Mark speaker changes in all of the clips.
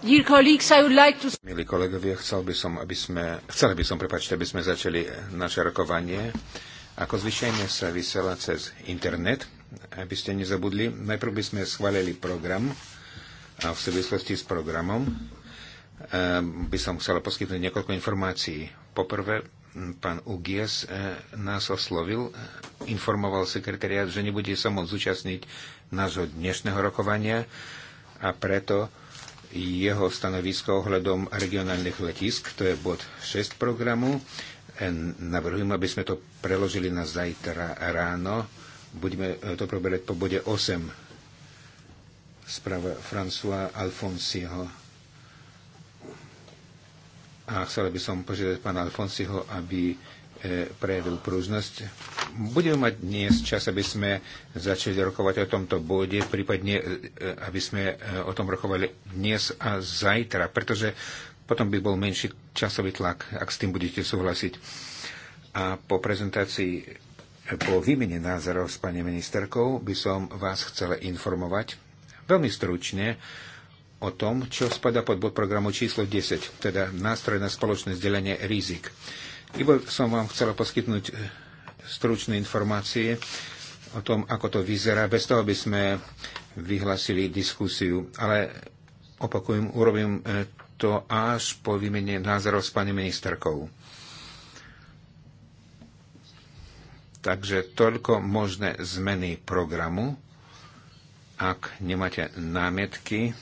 Speaker 1: Milí kolegovia, chcel by som, aby sme, chcel by som, prepáčte, aby sme začali naše rokovanie. Ako zvyčajne sa vysiela cez internet, aby ste nezabudli. Najprv by sme schválili program a v súvislosti s programom ehm, by som chcel poskytnúť niekoľko informácií. Poprvé, pán Ugies e, nás oslovil, e, informoval sekretariat, že nebude sa môcť zúčastniť nášho dnešného rokovania a preto jeho stanovisko ohľadom regionálnych letisk, to je bod 6 programu. E, navrhujem, aby sme to preložili na zajtra ráno. Budeme e, to preberať po bode 8 správa François Alfonsiho. A chcel by som požiadať pána Alfonsiho, aby e, prejavil prúžnosť Budeme mať dnes čas, aby sme začali rokovať o tomto bode, prípadne e, e, aby sme e, o tom rokovali dnes a zajtra, pretože potom by bol menší časový tlak, ak s tým budete súhlasiť. A po prezentácii, po výmene názorov s pani ministerkou by som vás chcela informovať veľmi stručne, o tom, čo spada pod bod programu číslo 10, teda nástroj na spoločné zdelenie rizik. Ibo som vám chcela poskytnúť stručné informácie o tom, ako to vyzerá, bez toho by sme vyhlasili diskusiu. Ale opakujem, urobím e, to až po výmene názorov s pani ministerkou. Takže toľko možné zmeny programu. Ak nemáte námietky,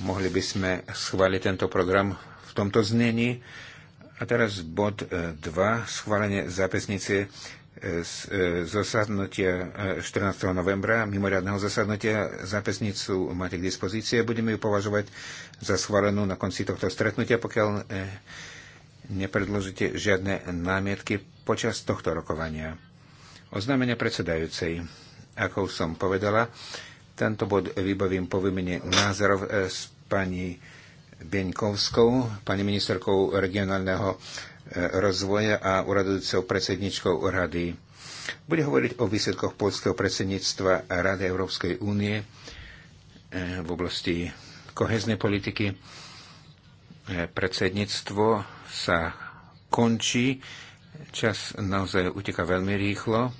Speaker 1: mohli by sme schváliť tento program v tomto znení. A teraz bod 2, e, schválenie zápisnice e, e, zasadnutia 14. novembra, mimoriadného zasadnutia. Zápisnicu máte k dispozícii. Budeme ju považovať za schválenú na konci tohto stretnutia, pokiaľ nepredložíte žiadne námietky počas tohto rokovania. Oznámenia predsedajúcej. Ako už som povedala, tento bod vybavím po výmene názorov s pani Bieňkovskou, pani ministerkou regionálneho e, rozvoja a uradujúcou predsedničkou rady. Bude hovoriť o výsledkoch polského predsedníctva Rady Európskej únie e, v oblasti koheznej politiky. E, predsedníctvo sa končí. Čas naozaj uteka veľmi rýchlo.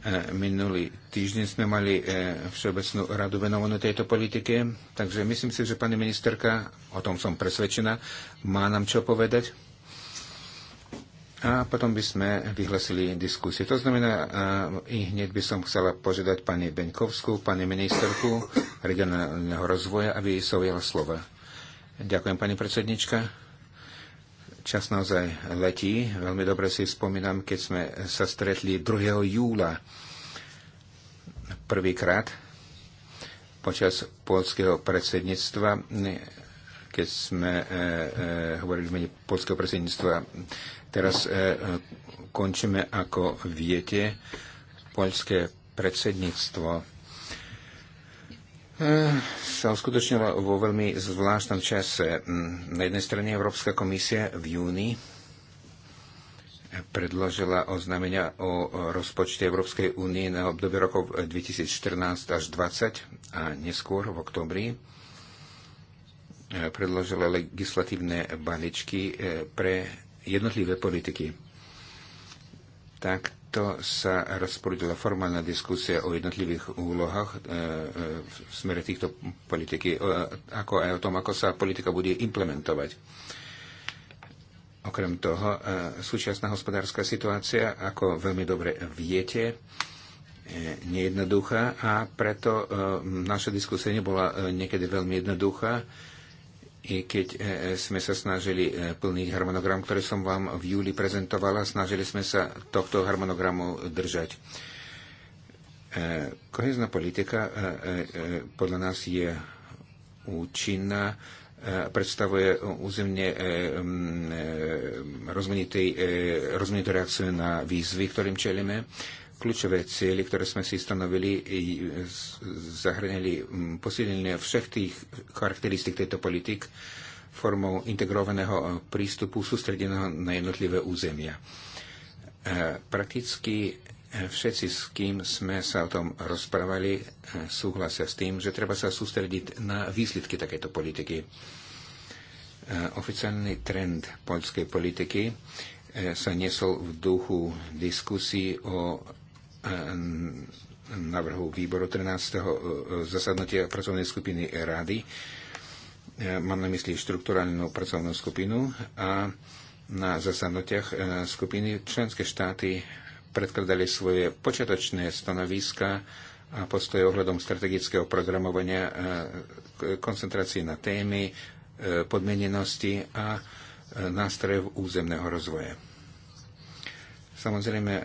Speaker 1: E, minulý týždeň sme mali e, Všeobecnú radu venovanú tejto politike, takže myslím si, že pani ministerka, o tom som presvedčená, má nám čo povedať. A potom by sme vyhlasili diskusie. To znamená, e, i hneď by som chcela požiadať pani Beňkovskú, pani ministerku regionálneho rozvoja, aby sa ujala slova. Ďakujem, pani predsednička. Čas naozaj letí. Veľmi dobre si spomínam, keď sme sa stretli 2. júla prvýkrát počas polského predsedníctva, keď sme e, e, hovorili v mene polského predsedníctva. Teraz e, končíme, ako viete, polské predsedníctvo Eh, sa uskutočnila vo veľmi zvláštnom čase. Mm, na jednej strane Európska komisia v júni predložila oznámenia o rozpočte Európskej únie na obdobie rokov 2014 až 2020 a neskôr v oktobri eh, predložila legislatívne balíčky eh, pre jednotlivé politiky. Tak to sa rozprudila teda formálna diskusia o jednotlivých úlohách e, e, v smere týchto politiky, e, ako aj o tom, ako sa politika bude implementovať. Okrem toho, súčasná hospodárska situácia, ako veľmi dobre viete, nejednoduchá a preto naša diskusia nebola niekedy veľmi jednoduchá i keď e, e, sme sa snažili e, plniť harmonogram, ktorý som vám v júli prezentovala, snažili sme sa tohto harmonogramu držať. Kohezná politika podľa nás je účinná, predstavuje územne rozmanitú reakciu na výzvy, ktorým čelíme Kľúčové cieľy, ktoré sme si stanovili, zahrnili posilnenie všech tých charakteristik tejto politik formou integrovaného e, prístupu sústredeného na jednotlivé územia. E, prakticky e, všetci, s kým sme sa o tom rozprávali, súhlasia s tým, že treba sa sústrediť na výsledky takéto politiky. Oficiálny trend poľskej politiky sa nesol v duchu diskusí o návrhu výboru 13. E, e, zasadnutia pracovnej skupiny rady. E, mám na mysli štruktúralnú pracovnú skupinu a na zasadnutiach skupiny členské štáty predkladali svoje počiatočné stanoviska a postoje ohľadom strategického programovania, koncentrácie na témy, podmienenosti a nástrojev územného rozvoja. Samozrejme, e, e,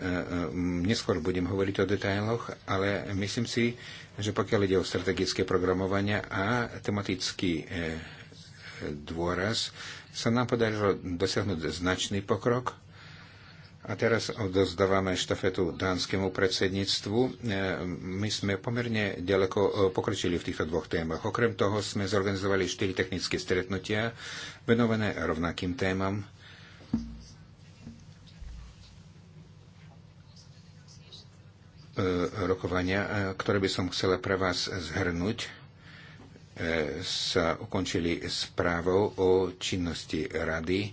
Speaker 1: neskôr budem hovoriť o detailoch, ale myslím si, že pokiaľ ide o strategické programovanie a tematický e, dôraz, sa nám podarilo dosiahnuť značný pokrok. A teraz odozdávame štafetu dánskému predsedníctvu. My sme pomerne ďaleko pokročili v týchto dvoch témach. Okrem toho sme zorganizovali štyri technické stretnutia venované rovnakým témam. E, rokovania, e, ktoré by som chcela pre vás zhrnúť, e, sa ukončili správou o činnosti rady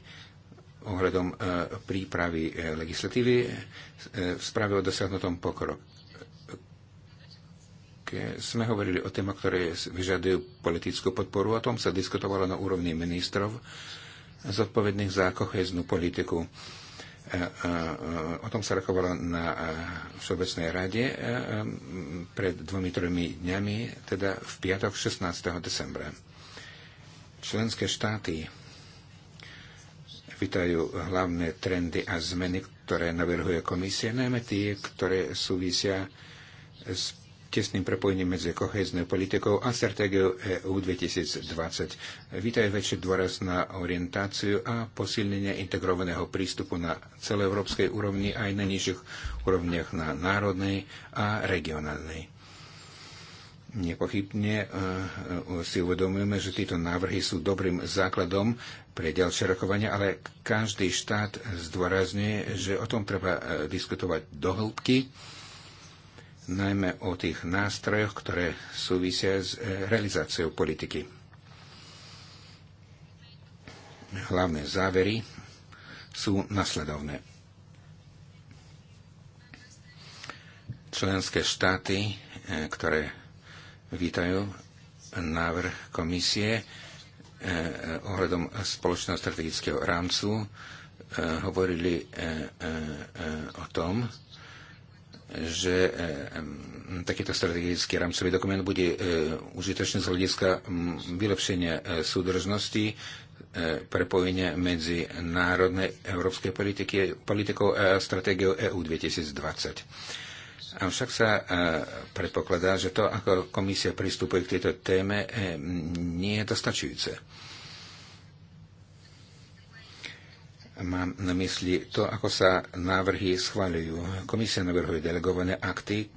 Speaker 1: ohľadom prípravy legislatívy v správe o dosiahnutom pokroke. Sme hovorili o témach, ktoré vyžadujú politickú podporu. O tom sa diskutovalo na úrovni ministrov zodpovedných za kohéznu politiku. O tom sa rokovalo na Všeobecnej rade pred dvomi, tromi dňami, teda v piatok 16. decembra. Členské štáty vytajú hlavné trendy a zmeny, ktoré navrhuje komisia, najmä tie, ktoré súvisia s tesným prepojením medzi kohéznou politikou a stratégiou EU 2020. Vítajú väčší dôraz na orientáciu a posilnenie integrovaného prístupu na celoeurópskej úrovni aj na nižších úrovniach na národnej a regionálnej. Nepochybne eh, si uvedomujeme, že tieto návrhy sú dobrým základom pre ďalšie rokovania, ale každý štát zdôrazňuje, že o tom treba eh, diskutovať do hĺbky najmä o tých nástrojoch, ktoré súvisia s e, realizáciou politiky. Hlavné závery sú nasledovné. Členské štáty, e, ktoré vítajú návrh komisie e, ohľadom spoločného strategického rámcu, hovorili o tom, že e, takýto strategický rámcový dokument bude e, užitočný z hľadiska vylepšenia e, súdržnosti, prepojenia medzi národnej európskej politikou a stratégiou EU 2020. Avšak sa predpokladá, že to, ako komisia pristupuje k tejto téme, nie je dostačujúce. Mám na mysli to, ako sa návrhy schváľujú. Komisia navrhuje delegované akty,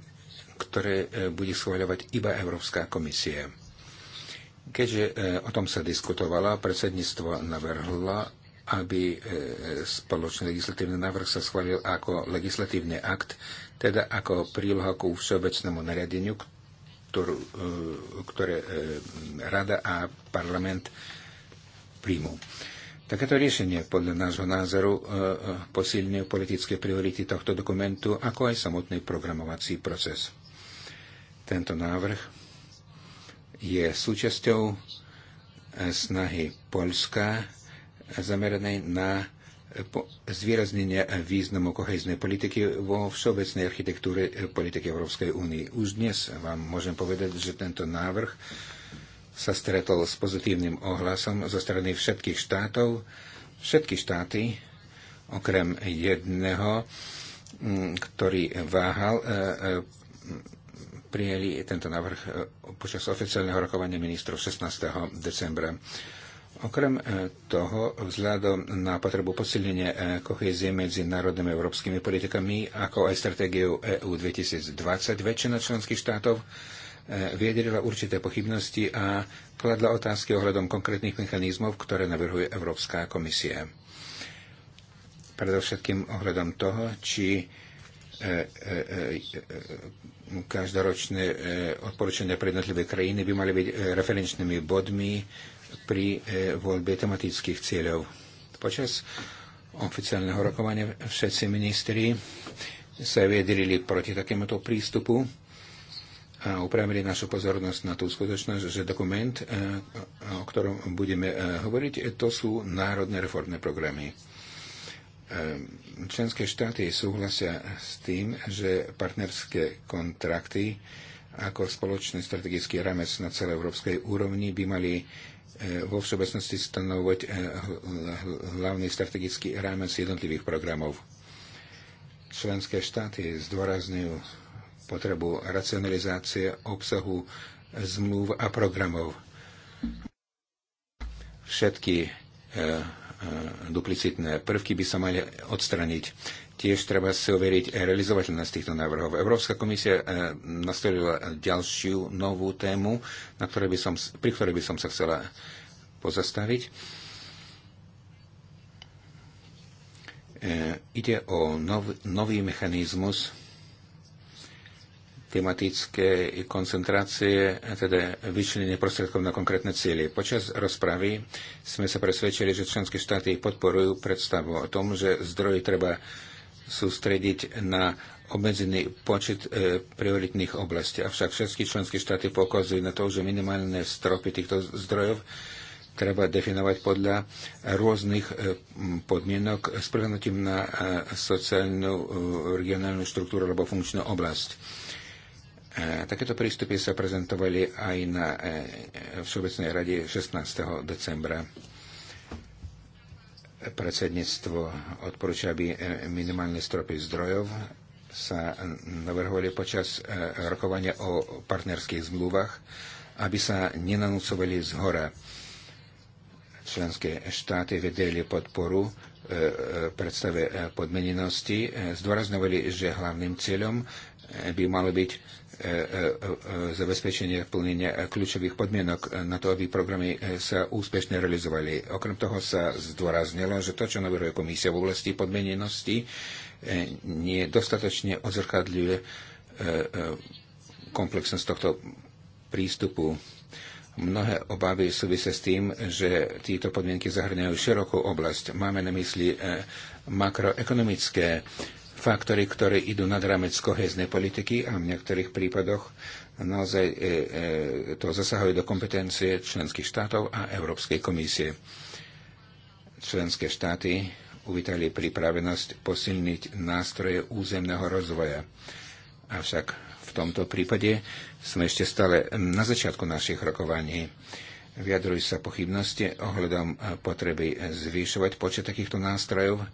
Speaker 1: ktoré e, bude schváľovať iba Európska komisia. Keďže e, o tom sa diskutovala, predsedníctvo navrhlo, aby e, spoločný legislatívny návrh sa schválil ako legislatívny akt, teda ako príloha ku všeobecnému nariadeniu, ktorú, ktoré Rada a parlament príjmu. Takéto riešenie podľa nášho názoru e, e, posilňuje politické priority tohto dokumentu, ako aj samotný programovací proces. Tento návrh je súčasťou e, snahy Polska zameranej na zvýraznenie významu koheznej politiky vo všeobecnej architektúre politiky Európskej únie. Už dnes vám môžem povedať, že tento návrh sa stretol s pozitívnym ohlasom zo strany všetkých štátov. Všetky štáty, okrem jedného, mm, ktorý váhal, e, e, prijeli tento návrh e, počas oficiálneho rokovania ministrov 16. decembra. Okrem toho, vzhľadom na potrebu posilnenia kohezie medzi národnými európskymi politikami, ako aj stratégiou EU 2020, väčšina členských štátov E, vyjadrila určité pochybnosti a kladla otázky ohľadom konkrétnych mechanizmov, ktoré navrhuje Európska komisia. Predovšetkým ohľadom toho, či e, e, každoročné odporúčania pre jednotlivé krajiny by mali byť referenčnými bodmi pri voľbe tematických cieľov. Počas oficiálneho rokovania všetci ministri sa vyjadrili proti takémuto prístupu a upravili našu pozornosť na tú skutočnosť, že dokument, e, o ktorom budeme e, hovoriť, e, to sú národné reformné programy. Členské štáty súhlasia s tým, že partnerské kontrakty ako spoločný strategický ramec na celej európskej úrovni by mali vo všeobecnosti stanovať hlavný strategický rámec jednotlivých programov. Členské štáty zdôrazňujú potrebu racionalizácie obsahu zmluv a programov. Všetky e, e, duplicitné prvky by sa mali odstraniť. Tiež treba si overiť realizovateľnosť týchto návrhov. Európska komisia e, nastolila ďalšiu novú tému, na ktorej by som, pri ktorej by som sa chcela pozastaviť. Ide o nov, nový mechanizmus tematické koncentrácie, teda vyčlenenie prostriedkov na konkrétne cieľe. Počas rozpravy sme sa presvedčili, že členské štáty podporujú predstavu o tom, že zdroje treba sústrediť na obmedzený počet e, prioritných oblastí. Avšak všetky členské štáty pokazujú na to, že minimálne stropy týchto zdrojov treba definovať podľa rôznych e, podmienok s prihľadnutím na e, sociálnu e, regionálnu štruktúru alebo funkčnú oblasť E, takéto prístupy sa prezentovali aj na e, e, Všeobecnej rade 16. decembra. Predsedníctvo odporúča, aby minimálne stropy zdrojov sa navrhovali počas rokovania o partnerských zmluvách, aby sa nenanúcovali z hora. Členské štáty vedeli podporu predstave podmenenosti, zdôrazňovali, že hlavným cieľom by malo byť E, e, zabezpečenie plnenia kľúčových podmienok na to, aby programy sa úspešne realizovali. Okrem toho sa zdôraznilo, že to, čo navrhuje komisia v oblasti podmienenosti, nie dostatočne odzrkadľuje e, komplexnosť tohto prístupu. Mnohé obavy súvisia s tým, že títo podmienky zahrňajú širokú oblasť. Máme na mysli makroekonomické faktory, ktoré idú nad rámec koheznej politiky a v niektorých prípadoch naozaj e, e, to zasahuje do kompetencie členských štátov a Európskej komisie. Členské štáty uvítali pripravenosť posilniť nástroje územného rozvoja. Avšak v tomto prípade sme ešte stále na začiatku našich rokovaní. Vyjadrujú sa pochybnosti ohľadom potreby zvyšovať počet takýchto nástrojov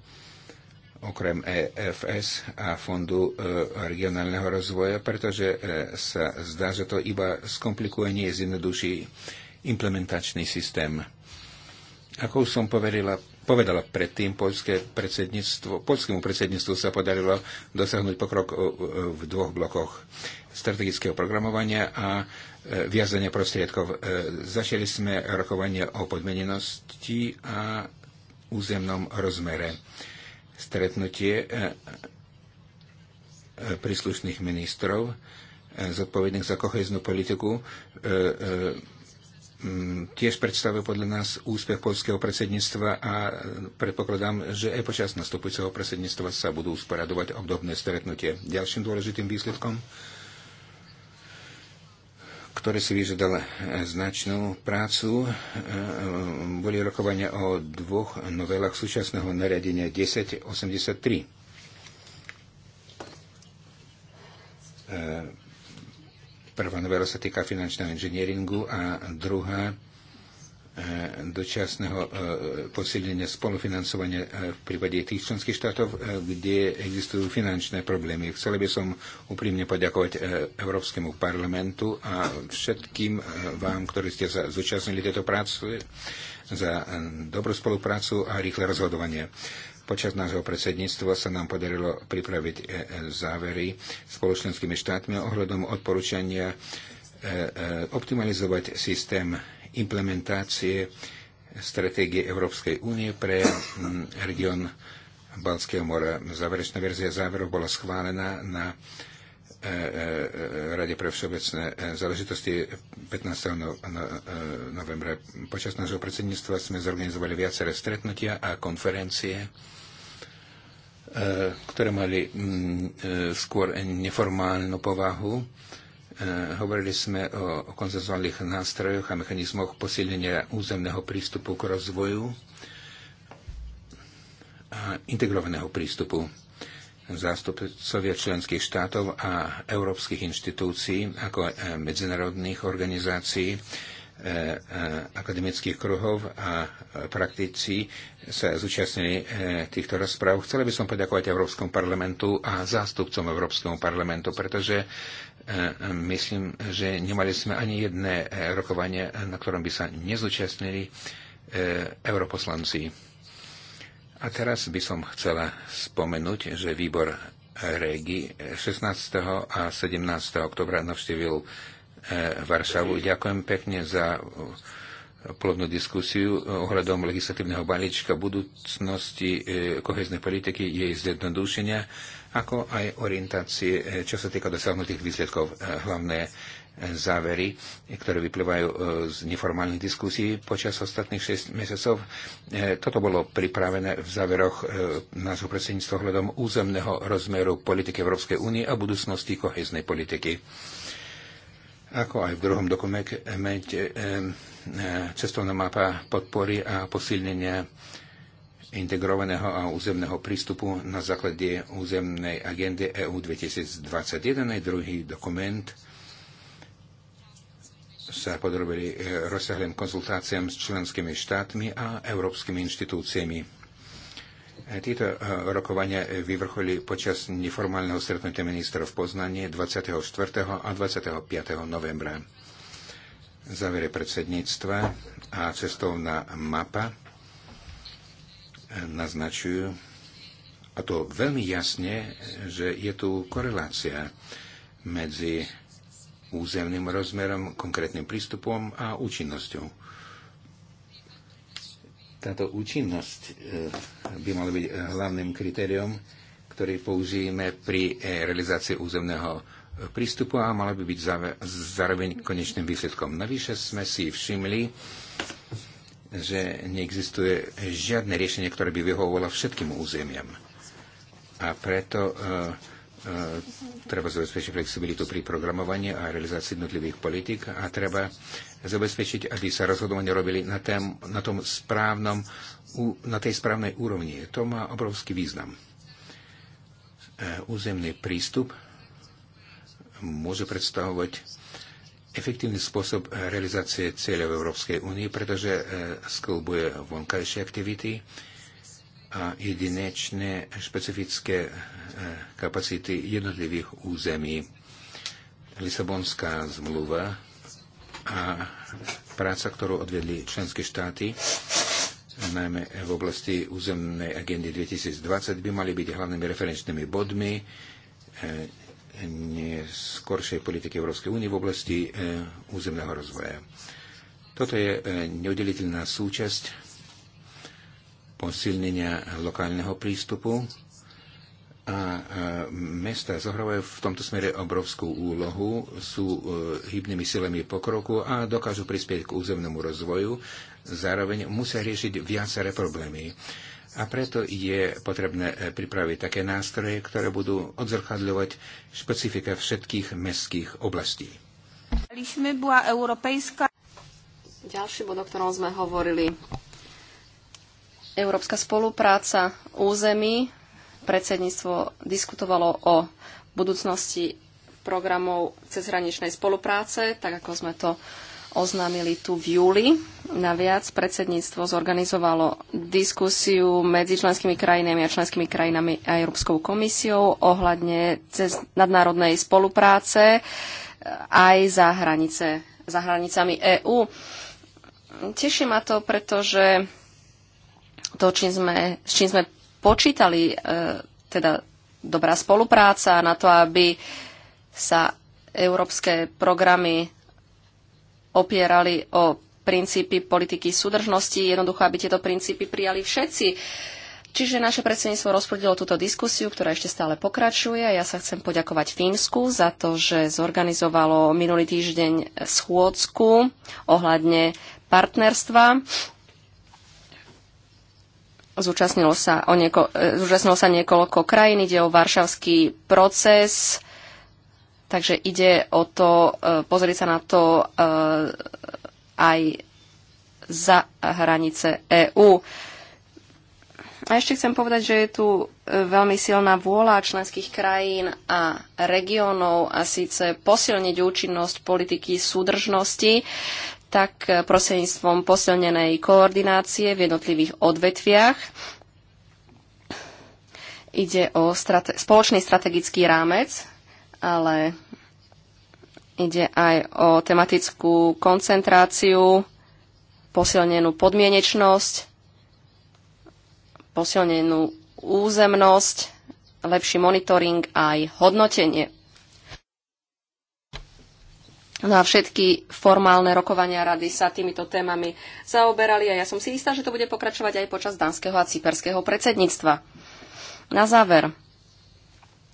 Speaker 1: okrem EFS a Fondu e, regionálneho rozvoja, pretože e, sa zdá, že to iba skomplikuje, nie zjednoduší implementačný systém. Ako už som povedala, povedala predtým, polské predsedníctvo, polskému predsedníctvu sa podarilo dosiahnuť pokrok e, v dvoch blokoch strategického programovania a viazania prostriedkov. Začali sme rokovanie o podmenenosti a územnom rozmere stretnutie e, e, e, príslušných ministrov zodpovedných za koheznú politiku tiež predstavuje podľa nás úspech polského predsedníctva a predpokladám, že aj počas nastupujúceho predsedníctva sa budú sporadovať obdobné stretnutie. Ďalším dôležitým výsledkom ktoré si vyžadala eh, značnú prácu. Eh, boli rokovania o dvoch novelách súčasného nariadenia 1083. Eh, prvá novela sa týka finančného inžinieringu a druhá Eh, dočasného eh, posilnenia spolufinancovania eh, v prípade tých členských štátov, kde existujú finančné problémy. Chcel by som úprimne poďakovať Európskemu parlamentu a všetkým vám, ktorí ste sa zúčastnili tejto práce, za dobrú spoluprácu a rýchle rozhodovanie. Počas nášho predsedníctva sa nám podarilo pripraviť závery spoločenskými štátmi ohľadom odporúčania optimalizovať systém implementácie stratégie Európskej únie pre mm, region Balského mora. Záverečná verzia záverov bola schválená na e, e, e, Rade pre všeobecné záležitosti 15. No, no, novembra. Počas nášho predsedníctva sme zorganizovali viaceré stretnutia a konferencie, ktoré mali mm, skôr neformálnu povahu Eh, hovorili sme o konsenzuálnych nástrojoch a mechanizmoch posilnenia územného prístupu k rozvoju a integrovaného prístupu zástupcovia členských štátov a európskych inštitúcií, ako eh, medzinárodných organizácií, eh, akademických kruhov a praktici sa zúčastnili týchto rozpráv. Chcela by som poďakovať Európskom parlamentu a zástupcom Európskeho parlamentu, pretože E, myslím, že nemali sme ani jedné e, rokovanie, e, na ktorom by sa nezúčastnili europoslanci. A teraz by som chcela spomenúť, že výbor Regi 16. a 17. oktobra navštívil Varšavu. Ďakujem pekne za plodnú diskusiu ohľadom legislatívneho balíčka budúcnosti koheznej politiky, jej zjednodušenia ako aj orientácie, eh, čo sa týka dosiahnutých výsledkov. Eh, hlavné eh, závery, ktoré vyplývajú z neformálnych diskusí počas ostatných 6 mesiacov. Toto bolo pripravené v záveroch nášho predsedníctva hľadom územného rozmeru politiky Európskej únie a budúcnosti koheznej politiky. Ako aj v druhom dokumente cestovná mapa podpory a posilnenia integrovaného a územného prístupu na základe územnej agendy EU 2021. Druhý dokument sa podrobili e, rozsiahlým konzultáciám s členskými štátmi a európskymi inštitúciami. E, tieto e, rokovania vyvrcholili počas neformálneho stretnutia ministrov v Poznanie 24. a 25. novembra. Závere predsedníctva a cestovná mapa naznačujú, a to veľmi jasne, že je tu korelácia medzi územným rozmerom, konkrétnym prístupom a účinnosťou. Táto účinnosť e, by mala byť hlavným kritériom, ktorý použijeme pri e, realizácii územného e, prístupu a mala by byť zároveň konečným výsledkom. Navyše sme si všimli, že neexistuje žiadne riešenie, ktoré by vyhovovalo všetkým územiam. A preto e, e, treba zabezpečiť flexibilitu pri programovaní a realizácii jednotlivých politik a treba zabezpečiť, aby sa rozhodovania robili na, tém, na, tom správnom, na tej správnej úrovni. To má obrovský význam. E, územný prístup môže predstavovať efektívny spôsob realizácie cieľov Európskej únie, pretože e, sklbuje vonkajšie aktivity a jedinečné špecifické e, kapacity jednotlivých území. Lisabonská zmluva a práca, ktorú odvedli členské štáty, najmä v oblasti územnej agendy 2020, by mali byť hlavnými referenčnými bodmi e, neskoršej politiky Európskej únie v oblasti eh, územného rozvoja. Toto je eh, neudeliteľná súčasť posilnenia lokálneho prístupu a eh, mesta zohrávajú v tomto smere obrovskú úlohu, sú hybnými silami pokroku a dokážu prispieť k územnému rozvoju, zároveň musia riešiť viaceré problémy. A preto je potrebné e, pripraviť také nástroje, ktoré budú odzrkadľovať špecifika všetkých mestských oblastí.
Speaker 2: Ďalší bod, o ktorom sme hovorili, európska spolupráca území. Predsedníctvo diskutovalo o budúcnosti programov cezhraničnej spolupráce, tak ako sme to uh, oznámili tu v júli. Naviac predsedníctvo zorganizovalo diskusiu medzi členskými krajinami a členskými krajinami a Európskou komisiou ohľadne cez nadnárodnej spolupráce aj za, hranice, za hranicami EÚ. Teší ma to, pretože to, čím sme, s čím sme počítali, e, teda dobrá spolupráca na to, aby sa európske programy opierali o princípy politiky súdržnosti, jednoducho, aby tieto princípy prijali všetci. Čiže naše predsedníctvo rozprudilo túto diskusiu, ktorá ešte stále pokračuje. Ja sa chcem poďakovať Fínsku za to, že zorganizovalo minulý týždeň schôdzku ohľadne partnerstva. Zúčastnilo sa, o nieko, e, zúčastnilo sa niekoľko krajín, ide o varšavský proces, Takže ide o to e, pozrieť sa na to e, aj za hranice EÚ. A ešte chcem povedať, že je tu e, veľmi silná vôľa členských krajín a regiónov a síce posilniť účinnosť politiky súdržnosti tak prosenstvom posilnenej koordinácie v jednotlivých odvetviach. Ide o strate- spoločný strategický rámec, ale Ide aj o tematickú koncentráciu, posilnenú podmienečnosť, posilnenú územnosť, lepší monitoring aj hodnotenie. No a všetky formálne rokovania rady sa týmito témami zaoberali a ja som si istá, že to bude pokračovať aj počas dánskeho a cyperského predsedníctva. Na záver,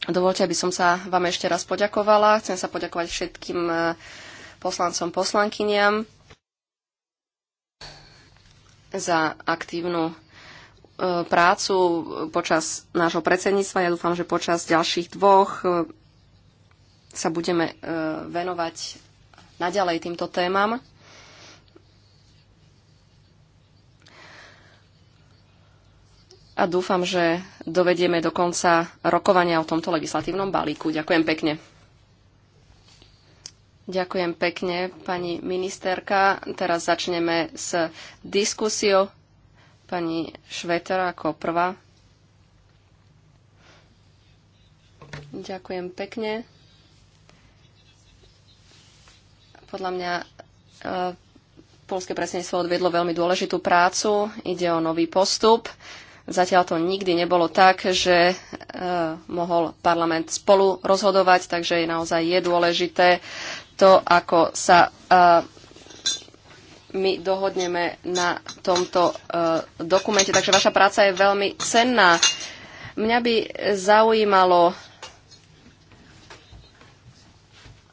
Speaker 2: Dovolte, aby som sa vám ešte raz poďakovala. Chcem sa poďakovať všetkým e, poslancom, poslankyniam za aktívnu e, prácu počas nášho predsedníctva. Ja dúfam, že počas ďalších dvoch e, sa budeme venovať naďalej týmto témam. a dúfam, že dovedieme do konca rokovania o tomto legislatívnom balíku. Ďakujem pekne. Ďakujem pekne, pani ministerka. Teraz začneme s diskusiou. Pani Švetera ako prvá. Ďakujem pekne. Podľa mňa e, polské predsedníctvo odviedlo veľmi dôležitú prácu. Ide o nový postup. E, Zatiaľ to nikdy nebolo tak, že e, mohol parlament spolu rozhodovať, takže je naozaj je dôležité to, ako sa e, my dohodneme na tomto e, dokumente. Takže vaša práca je veľmi cenná. Mňa by zaujímalo,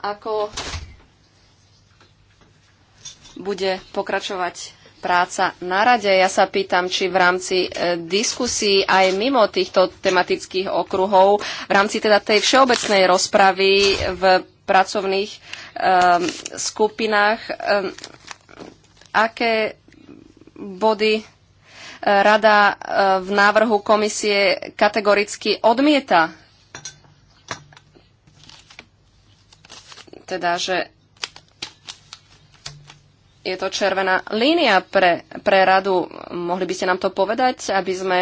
Speaker 2: ako bude pokračovať práca na rade. Ja sa pýtam, či v rámci e, diskusí aj mimo týchto tematických okruhov, v rámci teda tej všeobecnej rozpravy v pracovných um, skupinách, um, aké body e, rada e, v návrhu komisie kategoricky odmieta. Teda, že je to červená línia pre, pre radu. Mohli by ste nám to povedať, aby sme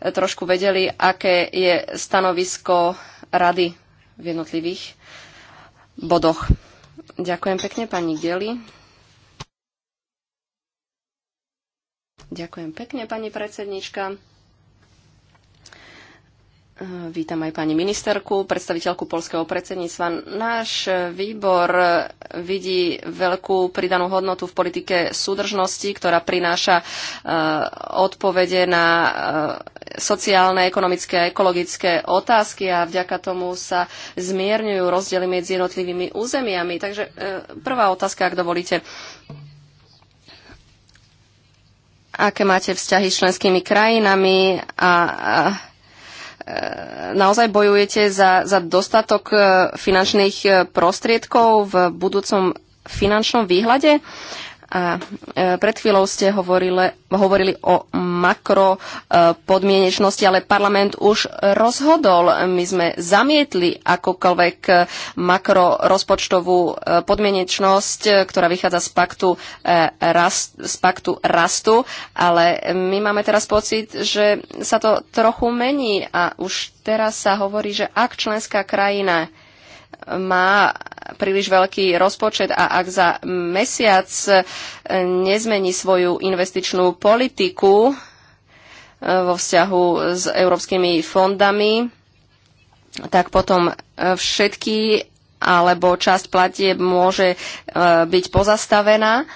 Speaker 2: trošku vedeli, aké je stanovisko rady v jednotlivých bodoch. Ďakujem pekne, pani Geli. Ďakujem pekne, pani predsednička. Vítam aj pani ministerku, predstaviteľku polského predsedníctva. Náš výbor vidí veľkú pridanú hodnotu v politike súdržnosti, ktorá prináša e, odpovede na e, sociálne, ekonomické a ekologické otázky a vďaka tomu sa zmierňujú rozdiely medzi jednotlivými územiami. Takže e, prvá otázka, ak dovolíte. Aké máte vzťahy s členskými krajinami a E, naozaj bojujete za, za dostatok e, finančných e, prostriedkov v budúcom finančnom výhľade. A e, pred chvíľou ste hovorili, hovorili o makropodmienečnosti, e, ale parlament už rozhodol. My sme zamietli akokoľvek makro rozpočtovú e, podmienečnosť, ktorá vychádza z paktu, rast, z paktu rastu, ale my máme teraz pocit, že sa to trochu mení a už teraz sa hovorí, že ak členská krajina má príliš veľký rozpočet a ak za mesiac e, nezmení svoju investičnú politiku e, vo vzťahu s európskymi fondami, tak potom e, všetky alebo časť platieb môže byť pozastavená.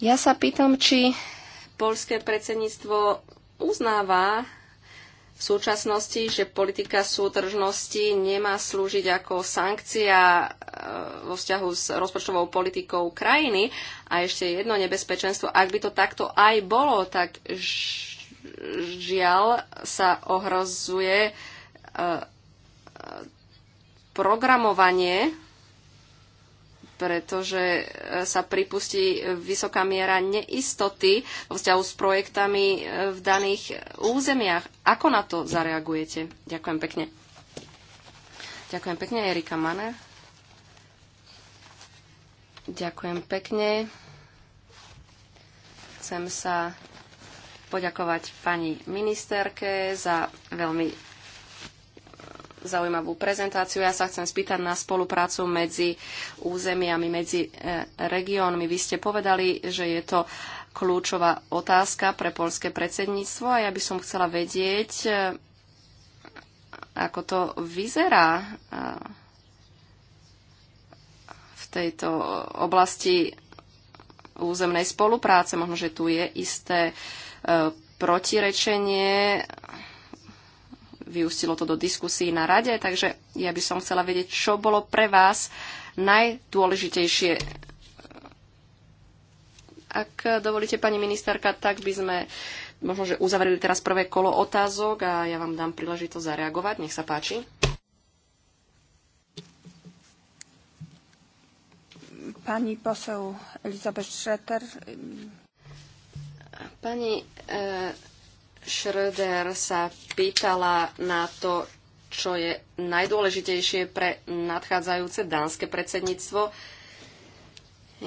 Speaker 2: Ja sa pýtam, či poľské predsedníctvo uznáva v súčasnosti, že politika súdržnosti nemá slúžiť ako sankcia e, vo vzťahu s rozpočtovou politikou krajiny. A ešte jedno nebezpečenstvo, ak by to takto aj bolo, tak žiaľ sa ohrozuje e, e, programovanie pretože e, sa pripustí vysoká miera neistoty v vzťahu s projektami e, v daných e, územiach. Ako na to zareagujete? Ďakujem pekne. Ďakujem pekne, Erika Maner. Ďakujem pekne. Chcem sa poďakovať pani ministerke za veľmi zaujímavú prezentáciu. Ja sa chcem spýtať na spoluprácu medzi územiami, medzi e, regiónmi. Vy ste povedali, že je to kľúčová otázka pre polské predsedníctvo a ja by som chcela vedieť, e, ako to vyzerá e, v tejto oblasti územnej spolupráce. Možno, že tu je isté protirečenie vyústilo to do diskusí na rade, takže ja by som chcela vedieť, čo bolo pre vás najdôležitejšie. Ak dovolíte, pani ministerka, tak by sme možno, že uzavreli teraz prvé kolo otázok a ja vám dám príležitosť zareagovať. Nech sa páči. Pani posel Elizabeth Schroeder. Pani e, Schröder sa pýtala na to, čo je najdôležitejšie pre nadchádzajúce dánske predsedníctvo.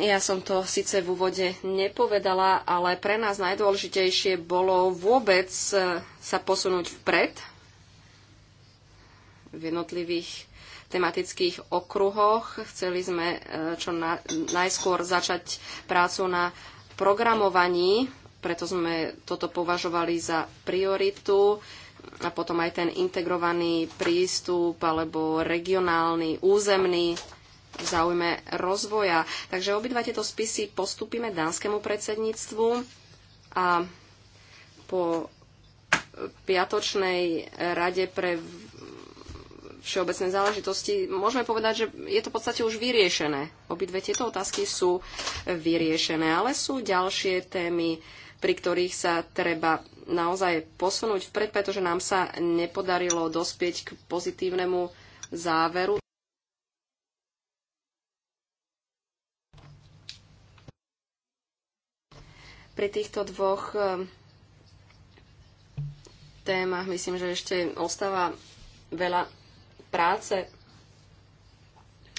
Speaker 2: Ja som to síce v úvode nepovedala, ale pre nás najdôležitejšie bolo vôbec eh, sa posunúť vpred v jednotlivých tematických okruhoch. Chceli sme eh, čo najskôr začať prácu na programovaní preto sme toto považovali za prioritu a potom aj ten integrovaný prístup alebo regionálny, územný v záujme rozvoja. Takže obidva tieto spisy postupíme dánskemu predsedníctvu a po piatočnej rade pre všeobecné záležitosti môžeme povedať, že je to v podstate už vyriešené. Obidve tieto otázky sú vyriešené, ale sú ďalšie témy, pri ktorých sa treba naozaj posunúť vpred, pretože nám sa nepodarilo dospieť k pozitívnemu záveru. Pri týchto dvoch eh, témach myslím, že ešte ostáva veľa práce.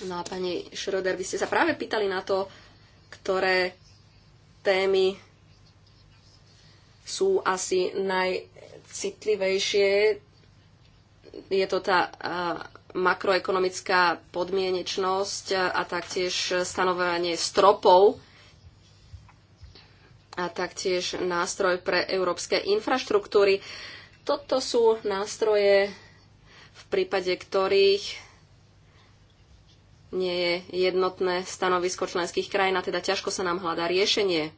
Speaker 2: No a pani Šroder, vy ste sa práve pýtali na to, ktoré témy sú asi najcitlivejšie. Je to tá makroekonomická podmienečnosť a taktiež stanovanie stropov a taktiež nástroj pre európske infraštruktúry. Toto sú nástroje, v prípade ktorých nie je jednotné stanovisko členských krajín a teda ťažko sa nám hľadá riešenie.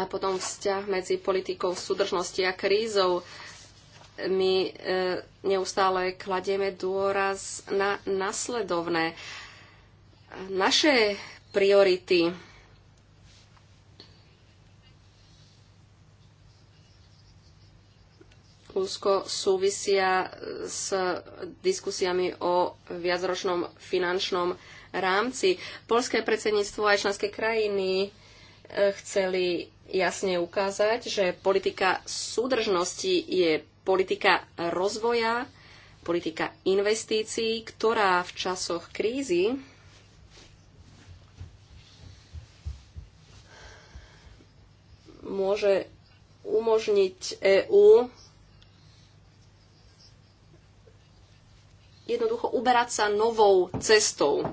Speaker 2: A potom vzťah medzi politikou súdržnosti a krízou. My e, neustále kladieme dôraz na nasledovné. Naše priority úzko súvisia s diskusiami o viacročnom finančnom rámci. Polské predsedníctvo aj členské krajiny e, chceli jasne ukázať, že politika súdržnosti je politika rozvoja, politika investícií, ktorá v časoch krízy môže umožniť EÚ jednoducho uberať sa novou cestou.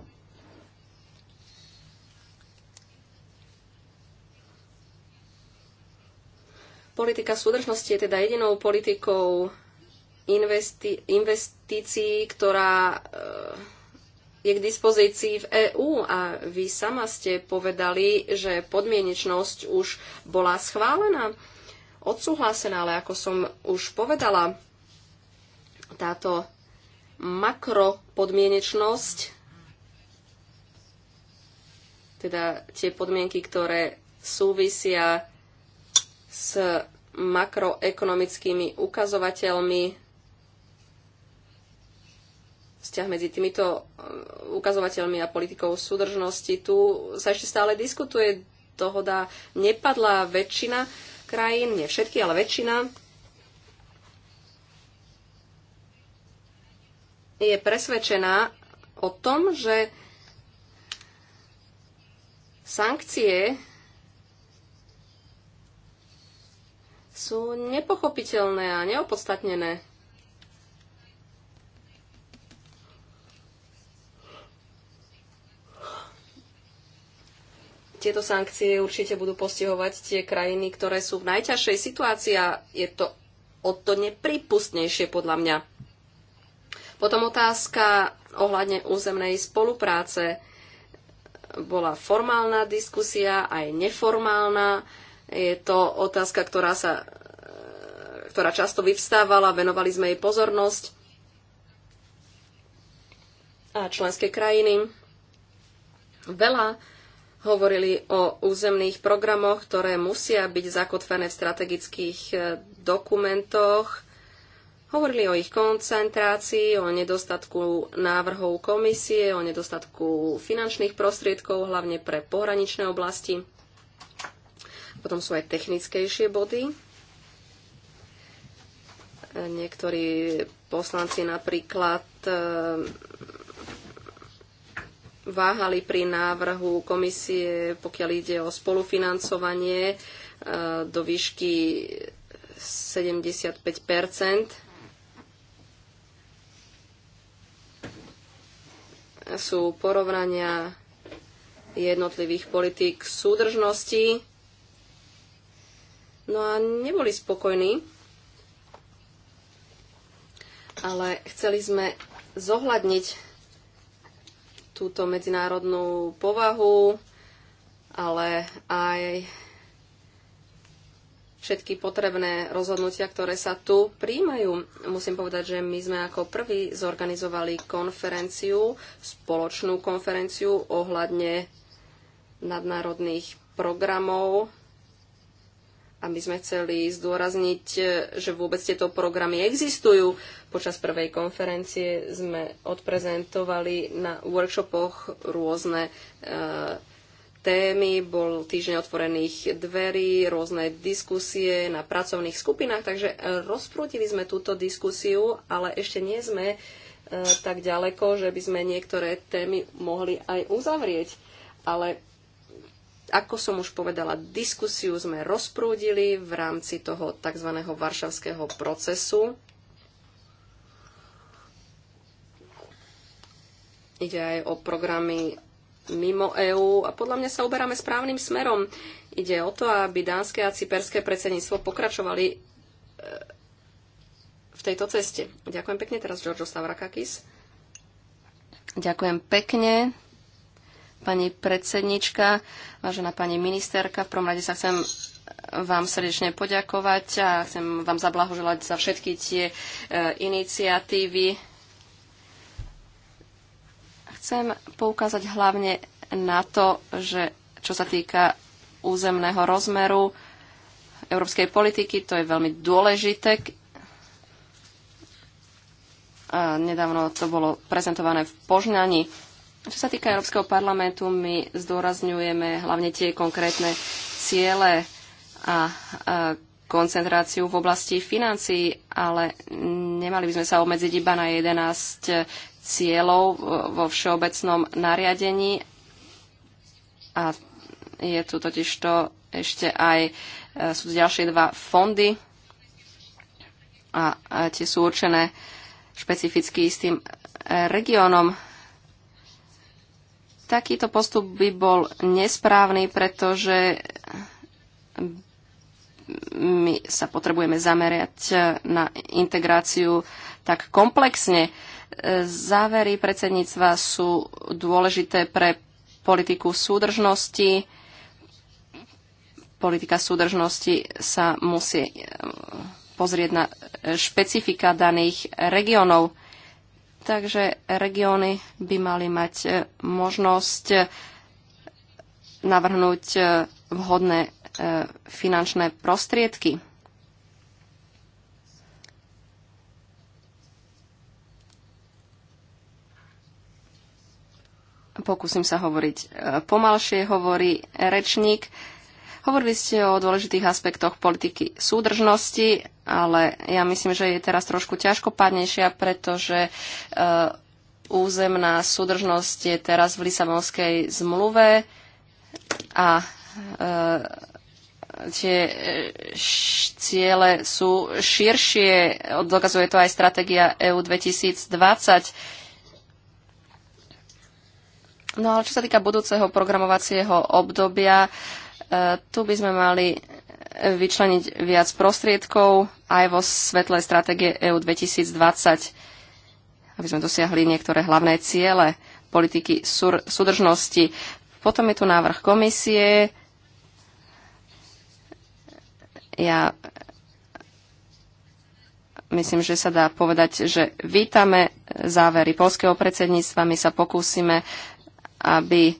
Speaker 2: Politika súdržnosti je teda jedinou politikou investi- investícií, ktorá eh, je k dispozícii v EÚ a vy sama ste povedali, že podmienečnosť už bola schválená, odsúhlasená, ale ako som už povedala, táto makropodmienečnosť, teda tie podmienky, ktoré súvisia s makroekonomickými ukazovateľmi vzťah medzi týmito eh, ukazovateľmi a politikou súdržnosti. Tu sa ešte stále diskutuje, dohoda nepadla väčšina krajín, nie všetky, ale väčšina. je presvedčená o tom, že sankcie sú nepochopiteľné a neopodstatnené. Tieto sankcie určite budú postihovať tie krajiny, ktoré sú v najťažšej situácii a je to o to nepripustnejšie podľa mňa. Potom otázka ohľadne územnej spolupráce. Bola formálna diskusia, aj neformálna je to otázka, ktorá, sa, ktorá často vyvstávala, venovali sme jej pozornosť a členské krajiny. Veľa hovorili o územných programoch, ktoré musia byť zakotvené v strategických e, dokumentoch. Hovorili o ich koncentrácii, o nedostatku návrhov komisie, o nedostatku finančných prostriedkov, hlavne pre pohraničné oblasti. Potom sú aj technickejšie body. Niektorí poslanci napríklad e, váhali pri návrhu komisie, pokiaľ ide o spolufinancovanie e, do výšky 75 Sú porovnania jednotlivých politík súdržnosti No a neboli spokojní, ale chceli sme zohľadniť túto medzinárodnú povahu, ale aj všetky potrebné rozhodnutia, ktoré sa tu príjmajú. Musím povedať, že my sme ako prví zorganizovali konferenciu, spoločnú konferenciu ohľadne nadnárodných programov a my sme chceli zdôrazniť, e, že vôbec tieto programy existujú. Počas prvej konferencie sme odprezentovali na workshopoch rôzne e, témy, bol týždeň otvorených dverí, rôzne diskusie na pracovných skupinách, takže rozprútili sme túto diskusiu, ale ešte nie sme e, tak ďaleko, že by sme niektoré témy mohli aj uzavrieť. Ale ako som už povedala, diskusiu sme rozprúdili v rámci toho tzv. varšavského procesu. Ide aj o programy mimo EÚ a podľa mňa sa uberáme správnym smerom. Ide o to, aby dánske a cyperské predsedníctvo pokračovali e, v tejto ceste. Ďakujem pekne teraz Giorgio Stavrakakis. Ďakujem pekne pani predsednička, vážená pani ministerka. V prvom rade sa chcem vám srdečne poďakovať a chcem vám zablahoželať za všetky tie e, iniciatívy. Chcem poukázať hlavne na to, že čo sa týka územného rozmeru európskej politiky, to je veľmi dôležité. A nedávno to bolo prezentované v Požňani. Čo sa týka Európskeho parlamentu, my zdôrazňujeme hlavne tie konkrétne ciele a, a koncentráciu v oblasti financií, ale nemali by sme sa obmedziť iba na 11 cieľov vo všeobecnom nariadení. A je tu totiž to ešte aj, e, sú ďalšie dva fondy a, a tie sú určené špecificky istým regiónom Takýto postup by bol nesprávny, pretože my sa potrebujeme zamerať na integráciu tak komplexne. Závery predsedníctva sú dôležité pre politiku súdržnosti. Politika súdržnosti sa musí eh, pozrieť na špecifika daných regionov Takže regióny by mali mať e, možnosť e, navrhnúť e, vhodné finančné prostriedky. Pokúsim sa hovoriť pomalšie, hovorí rečník. Hovorili ste o dôležitých aspektoch politiky súdržnosti, ale ja myslím, že je teraz trošku ťažkopádnejšia, pretože e, územná súdržnosť je teraz v Lisabonskej zmluve a e, tie e, ciele sú širšie. Dokazuje to aj stratégia EU 2020. No ale čo sa týka budúceho programovacieho obdobia, E, tu by sme mali vyčleniť viac prostriedkov aj vo svetlej stratégie EU 2020, aby sme dosiahli niektoré hlavné ciele politiky súdržnosti. Potom je tu návrh komisie. Ja myslím, že sa dá povedať, že vítame závery polského predsedníctva. My sa pokúsime, aby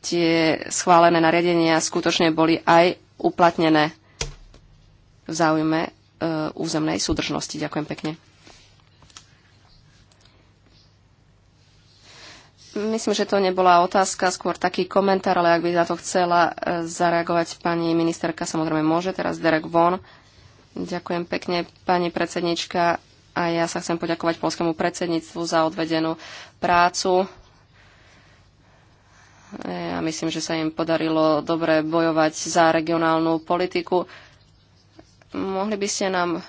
Speaker 2: tie schválené nariadenia skutočne boli aj uplatnené v záujme e, územnej súdržnosti. Ďakujem pekne. Myslím, že to nebola otázka, skôr taký komentár, ale ak by na to chcela e, zareagovať pani ministerka, samozrejme môže. Teraz Derek Von. Ďakujem pekne, pani predsednička. A ja sa chcem poďakovať polskému predsedníctvu za odvedenú prácu. E, ja myslím, že sa im podarilo dobre bojovať za regionálnu politiku. Mohli by ste nám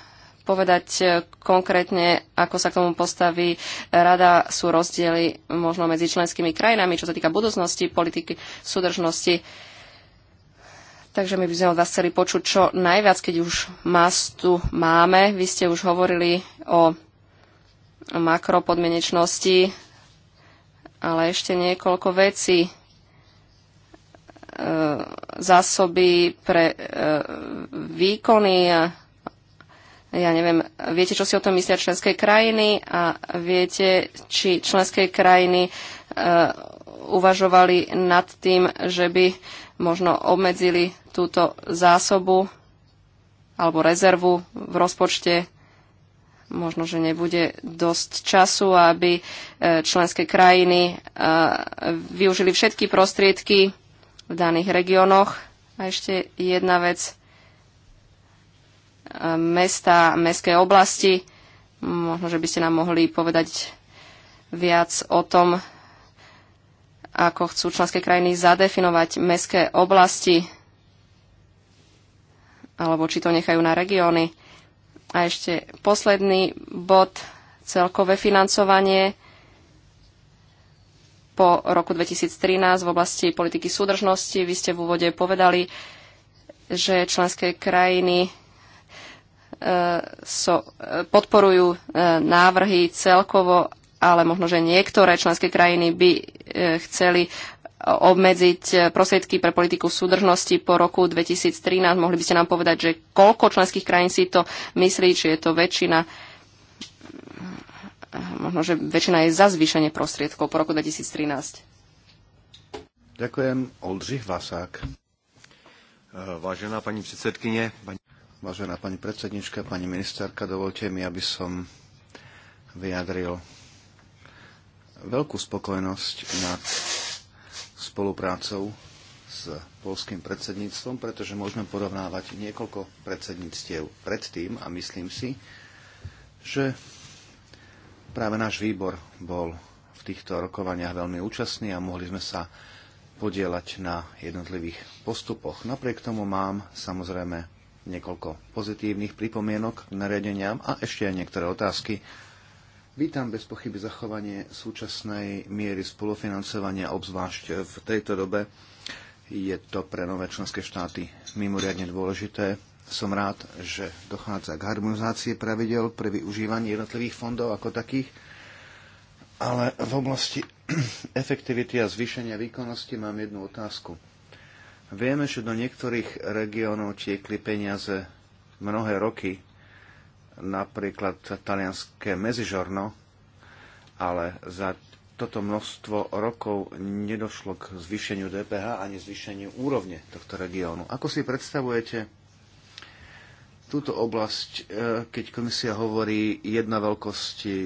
Speaker 2: povedať e, konkrétne, ako sa k tomu postaví rada, sú rozdiely možno medzi členskými krajinami, čo sa týka budúcnosti, politiky, súdržnosti. Takže my by sme od vás chceli počuť čo najviac, keď už mastu tu máme. Vy ste už hovorili o makropodmienečnosti, ale ešte niekoľko vecí. E, zásoby pre e, výkony. Ja neviem, viete, čo si o tom myslia členské krajiny a viete, či členské krajiny e, uvažovali nad tým, že by možno obmedzili túto zásobu alebo rezervu v rozpočte možno, že nebude dosť času, aby členské krajiny využili všetky prostriedky v daných regiónoch. A ešte jedna vec. E, mesta, mestské oblasti. Možno, že by ste nám mohli povedať viac o tom, ako chcú členské krajiny zadefinovať mestské oblasti, alebo či to nechajú na regióny. A ešte posledný bod, celkové financovanie po roku 2013 v oblasti politiky súdržnosti. Vy ste v úvode povedali, že členské krajiny e, so, e, podporujú e, návrhy celkovo, ale možno, že niektoré členské krajiny by chceli obmedziť prostriedky pre politiku súdržnosti po roku 2013. Mohli by ste nám povedať, že koľko členských krajín si to myslí, či je to väčšina možno, že väčšina je za zvýšenie prostriedkov po roku 2013.
Speaker 3: Ďakujem. Oldřich Vasák. Eh, vážená pani predsedkynie, pani... vážená pani predsednička, pani ministerka, dovolte mi, aby som vyjadril veľkú spokojnosť nad spoluprácou s polským predsedníctvom, pretože môžeme porovnávať niekoľko predsedníctiev predtým a myslím si, že Práve náš výbor bol v týchto rokovaniach veľmi účastný a mohli sme sa podielať na jednotlivých postupoch. Napriek tomu mám samozrejme niekoľko pozitívnych pripomienok k nariadeniam a ešte aj niektoré otázky. Vítam bez pochyby zachovanie súčasnej miery spolufinancovania, obzvlášť v tejto dobe. Je to pre nové členské štáty mimoriadne dôležité som rád, že dochádza k harmonizácii pravidel pre využívanie jednotlivých fondov ako takých, ale v oblasti efektivity a zvýšenia výkonnosti mám jednu otázku. Vieme, že do niektorých regiónov tiekli peniaze mnohé roky, napríklad talianské mezižorno, ale za toto množstvo rokov nedošlo k zvýšeniu DPH ani zvýšeniu úrovne tohto regiónu. Ako si predstavujete túto oblasť, e, keď komisia hovorí jedna veľkosti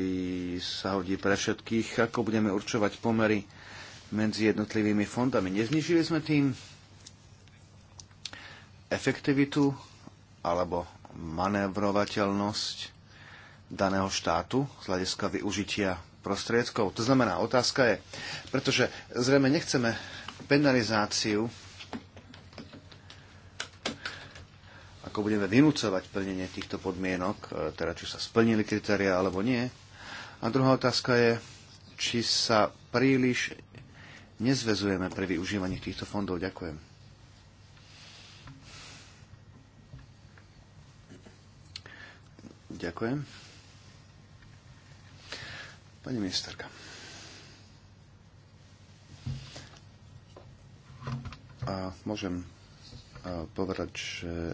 Speaker 3: sa hodí pre všetkých, ako budeme určovať pomery medzi jednotlivými fondami. Neznižili sme tým efektivitu alebo manévrovateľnosť daného štátu z hľadiska využitia prostriedkov. To znamená, otázka je, pretože zrejme nechceme penalizáciu ako budeme vynúcovať plnenie týchto podmienok, e, teda či sa splnili kritéria alebo nie. A druhá otázka je, či sa príliš nezvezujeme pri využívaní týchto fondov. Ďakujem. Ďakujem. Pani ministerka. A môžem povedať, že e,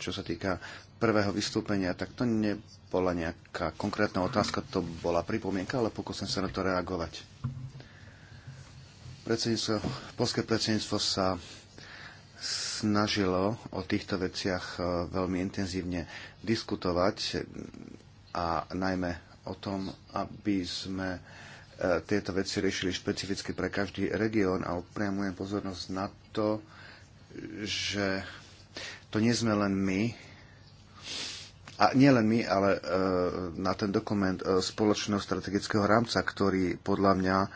Speaker 3: čo sa týka prvého vystúpenia, tak to nebola nejaká konkrétna otázka, to bola pripomienka, ale pokúsim sa na to reagovať. Predsedníctvo, polské predsedníctvo sa snažilo o týchto veciach e, veľmi intenzívne diskutovať a najmä o tom, aby sme e, tieto veci riešili špecificky pre každý región a upriamujem pozornosť na to, že to nie sme len my, a nie len my, ale e, na ten dokument e, spoločného strategického rámca, ktorý podľa mňa e,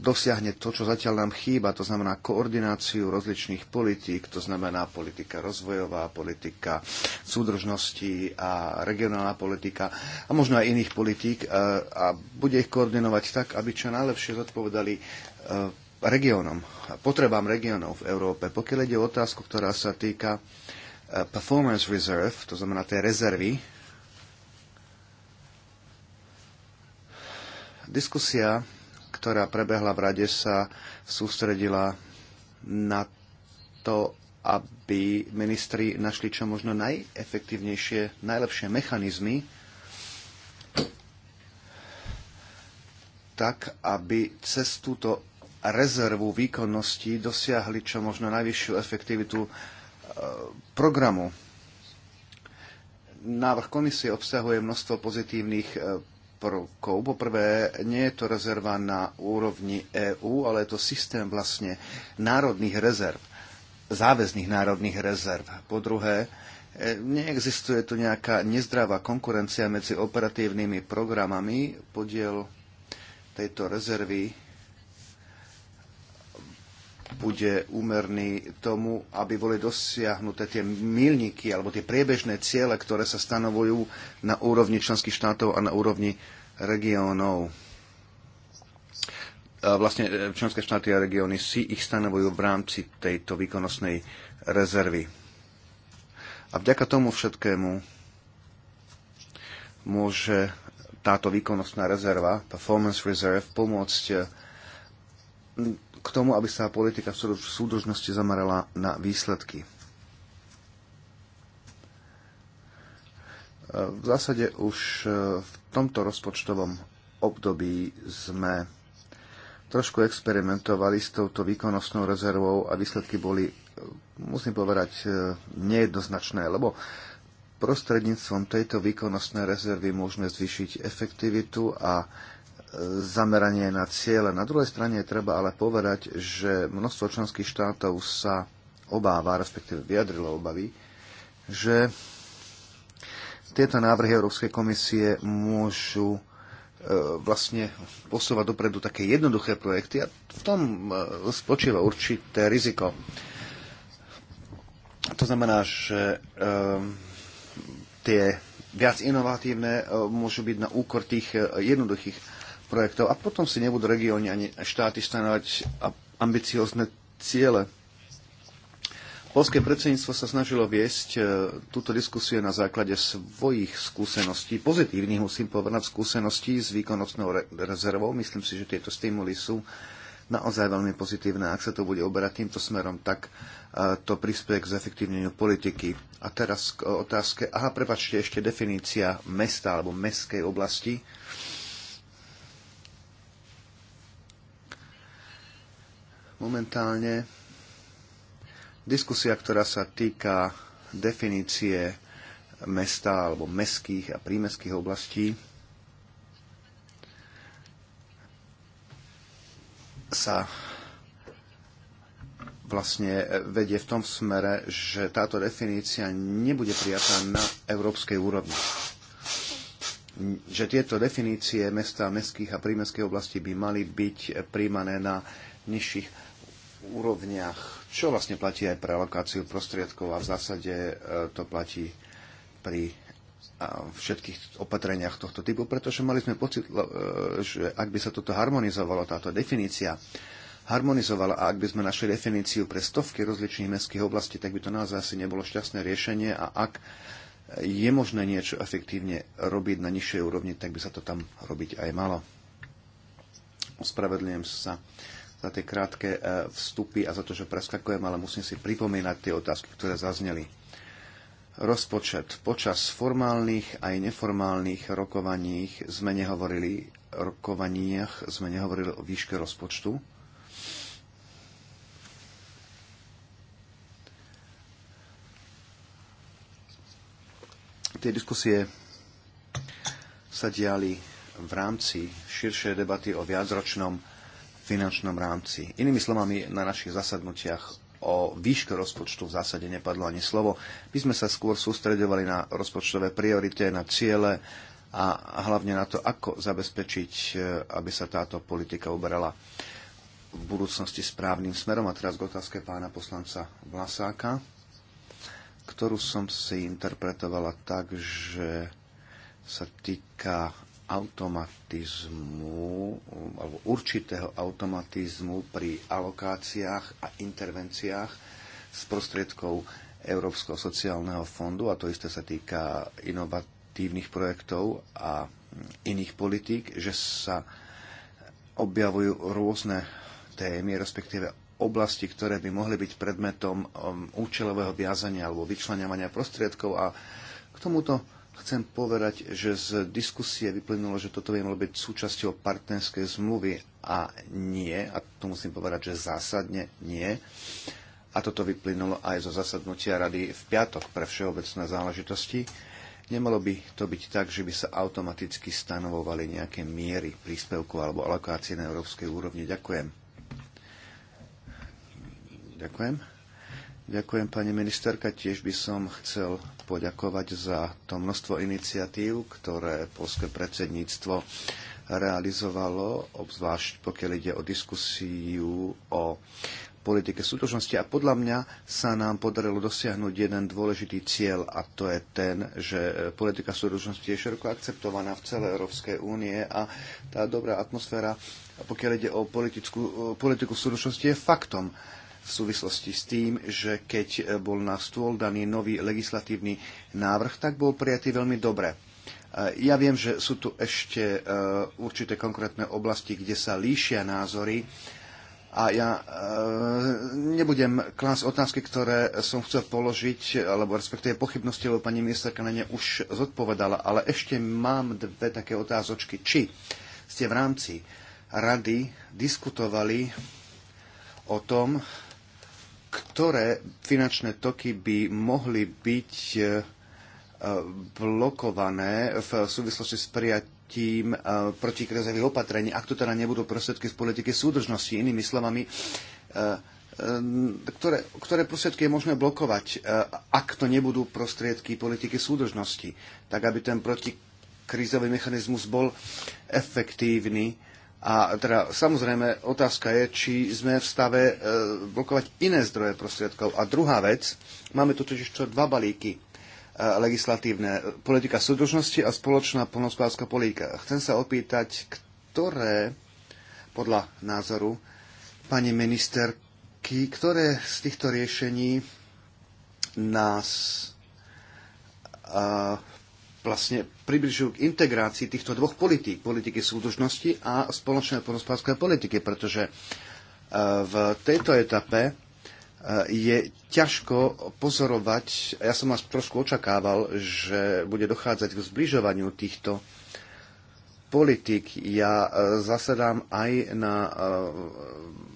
Speaker 3: dosiahne to, čo zatiaľ nám chýba, to znamená koordináciu rozličných politík, to znamená politika rozvojová, politika súdržnosti a regionálna politika a možno aj iných politík e, a bude ich koordinovať tak, aby čo najlepšie zodpovedali e, regiónom, potrebám regiónov v Európe. Pokiaľ ide o otázku, ktorá sa týka eh, performance reserve, to znamená tej rezervy, diskusia, ktorá prebehla v rade, sa sústredila na to, aby ministri našli čo možno najefektívnejšie, najlepšie mechanizmy, tak, aby cez túto rezervu výkonnosti dosiahli čo možno najvyššiu efektivitu e, programu. Návrh komisie obsahuje množstvo pozitívnych e, prvkov. Poprvé, nie je to rezerva na úrovni EÚ, ale je to systém vlastne národných rezerv, záväzných národných rezerv. Po druhé, e, neexistuje tu nejaká nezdravá konkurencia medzi operatívnymi programami. Podiel tejto rezervy bude úmerný tomu, aby boli dosiahnuté tie milníky alebo tie priebežné ciele, ktoré sa stanovujú na úrovni členských štátov a na úrovni regiónov. Vlastne e, členské štáty a regióny si ich stanovujú v rámci tejto výkonnostnej rezervy. A vďaka tomu všetkému môže táto výkonnostná rezerva, performance reserve, pomôcť e, k tomu, aby sa politika v súdržnosti zamerala na výsledky. E, v zásade už e, v tomto rozpočtovom období sme trošku experimentovali s touto výkonnostnou rezervou a výsledky boli, e, musím povedať, nejednoznačné, lebo prostredníctvom tejto výkonnostnej rezervy môžeme zvýšiť efektivitu a zameranie na ciele. Na druhej strane je treba ale povedať, že množstvo členských štátov sa obáva, respektíve vyjadrilo obavy, že tieto návrhy Európskej komisie môžu e, vlastne posúvať dopredu také jednoduché projekty a v tom e, spočíva určité riziko. To znamená, že e, tie viac inovatívne môžu byť na úkor tých jednoduchých projektov a potom si nebudú regióny ani štáty stanovať ambiciozne ciele. Polské predsedníctvo sa snažilo viesť e, túto diskusiu na základe svojich skúseností, pozitívnych musím povedať, skúseností s výkonnostnou rezervou. Myslím si, že tieto stimuly sú naozaj veľmi pozitívne. Ak sa to bude oberať týmto smerom, tak e, to prispieje k zefektívneniu politiky. A teraz k otázke, aha, prepačte, ešte definícia mesta alebo mestskej oblasti. Uh, momentálne diskusia, ktorá sa týka definície mesta alebo mestských a prímeských oblastí, sa vlastne vedie v tom smere, že táto definícia nebude prijatá na európskej úrovni. Že tieto definície mesta, mestských a prímeských oblastí by mali byť príjmané na nižších úrovniach, čo vlastne platí aj pre alokáciu prostriedkov a v zásade e, to platí pri všetkých opatreniach tohto typu, pretože mali sme pocit, e, že ak by sa toto harmonizovalo, táto definícia harmonizovala a ak by sme našli definíciu pre stovky rozličných mestských oblastí, tak by to naozaj asi nebolo šťastné riešenie a ak je možné niečo efektívne robiť na nižšej úrovni, tak by sa to tam robiť aj malo. Ospravedlňujem sa za tie krátke e, vstupy a za to, že preskakujem, ale musím si pripomínať tie otázky, ktoré zazneli. Rozpočet. Počas formálnych aj neformálnych rokovaní sme nehovorili rokovaniach sme nehovorili o výške rozpočtu. Tie diskusie sa diali v rámci širšej debaty o viacročnom finančnom rámci. Inými slovami, na našich zasadnutiach o výške rozpočtu v zásade nepadlo ani slovo. My sme sa skôr sústredovali na rozpočtové priority, na ciele a hlavne na to, ako zabezpečiť, e, aby sa táto politika uberala v budúcnosti správnym smerom. A teraz k otázke pána poslanca Vlasáka, ktorú som si interpretovala tak, že sa týka automatizmu alebo určitého automatizmu pri alokáciách a intervenciách z prostriedkov Európskeho sociálneho fondu a to isté sa týka inovatívnych projektov a iných politík, že sa objavujú rôzne témy, respektíve oblasti, ktoré by mohli byť predmetom um, účelového viazania alebo vyčlenovania prostriedkov a k tomuto Chcem povedať, že z diskusie vyplynulo, že toto by malo byť súčasťou partnerskej zmluvy a nie, a to musím povedať, že zásadne nie. A toto vyplynulo aj zo zasadnutia rady v piatok pre všeobecné záležitosti. Nemalo by to byť tak, že by sa automaticky stanovovali nejaké miery príspevku alebo alokácie na európskej úrovni. Ďakujem. Ďakujem. Ďakujem, pani ministerka. Tiež by som chcel poďakovať za to množstvo iniciatív, ktoré polské predsedníctvo realizovalo, obzvlášť pokiaľ ide o diskusiu o politike súdržnosti. A podľa mňa sa nám podarilo dosiahnuť jeden dôležitý cieľ, a to je ten, že politika súdržnosti je široko akceptovaná v celej Európskej únie a tá dobrá atmosféra, pokiaľ ide o politiku súdržnosti, je faktom v súvislosti s tým, že keď e, bol na stôl daný nový legislatívny návrh, tak bol prijatý veľmi dobre. E, ja viem, že sú tu ešte e, určité konkrétne oblasti, kde sa líšia názory a ja nebudem klásť otázky, ktoré som chcel položiť, alebo respektíve pochybnosti, lebo pani ministerka na ne už zodpovedala, ale ešte mám dve také otázočky. Či ste v rámci rady diskutovali o tom, ktoré finančné toky by mohli byť e, e, blokované v súvislosti s prijatím e, protikrizových opatrení, ak to teda nebudú prostriedky z politiky súdržnosti. Inými slovami, ktoré, ktoré prostriedky je možné blokovať, ak to nebudú prostriedky politiky súdržnosti, tak aby ten protikrizový mechanizmus bol efektívny a teda samozrejme otázka je, či sme v stave e, blokovať iné zdroje prostriedkov. A druhá vec, máme tu totiž čo dva balíky e, legislatívne. Politika súdržnosti a spoločná polnospodárska politika. Chcem sa opýtať, ktoré podľa názoru pani ministerky, ktoré z týchto riešení nás e, vlastne približujú k integrácii týchto dvoch politík, politiky súdržnosti a spoločnej poľnospodárskej politiky, pretože e, v tejto etape e, je ťažko pozorovať, ja som vás trošku očakával, že bude dochádzať k zbližovaniu týchto politik. Ja e, zasedám aj na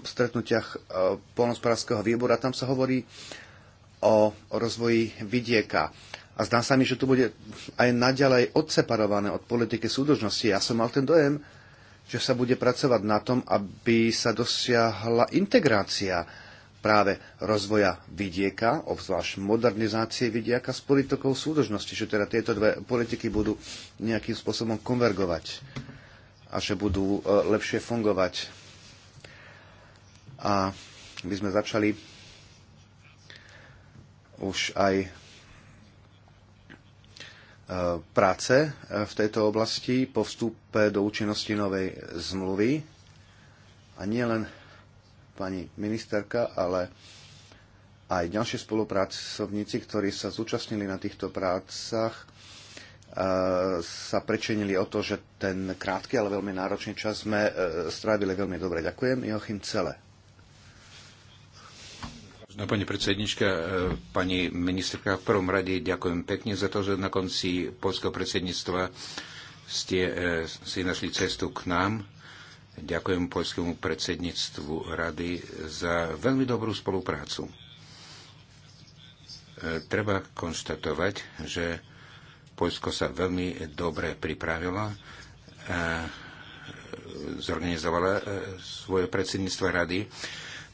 Speaker 3: stretnutiach polnospodárskeho výbora, tam sa hovorí o rozvoji vidieka a zdá sa mi, že to bude aj naďalej odseparované od politiky súdržnosti. Ja som mal ten dojem, že sa bude pracovať na tom, aby sa dosiahla integrácia práve rozvoja vidieka, obzvlášť modernizácie vidieka s politikou súdržnosti, že teda tieto dve politiky budú nejakým spôsobom konvergovať a že budú e, lepšie fungovať. A my sme začali už aj E, práce e, v tejto oblasti po vstupe do účinnosti novej zmluvy. A nielen pani ministerka, ale aj ďalší spolupracovníci, ktorí sa zúčastnili na týchto prácach, e, sa prečenili o to, že ten krátky, ale veľmi náročný čas sme strávili veľmi dobre. Ďakujem. Joachim
Speaker 1: Cele. No, pani predsednička, e, pani ministerka, v prvom rade ďakujem pekne za to, že na konci polského predsedníctva ste e, si našli cestu k nám. Ďakujem polskému predsedníctvu rady za veľmi dobrú spoluprácu. E, treba konštatovať, že Polsko sa veľmi dobre pripravilo zorganizovala svoje predsedníctvo rady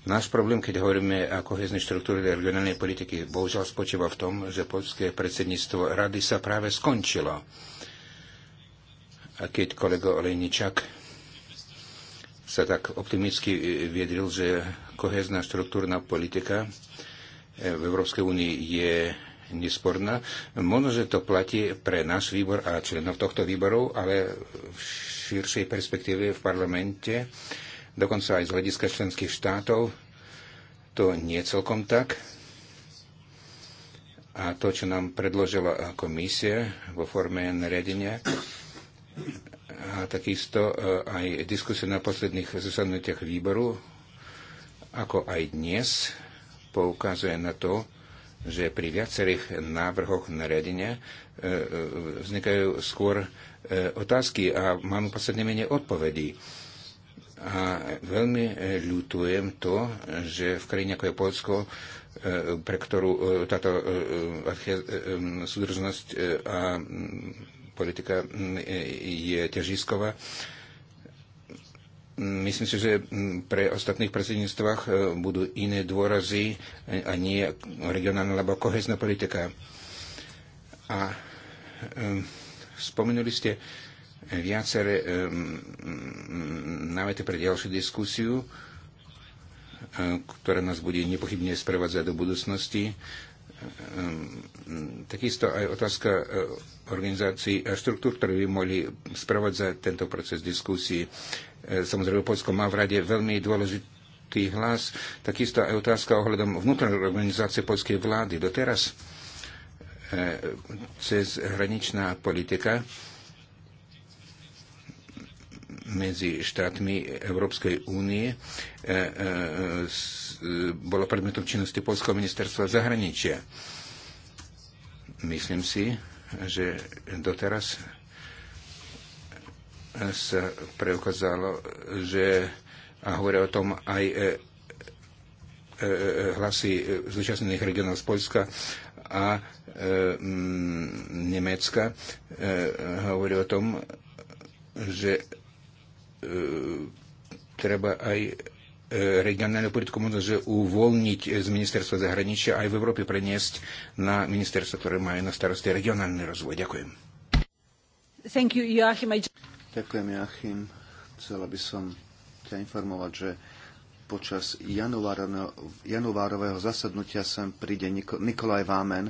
Speaker 1: Náš problém, keď hovoríme o koheznej štruktúre regionálnej politiky, bohužiaľ spočíva v tom, že poľské predsedníctvo rady sa práve skončilo. A keď kolega Olejničak sa tak optimicky viedril, že kohezná štruktúrna politika eh, v Európskej únii je nesporná. Možno, že to platí pre náš výbor a členov tohto výboru, ale v širšej perspektíve v parlamente dokonca aj z hľadiska členských štátov. To nie celkom tak. A to, čo nám predložila komisie vo forme nariadenia, a takisto e, aj diskusie na posledných zasadnutiach výboru, ako aj dnes, poukazuje na to, že pri viacerých návrhoch nariadenia e, e, vznikajú skôr otázky a máme posledne menej odpovedí. A veľmi e, ľutujem to, že v krajine ako je Polsko, e, pre ktorú táto súdržnosť a politika je ťažisková, Myslím si, že mm, pre ostatných predsedníctvách e, budú iné dôrazy a nie regionálna alebo kohezná politika. A spomenuli ste viaceré ehm, mm, námety pre ďalšiu diskusiu, eh, ktorá nás bude nepochybne sprevádzať do budúcnosti. Ehm, mm, takisto aj otázka eh, organizácií a štruktúr, ktoré by mohli sprevádzať tento proces diskusie. Eh, samozrejme, Polsko má v rade veľmi dôležitý hlas. Takisto aj otázka ohľadom vnútornej organizácie polskej vlády. Doteraz cez hraničná politika medzi štátmi Európskej únie e, e, e, bolo predmetom činnosti Polského ministerstva zahraničia. Myslím si, že doteraz sa preukázalo, že a hovoria o tom aj hlasy zúčastnených regionov z Polska a Nemecka hovorí o tom, že E, treba aj e, regionálnu politiku možno, že uvoľniť z ministerstva zahraničia aj v Európe preniesť na ministerstvo, ktoré majú na starosti regionálny rozvoj. Ďakujem.
Speaker 3: Thank you, Joachim. Ďakujem, Joachim. Chcela by som ťa informovať, že počas januárového zasadnutia sem príde Nikolaj Vámen,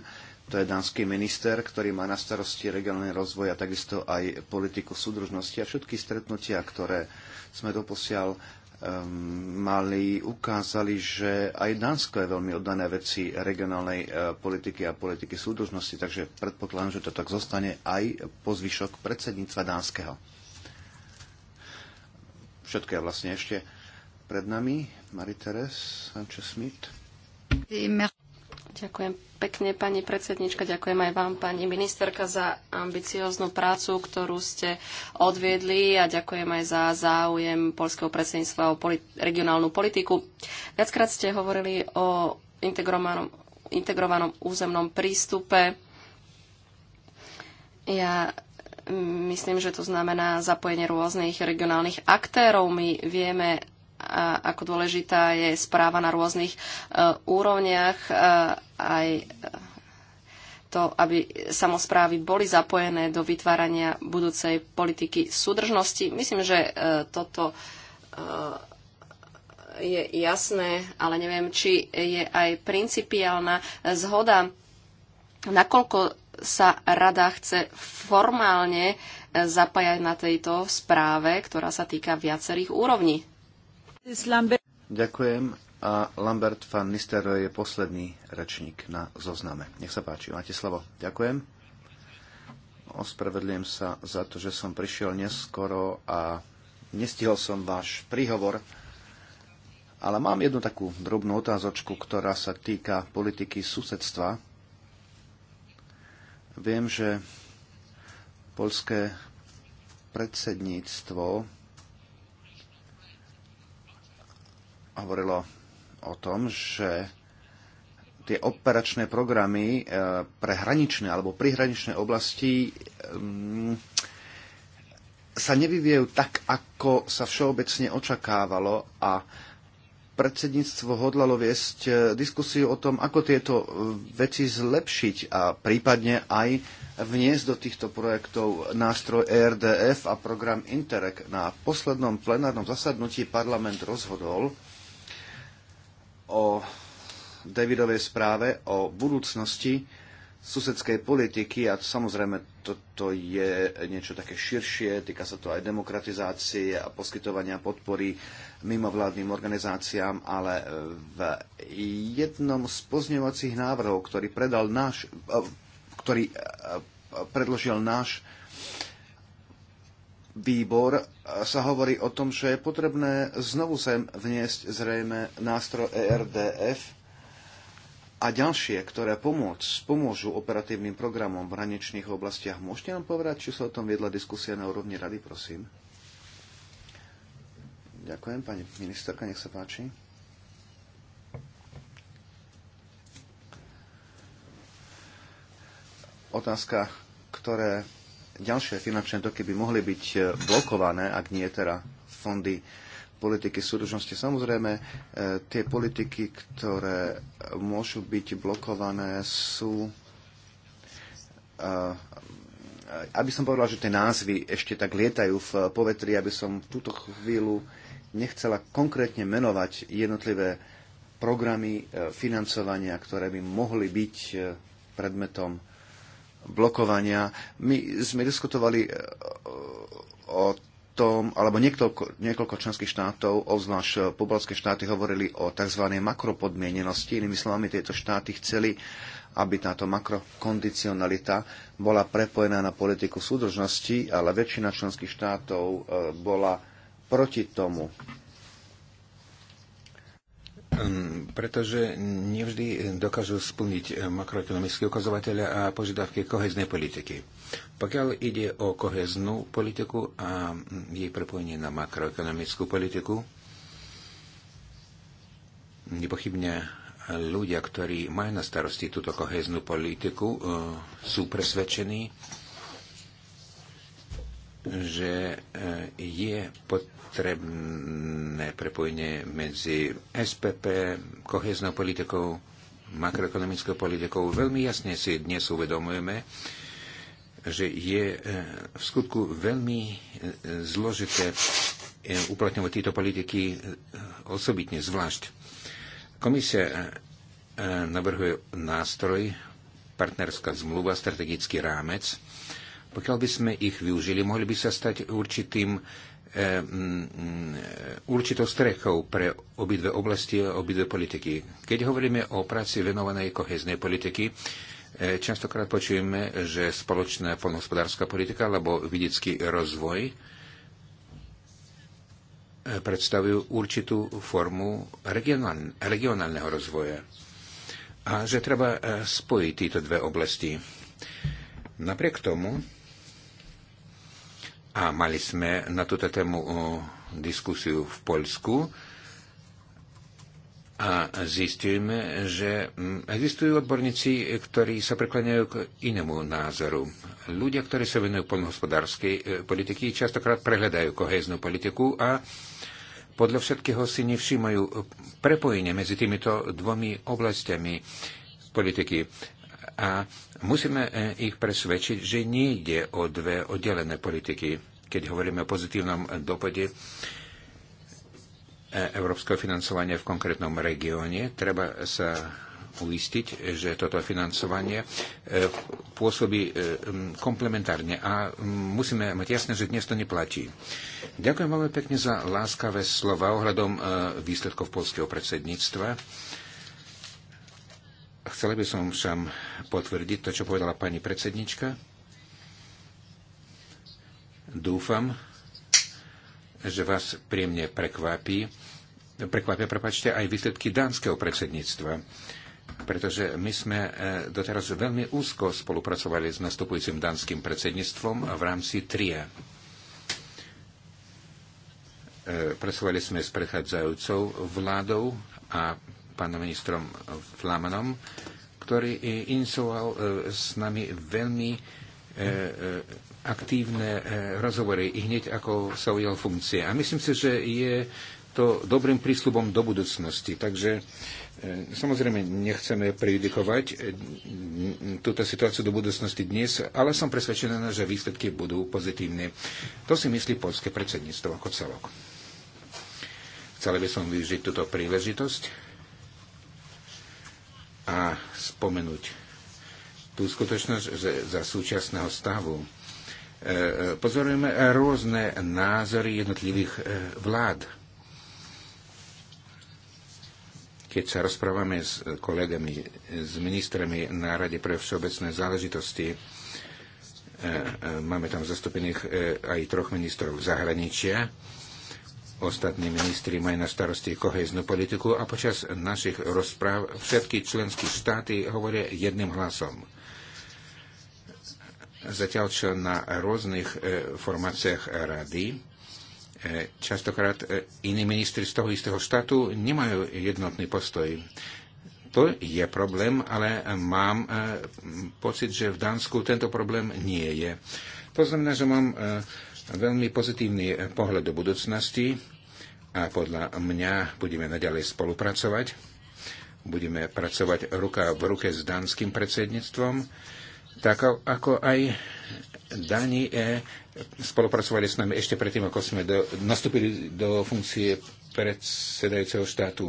Speaker 3: to je dánsky minister, ktorý má na starosti regionálny rozvoj a takisto aj politiku súdružnosti. A všetky stretnutia, ktoré sme doposiaľ mali, ukázali, že aj Dánsko je veľmi oddané veci regionálnej e, politiky a politiky súdružnosti, takže predpokladám, že to tak zostane aj po zvyšok predsedníctva dánskeho. Všetko je vlastne ešte pred nami. Marie-Therese Sanchez-Smith.
Speaker 2: Ďakujem pekne, pani predsednička. Ďakujem aj vám, pani ministerka, za ambicióznu prácu, ktorú ste odviedli a ďakujem aj za záujem Polského predsedníctva o polit- regionálnu politiku. Viackrát ste hovorili o integrovanom, integrovanom územnom prístupe. Ja myslím, že to znamená zapojenie rôznych regionálnych aktérov. My vieme a ako dôležitá je správa na rôznych e, úrovniach, e, aj to, aby samozprávy boli zapojené do vytvárania budúcej politiky súdržnosti. Myslím, že e, toto je jasné, ale neviem, či je aj principiálna zhoda, nakoľko sa rada chce formálne zapájať na tejto správe, ktorá sa týka viacerých úrovní.
Speaker 3: Ďakujem. A Lambert van Nistelrooy je posledný rečník na zozname. Nech sa páči, máte slovo. Ďakujem. Ospravedlňujem sa za to, že som prišiel neskoro a nestihol som váš príhovor. Ale mám jednu takú drobnú otázočku, ktorá sa týka politiky susedstva. Viem, že polské predsedníctvo hovorilo o tom, že tie operačné programy e, pre hraničné alebo prihraničné oblasti mm, sa nevyvíjajú tak, ako sa všeobecne očakávalo a predsedníctvo hodlalo viesť e, diskusiu o tom, ako tieto veci zlepšiť a prípadne aj vniesť do týchto projektov nástroj ERDF a program Interreg. Na poslednom plenárnom zasadnutí parlament rozhodol, o Davidovej správe o budúcnosti susedskej politiky a samozrejme toto je niečo také širšie, týka sa to aj demokratizácie a poskytovania podpory mimovládnym organizáciám, ale v jednom z pozňovacích návrhov, ktorý, predal náš, eh, ktorý eh, predložil náš výbor sa hovorí o tom, že je potrebné znovu sem vniesť zrejme nástroj ERDF a ďalšie, ktoré pomôc, pomôžu operatívnym programom v hraničných oblastiach. Môžete nám povedať, či sa o tom viedla diskusia na úrovni rady, prosím? Ďakujem, pani ministerka, nech sa páči. Otázka, ktoré ďalšie finančné toky by mohli byť e, blokované, ak nie teda fondy politiky súdržnosti. Samozrejme, e, tie politiky, ktoré môžu byť blokované, sú e, aby som povedal, že tie názvy ešte tak lietajú v povetri, aby som túto chvíľu nechcela konkrétne menovať jednotlivé programy financovania, ktoré by mohli byť predmetom blokovania. My sme diskutovali e, o tom, alebo niekoľko, niekoľko členských štátov, obzvlášť e, pobalské štáty, hovorili o tzv. makropodmienenosti. Inými slovami, tieto štáty chceli, aby táto makrokondicionalita bola prepojená na politiku súdržnosti, ale väčšina členských štátov e, bola proti tomu.
Speaker 1: Ehm, pretože nevždy dokážu splniť ehm, makroekonomické ukazovatele a požiadavky koheznej politiky. Pokiaľ ide o koheznú politiku a mm, jej prepojenie na makroekonomickú politiku, nepochybne ľudia, ktorí majú na starosti túto koheznú politiku, ehm, sú presvedčení, že e, je potrebné prepojenie medzi SPP, koheznou politikou, makroekonomickou politikou. Veľmi jasne si dnes uvedomujeme, že je e, v skutku veľmi e, zložité uplatňovať tieto politiky osobitne, zvlášť. Komisia navrhuje nástroj, partnerská zmluva, strategický rámec, pokiaľ by sme ich využili, mohli by sa stať určitým eh, mm, eh, určitou strechou pre obidve oblasti a obidve politiky. Keď hovoríme o práci venovanej koheznej politiky, eh, častokrát počujeme, že spoločná polnohospodárska politika alebo vidický rozvoj predstavujú určitú formu regionálneho rozvoja a že treba spojiť tieto dve oblasti. Napriek tomu a mali sme na túto tému diskusiu v Poľsku a zistujeme, že mm, existujú odborníci, ktorí sa prekláňajú k inému názoru. Ľudia, ktorí sa venujú poľnohospodárskej e, politiky, častokrát prehľadajú koheznú politiku a podľa všetkého si nevšímajú prepojenie medzi týmito dvomi oblastiami politiky a musíme e, ich presvedčiť, že nejde o dve oddelené politiky. Keď hovoríme o pozitívnom dopade e, európskeho financovania v konkrétnom regióne, treba sa uistiť, že toto financovanie e, pôsobí komplementárne a musíme mať jasné, že dnes to neplatí. Ďakujem veľmi pekne za láskavé slova ohľadom výsledkov polského predsedníctva. Chcela by som všam potvrdiť to, čo povedala pani predsednička. Dúfam, že vás príjemne prekvapí, prekvapia prepačte, aj výsledky dánskeho predsedníctva, pretože my sme e, doteraz veľmi úzko spolupracovali s nastupujúcim dánskym predsedníctvom v rámci TRIA. E, pracovali sme s predchádzajúcou vládou a pánom ministrom Flamanom, ktorý inicioval e, s nami veľmi e, e, aktívne rozhovory i hneď ako sa ujal funkcie. A myslím si, že je to dobrým prísľubom do budúcnosti. Takže samozrejme nechceme prejudikovať túto situáciu do budúcnosti dnes, ale som presvedčená, že výsledky budú pozitívne. To si myslí polské predsedníctvo ako celok. Chcela by som využiť túto príležitosť a spomenúť tú skutočnosť, že za súčasného stavu e, e, pozorujeme rôzne názory jednotlivých e, vlád. Keď sa rozprávame s kolegami, s ministrami na Rade pre všeobecné záležitosti, máme tam zastúpených aj troch ministrov zahraničia, Ostatní ministri majú na starosti koheznú politiku a počas našich rozpráv všetky členské štáty hovoria jedným hlasom. Zatiaľ, čo na rôznych e, formáciách rady, e, častokrát e, iní ministri z toho istého štátu nemajú jednotný postoj. To je problém, ale mám pocit, že v Dánsku tento problém nie je. To znamená, že mám veľmi pozitívny pohľad do budúcnosti a podľa mňa budeme naďalej spolupracovať. Budeme pracovať ruka v ruke s dánskym predsedníctvom, tak ako aj Dani eh, spolupracovali s nami ešte predtým, ako sme do, nastúpili do funkcie predsedajúceho štátu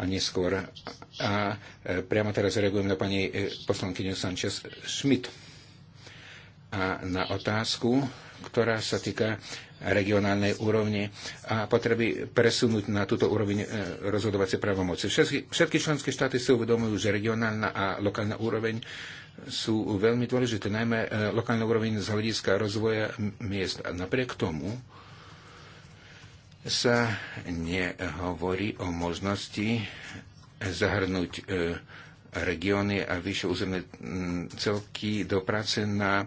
Speaker 1: a neskôr. A eh, priamo teraz reagujem na pani eh, poslankyňu Sanchez Schmidt a na otázku, ktorá sa týka regionálnej úrovne a potreby presunúť na túto úroveň e, rozhodovacie právomoci. Všetky, všetky členské štáty si uvedomujú, že regionálna a lokálna úroveň sú veľmi dôležité, najmä e, lokálna úroveň z hľadiska rozvoja miest. A napriek tomu sa nehovorí o možnosti zahrnúť e, regióny a vyššie územné mm, celky do práce na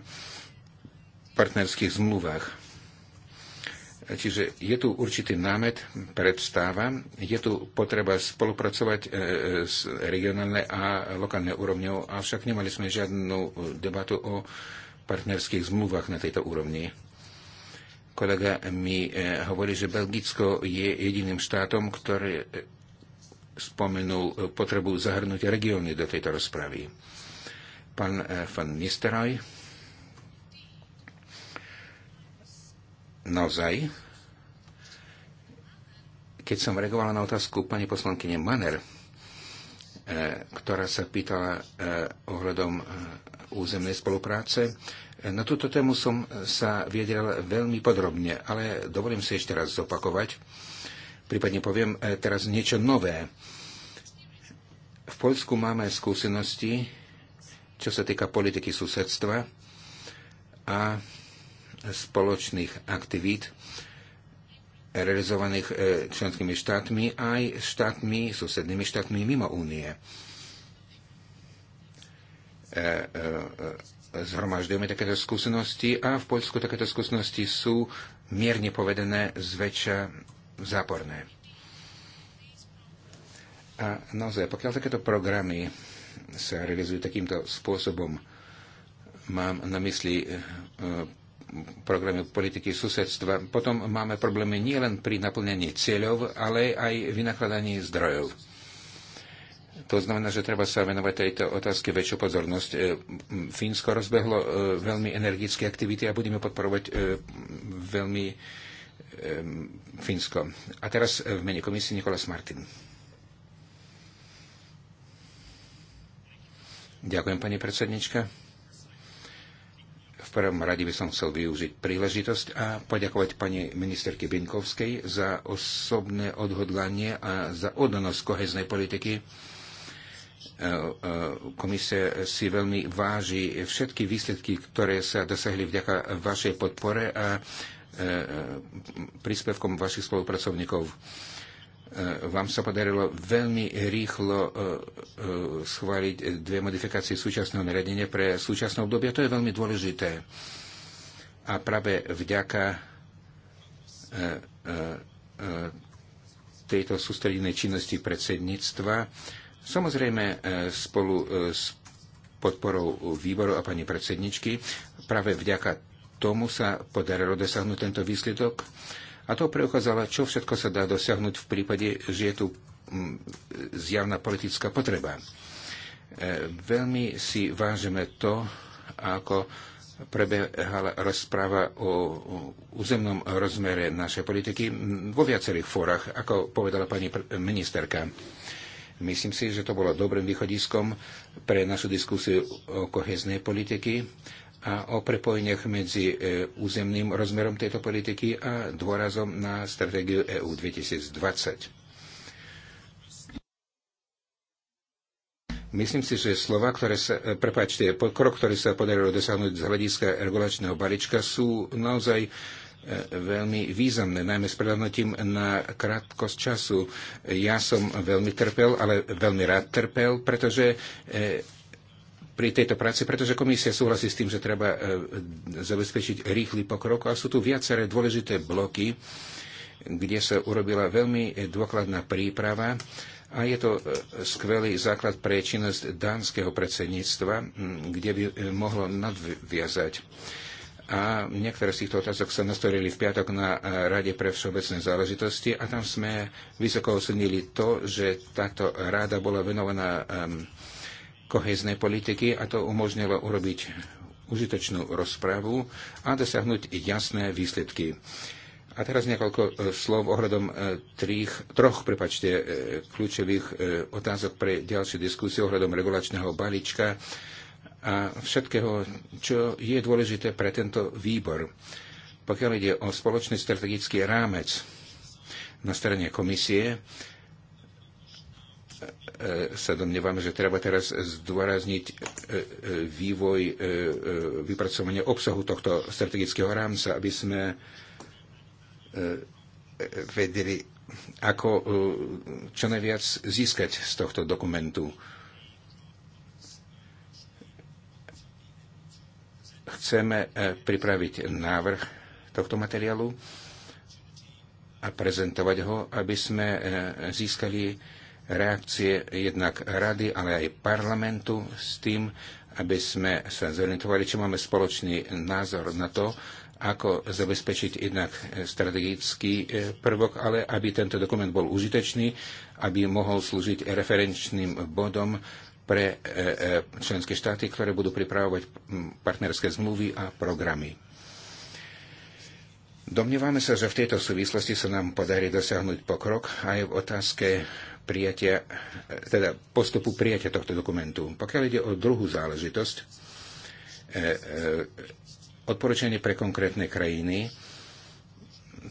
Speaker 1: partnerských zmluvách. Čiže je tu určitý námet, predstáva, je tu potreba spolupracovať e, e, s regionálne a lokálne úrovňou, avšak nemali sme žiadnu debatu o partnerských zmluvách na tejto úrovni. Kolega mi e, hovorí, že Belgicko je jediným štátom, ktoré spomenul e, potrebu zahrnúť regióny do tejto rozpravy. Pán e, van Nisteraj, naozaj, keď som reagovala na otázku pani poslankyne Manner, e, ktorá sa pýtala ohľadom územnej spolupráce. Na túto tému som sa viedel veľmi podrobne, ale dovolím si ešte raz zopakovať prípadne poviem e, teraz niečo nové. V Polsku máme skúsenosti, čo sa týka politiky susedstva a spoločných aktivít realizovaných e, členskými štátmi aj štátmi, susednými štátmi mimo únie. E, zhromažďujeme takéto skúsenosti a v Polsku takéto skúsenosti sú mierne povedané zväčša záporné. A naozaj, pokiaľ takéto programy sa realizujú takýmto spôsobom, mám na mysli eh, eh, programy politiky susedstva, potom máme problémy nielen pri naplnení cieľov, ale aj vynakladaní zdrojov. To znamená, že treba sa venovať tejto otázke väčšiu pozornosť. Eh, Fínsko rozbehlo veľmi energické aktivity a budeme podporovať veľmi Fínsko. A teraz eh, v mene komisie Nikolas Martin. Ďakujem, pani predsednička. V prvom rade by som chcel využiť príležitosť a poďakovať pani ministerke Binkovskej za osobné odhodlanie a za oddanosť koheznej politiky. Eh, eh, Komisia si veľmi váži všetky výsledky, ktoré sa dosahli vďaka vašej podpore a E, e, príspevkom vašich spolupracovníkov. E, vám sa podarilo veľmi rýchlo schváliť dve modifikácie súčasného nariadenia pre súčasné obdobie. To je veľmi dôležité. A práve vďaka tejto sústredenej činnosti predsedníctva, samozrejme spolu s podporou výboru a pani predsedničky, práve vďaka tomu sa podarilo dosiahnuť tento výsledok a to preukázalo, čo všetko sa dá dosiahnuť v prípade, že je tu mm, zjavná politická potreba. E, veľmi si vážime to, ako prebehala rozpráva o územnom rozmere našej politiky vo viacerých fórach, ako povedala pani ministerka. Myslím si, že to bolo dobrým východiskom pre našu diskusiu o koheznej politiky a o prepojeniach medzi e, územným rozmerom tejto politiky a dôrazom na stratégiu EU 2020. Myslím si, že slova, ktoré sa, e, prepáčte, krok, ktorý sa podarilo dosiahnuť z hľadiska regulačného balíčka, sú naozaj e, veľmi významné, najmä s prehľadnutím na krátkosť času. Ja som veľmi trpel, ale veľmi rád trpel, pretože pri tejto práci, pretože komisia súhlasí s tým, že treba e, zabezpečiť rýchly pokrok a sú tu viaceré dôležité bloky, kde sa urobila veľmi dôkladná príprava a je to e, skvelý základ pre činnosť dánskeho predsedníctva, kde by e, mohlo nadviazať. A niektoré z týchto otázok sa nastorili v piatok na Rade pre všeobecné záležitosti a tam sme vysoko ocenili to, že táto rada bola venovaná koheznej politiky a to umožnilo urobiť užitočnú rozpravu a dosiahnuť jasné výsledky. A teraz niekoľko e, slov ohľadom e, trých, troch prepačte, e, kľúčových otázok pre ďalšiu diskusiu ohľadom regulačného balíčka a všetkého, čo je dôležité pre tento výbor. Pokiaľ ide o spoločný strategický rámec na strane komisie, E, sa domnievame, že treba teraz zdôrazniť e, e, vývoj vypracovania obsahu tohto strategického rámca, aby sme vedeli, ako čo najviac získať z tohto dokumentu. Chceme pripraviť návrh tohto materiálu a prezentovať ho, aby sme získali reakcie jednak rady, ale aj parlamentu s tým, aby sme sa zorientovali, či máme spoločný názor na to, ako zabezpečiť jednak strategický e, prvok, ale aby tento dokument bol užitečný, aby mohol slúžiť referenčným bodom pre e, e, členské štáty, ktoré budú pripravovať partnerské zmluvy a programy. Domnievame sa, že v tejto súvislosti sa nám podarí dosiahnuť pokrok aj v otázke prijatia, teda postupu prijatia tohto dokumentu. Pokiaľ ide o druhú záležitosť, e, e, odporúčanie pre konkrétne krajiny,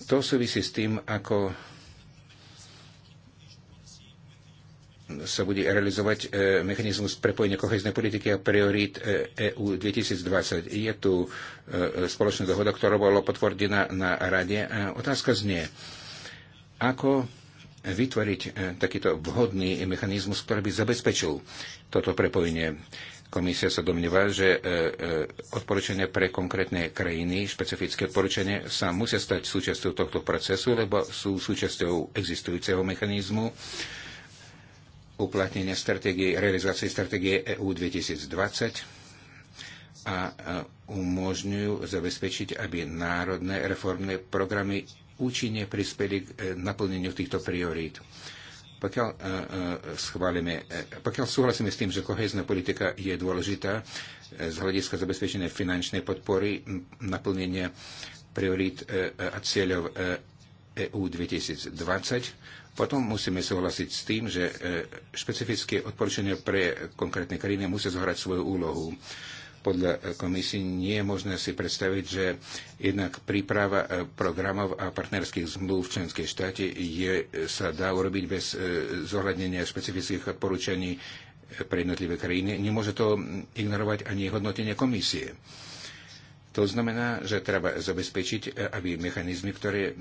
Speaker 1: to súvisí s tým, ako sa bude realizovať e, mechanizmus prepojenia koheznej politiky a priorít EU 2020. Je tu spoločná dohoda, ktorá bola potvrdená na rade. Otázka znie, ako vytvoriť e, takýto vhodný mechanizmus, ktorý by zabezpečil toto prepojenie. Komisia sa domnieva, že e, e, odporúčania pre konkrétne krajiny, špecifické odporúčania sa musia stať súčasťou tohto procesu, lebo sú súčasťou existujúceho mechanizmu uplatnenia stratégie, realizácie stratégie EU 2020 a umožňujú zabezpečiť, aby národné reformné programy účinne prispeli k e, naplneniu týchto priorít. Pokiaľ, uh, pokiaľ súhlasíme s tým, že kohezná politika je dôležitá z hľadiska zabezpečenia finančnej podpory, naplnenia priorít a cieľov EU 2020, potom musíme súhlasiť s tým, že špecifické odporúčania pre konkrétne krajiny musia zohrať svoju úlohu. Podľa e, komisie nie je možné si predstaviť, že jednak príprava e, programov a partnerských zmluv v členskej štáte je, e, sa dá urobiť bez zohľadnenia špecifických odporúčaní pre jednotlivé krajiny. Nemôže to ignorovať ani hodnotenie komisie. To znamená, že treba zabezpečiť, aby mechanizmy, ktoré,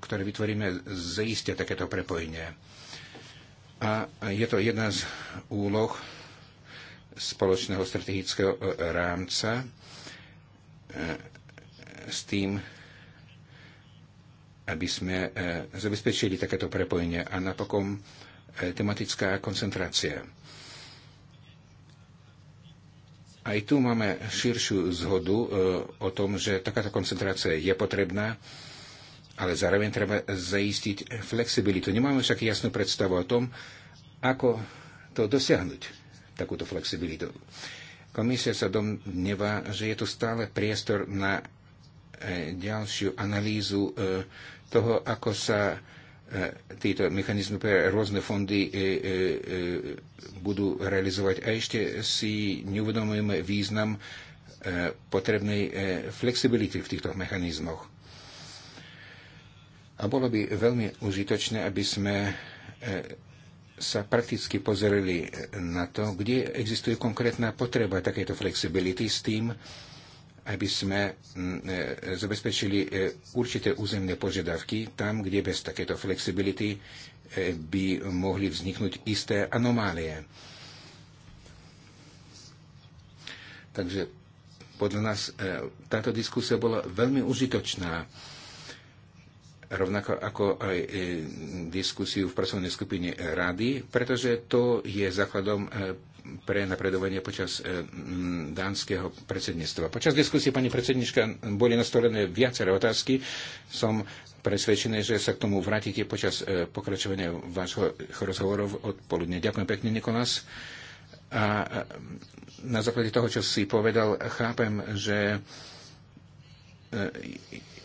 Speaker 1: ktoré vytvoríme, zaistia takéto prepojenie. A je to jedna z úloh spoločného strategického e, rámca e, s tým, aby sme e, zabezpečili takéto prepojenie a napokon tematická koncentrácia. Aj tu máme širšiu zhodu o tom, že takáto koncentrácia je potrebná, ale zároveň treba zaistiť flexibilitu. Nemáme však jasnú predstavu o tom, ako to dosiahnuť takúto flexibilitu. Komisia sa domnieva, že je tu stále priestor na e, ďalšiu analýzu e, toho, ako sa e, títo mechanizmy pre rôzne fondy budú realizovať. A ešte si neuvedomujeme význam potrebnej flexibility v týchto mechanizmoch. A bolo by veľmi užitočné, aby sme sa prakticky pozerali na to, kde existuje konkrétna potreba takéto flexibility s tým, aby sme mm, e, zabezpečili e, určité územné požiadavky tam, kde bez takéto flexibility e, by mohli vzniknúť isté anomálie. Takže podľa nás táto diskusia bola veľmi užitočná rovnako ako aj e, diskusiu v pracovnej skupine rady, pretože to je základom e, pre napredovanie počas e, dánskeho predsedníctva. Počas diskusie pani predsednička boli nastolené viaceré otázky. Som presvedčený, že sa k tomu vrátite počas pokračovania vášho rozhovorov odpoludne. Ďakujem pekne, Nikolás. A na základe toho, čo si povedal, chápem, že E,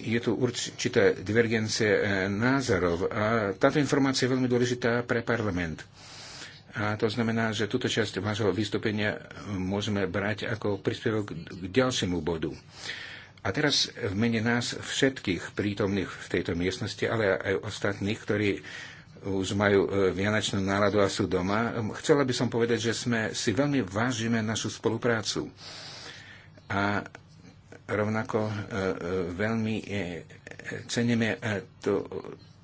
Speaker 1: je tu určitá divergencia e, názorov a táto informácia je veľmi dôležitá pre parlament. A to znamená, že túto časť vášho vystúpenia môžeme brať ako príspevok k ďalšiemu bodu. A teraz v mene nás všetkých prítomných v tejto miestnosti, ale aj ostatných, ktorí už majú e, vianočnú náladu a sú doma. Chcela by som povedať, že sme si veľmi vážime našu spoluprácu. A rovnako e, e, veľmi e, ceníme to,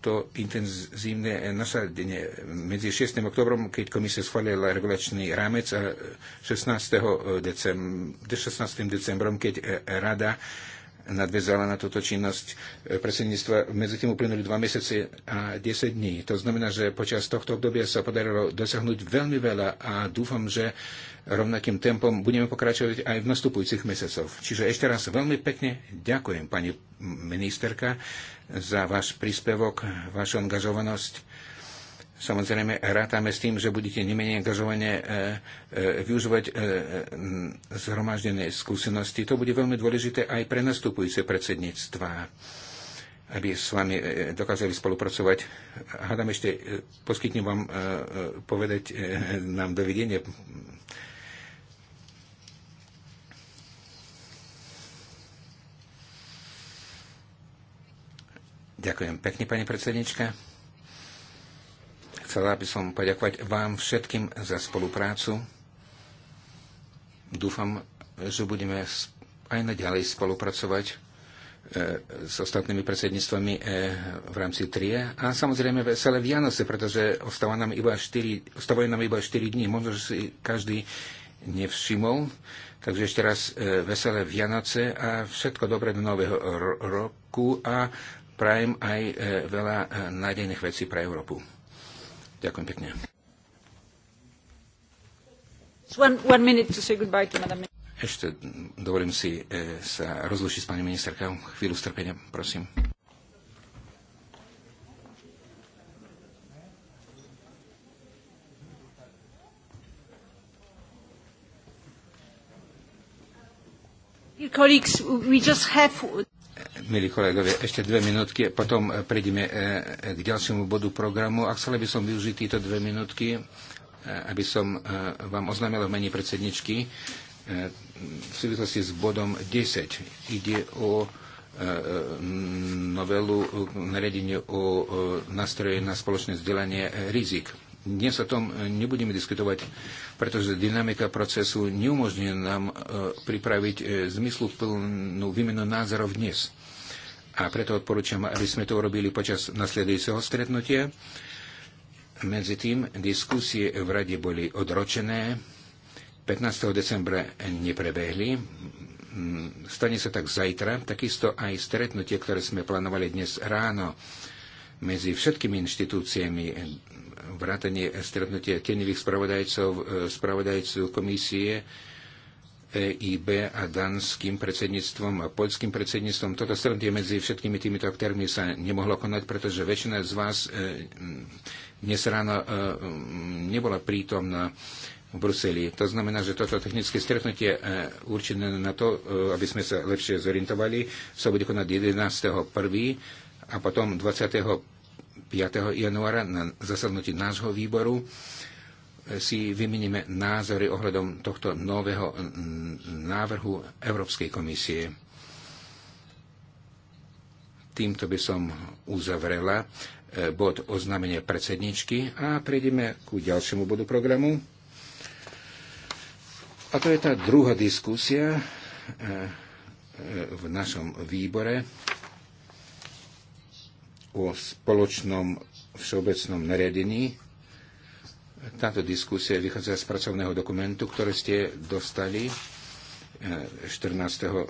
Speaker 1: to intenzívne nasadenie. Medzi 6. oktobrom, keď komisia schválila regulačný rámec a 16. Decem, 16. decembrom, keď rada nadvezala na túto činnosť predsedníctva. Medzi tým uplynuli dva mesiace a 10 dní. To znamená, že počas tohto obdobia sa podarilo dosiahnuť veľmi veľa a dúfam, že uh, rovnakým tempom budeme pokračovať aj v nastupujúcich mesiacoch. Čiže ešte raz veľmi pekne ďakujem, pani ministerka, za váš príspevok, vašu angažovanosť. Samozrejme, rátame s tým, že budete nemenej angažovane e, e, využívať e, zhromaždené skúsenosti. To bude veľmi dôležité aj pre nastupujúce predsedníctva aby s vami dokázali spolupracovať. Hádam ešte, poskytnem vám povedať nám dovidenie Ďakujem pekne, pani predsednička. Chcela by som poďakovať vám všetkým za spoluprácu. Dúfam, že budeme aj naďalej spolupracovať e, s ostatnými predsedníctvami e, v rámci trie. A samozrejme veselé Vianoce, pretože ostáva nám iba 4, ostávajú nám iba 4 dní. Možno, že si každý nevšimol. Takže ešte raz e, veselé Vianoce a všetko dobré do nového roku a prajem aj e, veľa e, nádejných vecí pre Európu. Ďakujem pekne. Ešte dovolím si e, sa rozlušiť s pani ministerkou. Chvíľu strpenia, prosím.
Speaker 2: Colleagues, we just have
Speaker 1: milí kolegovia, ešte dve minútky, potom prejdeme e, e, k ďalšiemu bodu programu. A chcela by som využiť tieto dve minútky, e, aby som vám oznámila v mene predsedničky v súvislosti s bodom 10. Ide o novelu nariadenie o nástroje na spoločné vzdelanie rizik. Dnes o tom nebudeme diskutovať, pretože dynamika procesu neumožňuje nám e, pripraviť e, zmysluplnú výmenu názorov dnes. A preto odporúčam, aby sme to urobili počas nasledujúceho stretnutia. Medzi tým diskusie v rade boli odročené, 15. decembra neprebehli, stane sa tak zajtra, takisto aj stretnutie, ktoré sme plánovali dnes ráno medzi všetkými inštitúciami vrátanie stretnutia tenivých spravodajcov, e, spravodajcov komisie EIB a danským predsedníctvom a poľským predsedníctvom. Toto stretnutie medzi všetkými týmito aktérmi sa nemohlo konať, pretože väčšina z vás e, dnes ráno e, nebola prítomná v Bruseli. To znamená, že toto technické stretnutie určené na to, aby sme sa lepšie zorientovali, sa bude konať 11.1. a potom 21. 5. januára na zasadnutí nášho výboru e, si vymeníme názory ohľadom tohto nového návrhu Európskej komisie. Týmto by som uzavrela e, bod oznámenia predsedničky a prejdeme ku ďalšiemu bodu programu. A to je tá druhá diskusia e, v našom výbore o spoločnom všeobecnom nariadení. Táto diskusia vychádza z pracovného dokumentu, ktorý ste dostali 14. Eh, eh,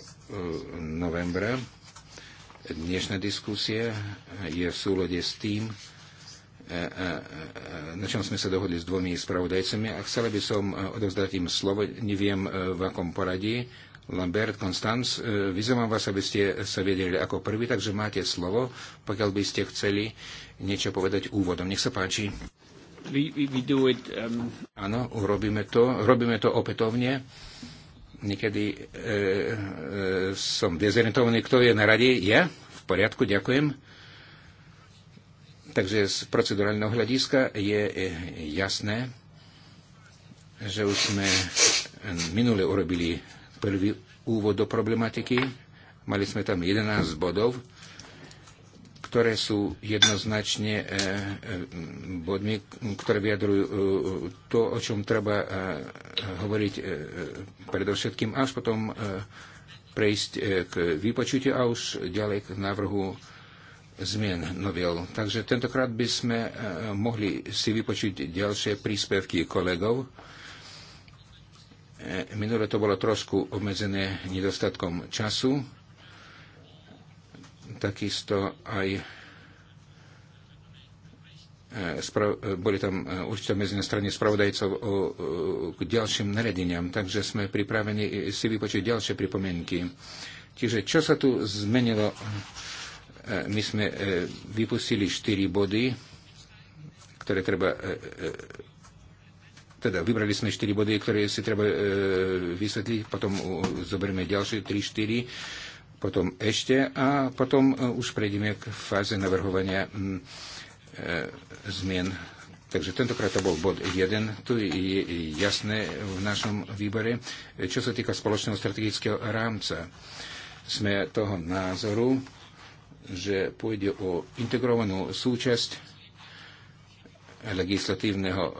Speaker 1: novembra. Dnešná diskusia eh, je v súlode s tým, na čom sme sa dohodli s dvomi spravodajcami a chcela by som odovzdať im slovo, neviem v akom poradí, Lambert Constance, e, vyzývam vás, aby ste sa vedeli ako prvý, takže máte slovo, pokiaľ by ste chceli niečo povedať úvodom. Nech sa páči. We, we, we do it, um... Áno, robíme to, robíme to opätovne. Niekedy e, e, som dezorientovaný, kto je na rade. Ja? V poriadku, ďakujem. Takže z procedurálneho hľadiska je e, jasné, že už sme minule urobili prvý úvod do problematiky. Mali sme tam 11 bodov, ktoré sú jednoznačne e, e, bodmi, ktoré vyjadrujú e, to, o čom treba hovoriť predovšetkým, až potom prejsť k vypočutiu a už ďalej k návrhu zmien novel. Takže tentokrát by sme mohli si vypočuť ďalšie príspevky kolegov. E, minule to bolo trošku obmedzené nedostatkom času, takisto aj e, e, boli tam určite medzi na strane spravodajcov o, o, k ďalším naredeniam, takže sme pripravení si vypočuť ďalšie pripomienky. Čiže čo sa tu zmenilo? My sme vypustili štyri body, ktoré treba teda vybrali sme 4 body, ktoré si treba e, vysvetliť, potom zoberieme ďalšie 3-4, potom ešte a potom e, už prejdeme k fáze navrhovania mm, e, zmien. Takže tentokrát to bol bod 1, tu je jasné v našom výbore, e, čo sa týka spoločného strategického rámca. Sme toho názoru, že pôjde o integrovanú súčasť legislatívneho e, e,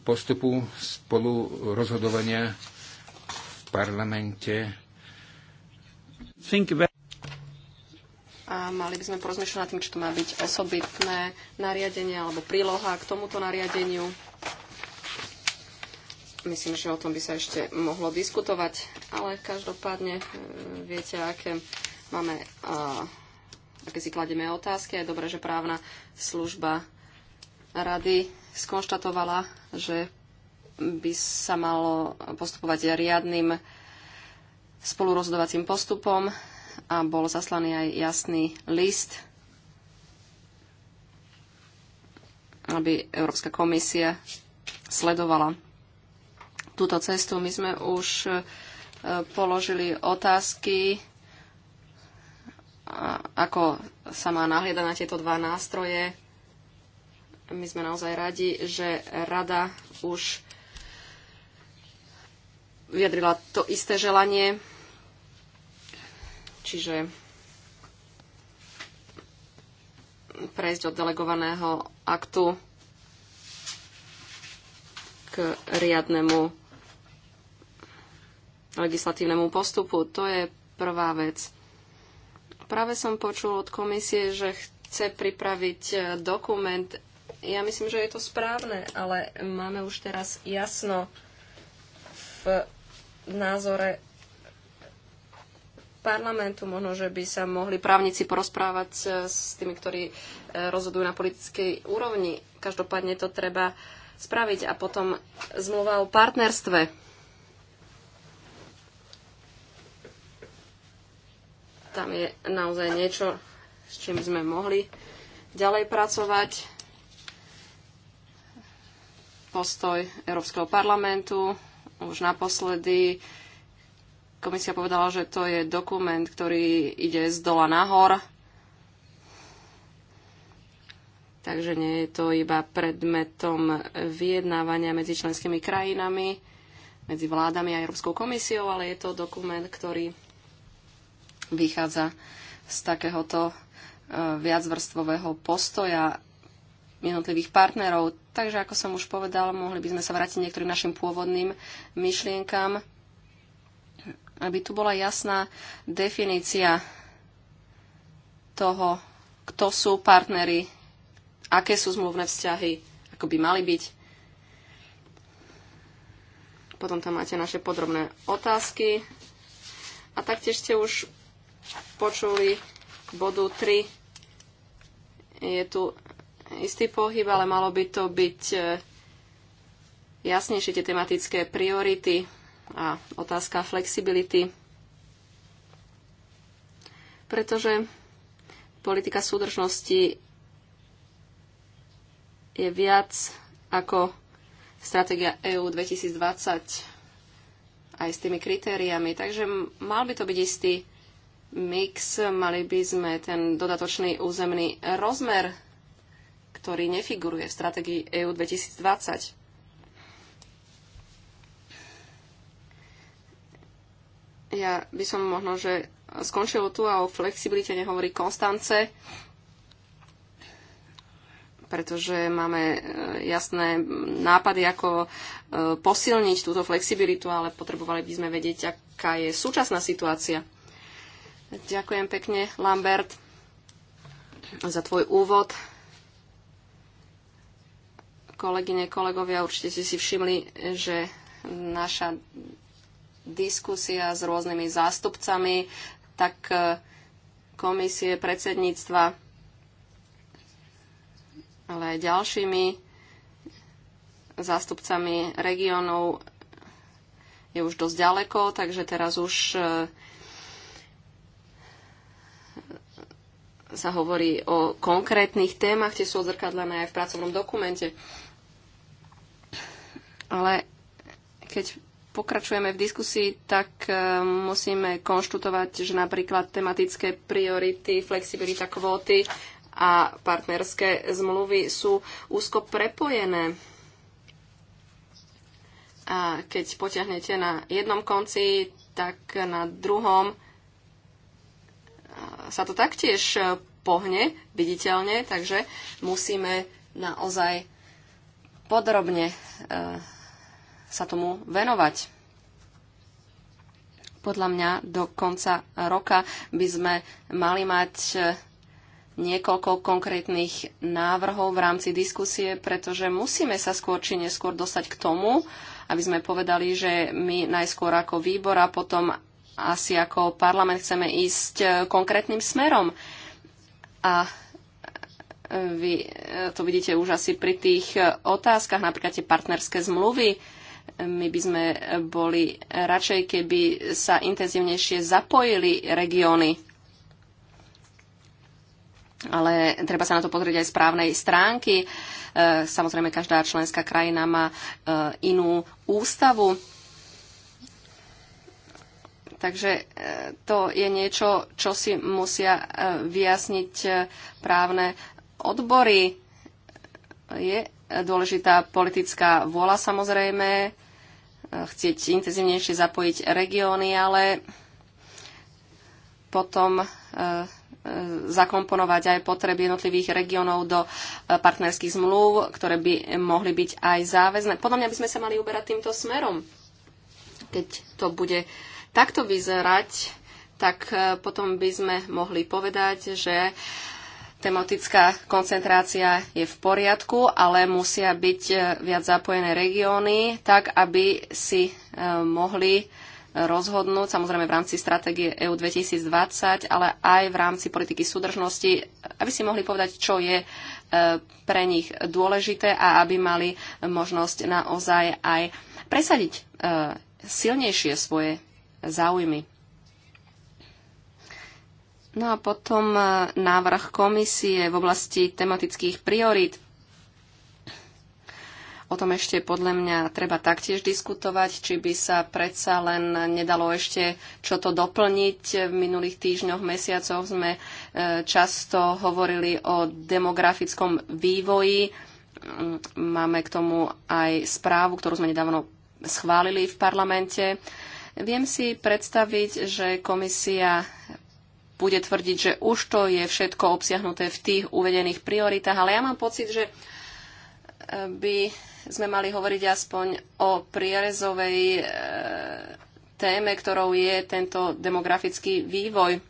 Speaker 1: postupu spolu rozhodovania v parlamente.
Speaker 2: A mali by sme porozmýšľať nad tým, či to má byť osobitné nariadenie alebo príloha k tomuto nariadeniu. Myslím, že o tom by sa ešte mohlo diskutovať, ale každopádne e, viete, aké máme, aké si kladieme otázky. Je dobré, že právna služba rady skonštatovala, že by sa malo postupovať riadnym spolurozhodovacím postupom a bol zaslaný aj jasný list, aby Európska komisia sledovala túto cestu. My sme už e, položili otázky, ako sa má nahliadať na tieto dva nástroje, my sme naozaj radi, že rada už vyjadrila to isté želanie. Čiže prejsť od delegovaného aktu k riadnemu legislatívnemu postupu. To je prvá vec. Práve som počul od komisie, že chce pripraviť dokument ja myslím, že je to správne, ale máme už teraz jasno v názore parlamentu, možno, že by sa mohli právnici porozprávať e, s tými, ktorí e, rozhodujú na politickej úrovni. Každopádne to treba spraviť a potom zmluva o partnerstve. tam je naozaj niečo, s čím sme mohli ďalej pracovať postoj Európskeho parlamentu. Už naposledy komisia povedala, že to je dokument, ktorý ide z dola nahor. Takže nie je to iba predmetom vyjednávania medzi členskými krajinami, medzi vládami a Európskou komisiou, ale je to dokument, ktorý vychádza z takéhoto e, viacvrstvového postoja jednotlivých partnerov. Takže, ako som už povedal, mohli by sme sa vrátiť niektorým našim pôvodným myšlienkam, aby tu bola jasná definícia toho, kto sú partnery, aké sú zmluvné vzťahy, ako by mali byť. Potom tam máte naše podrobné otázky. A taktiež ste už počuli bodu 3. Je tu istý pohyb, ale malo by to byť e, jasnejšie tie tematické priority a otázka flexibility. Pretože politika súdržnosti je viac ako stratégia EU 2020 aj s tými kritériami. Takže mal by to byť istý mix, mali by sme ten dodatočný územný rozmer ktorý nefiguruje v stratégii EU 2020. Ja by som možno, že skončilo tu a o flexibilite nehovorí Konstance, pretože máme e, jasné nápady, ako e, posilniť túto flexibilitu, ale potrebovali by sme vedieť, aká je súčasná situácia. Ďakujem pekne, Lambert, za tvoj úvod. Kolegyne, kolegovia, určite ste si všimli, že naša diskusia s rôznymi zástupcami, tak e, komisie predsedníctva, ale aj ďalšími zástupcami regiónov je už dosť ďaleko, takže teraz už e, sa hovorí o konkrétnych témach, tie sú odzrkadlené aj v pracovnom dokumente. Ale keď pokračujeme v diskusii, tak e, musíme konštutovať, že napríklad tematické priority, flexibilita kvóty a partnerské zmluvy sú úzko prepojené. A keď potiahnete na jednom konci, tak na druhom e, sa to taktiež pohne viditeľne, takže musíme naozaj podrobne e, sa tomu venovať. Podľa mňa do konca roka by sme mali mať e, niekoľko konkrétnych návrhov v rámci diskusie, pretože musíme sa skôr či neskôr dostať k tomu, aby sme povedali, že my najskôr ako výbor a potom asi ako parlament chceme ísť e, konkrétnym smerom. A e, vy to vidíte už asi pri tých otázkach, napríklad tie partnerské zmluvy, my by sme boli radšej, keby sa intenzívnejšie zapojili regióny. Ale treba sa na to pozrieť aj z právnej stránky. E, samozrejme, každá členská krajina má e, inú ústavu. Takže e, to je niečo, čo si musia vyjasniť právne odbory. Je dôležitá politická vôľa samozrejme, chcieť intenzívnejšie zapojiť regióny, ale potom e, e, zakomponovať aj potreby jednotlivých regiónov do e, partnerských zmluv, ktoré by mohli byť aj záväzné. Podľa mňa by sme sa mali uberať týmto smerom. Keď to bude takto vyzerať, tak potom by sme mohli povedať, že tematická koncentrácia je v poriadku, ale musia byť e, viac zapojené regióny, tak aby si e, mohli rozhodnúť, samozrejme v rámci stratégie EU 2020, ale aj v rámci politiky súdržnosti, aby si mohli povedať, čo je e, pre nich dôležité a aby mali možnosť naozaj aj presadiť silnejšie svoje záujmy. No a potom e, návrh komisie v oblasti tematických priorít. O tom ešte podľa mňa treba taktiež diskutovať, či by sa predsa len nedalo ešte čo to doplniť. V minulých týždňoch, mesiacoch sme e, často hovorili o demografickom vývoji. Mm, máme k tomu aj správu, ktorú sme nedávno schválili v parlamente. Viem si predstaviť, že komisia bude tvrdiť, že už to je všetko obsiahnuté v tých uvedených prioritách, ale ja mám pocit, že eh, by sme mali hovoriť aspoň o prierezovej eh, téme, ktorou je tento demografický vývoj.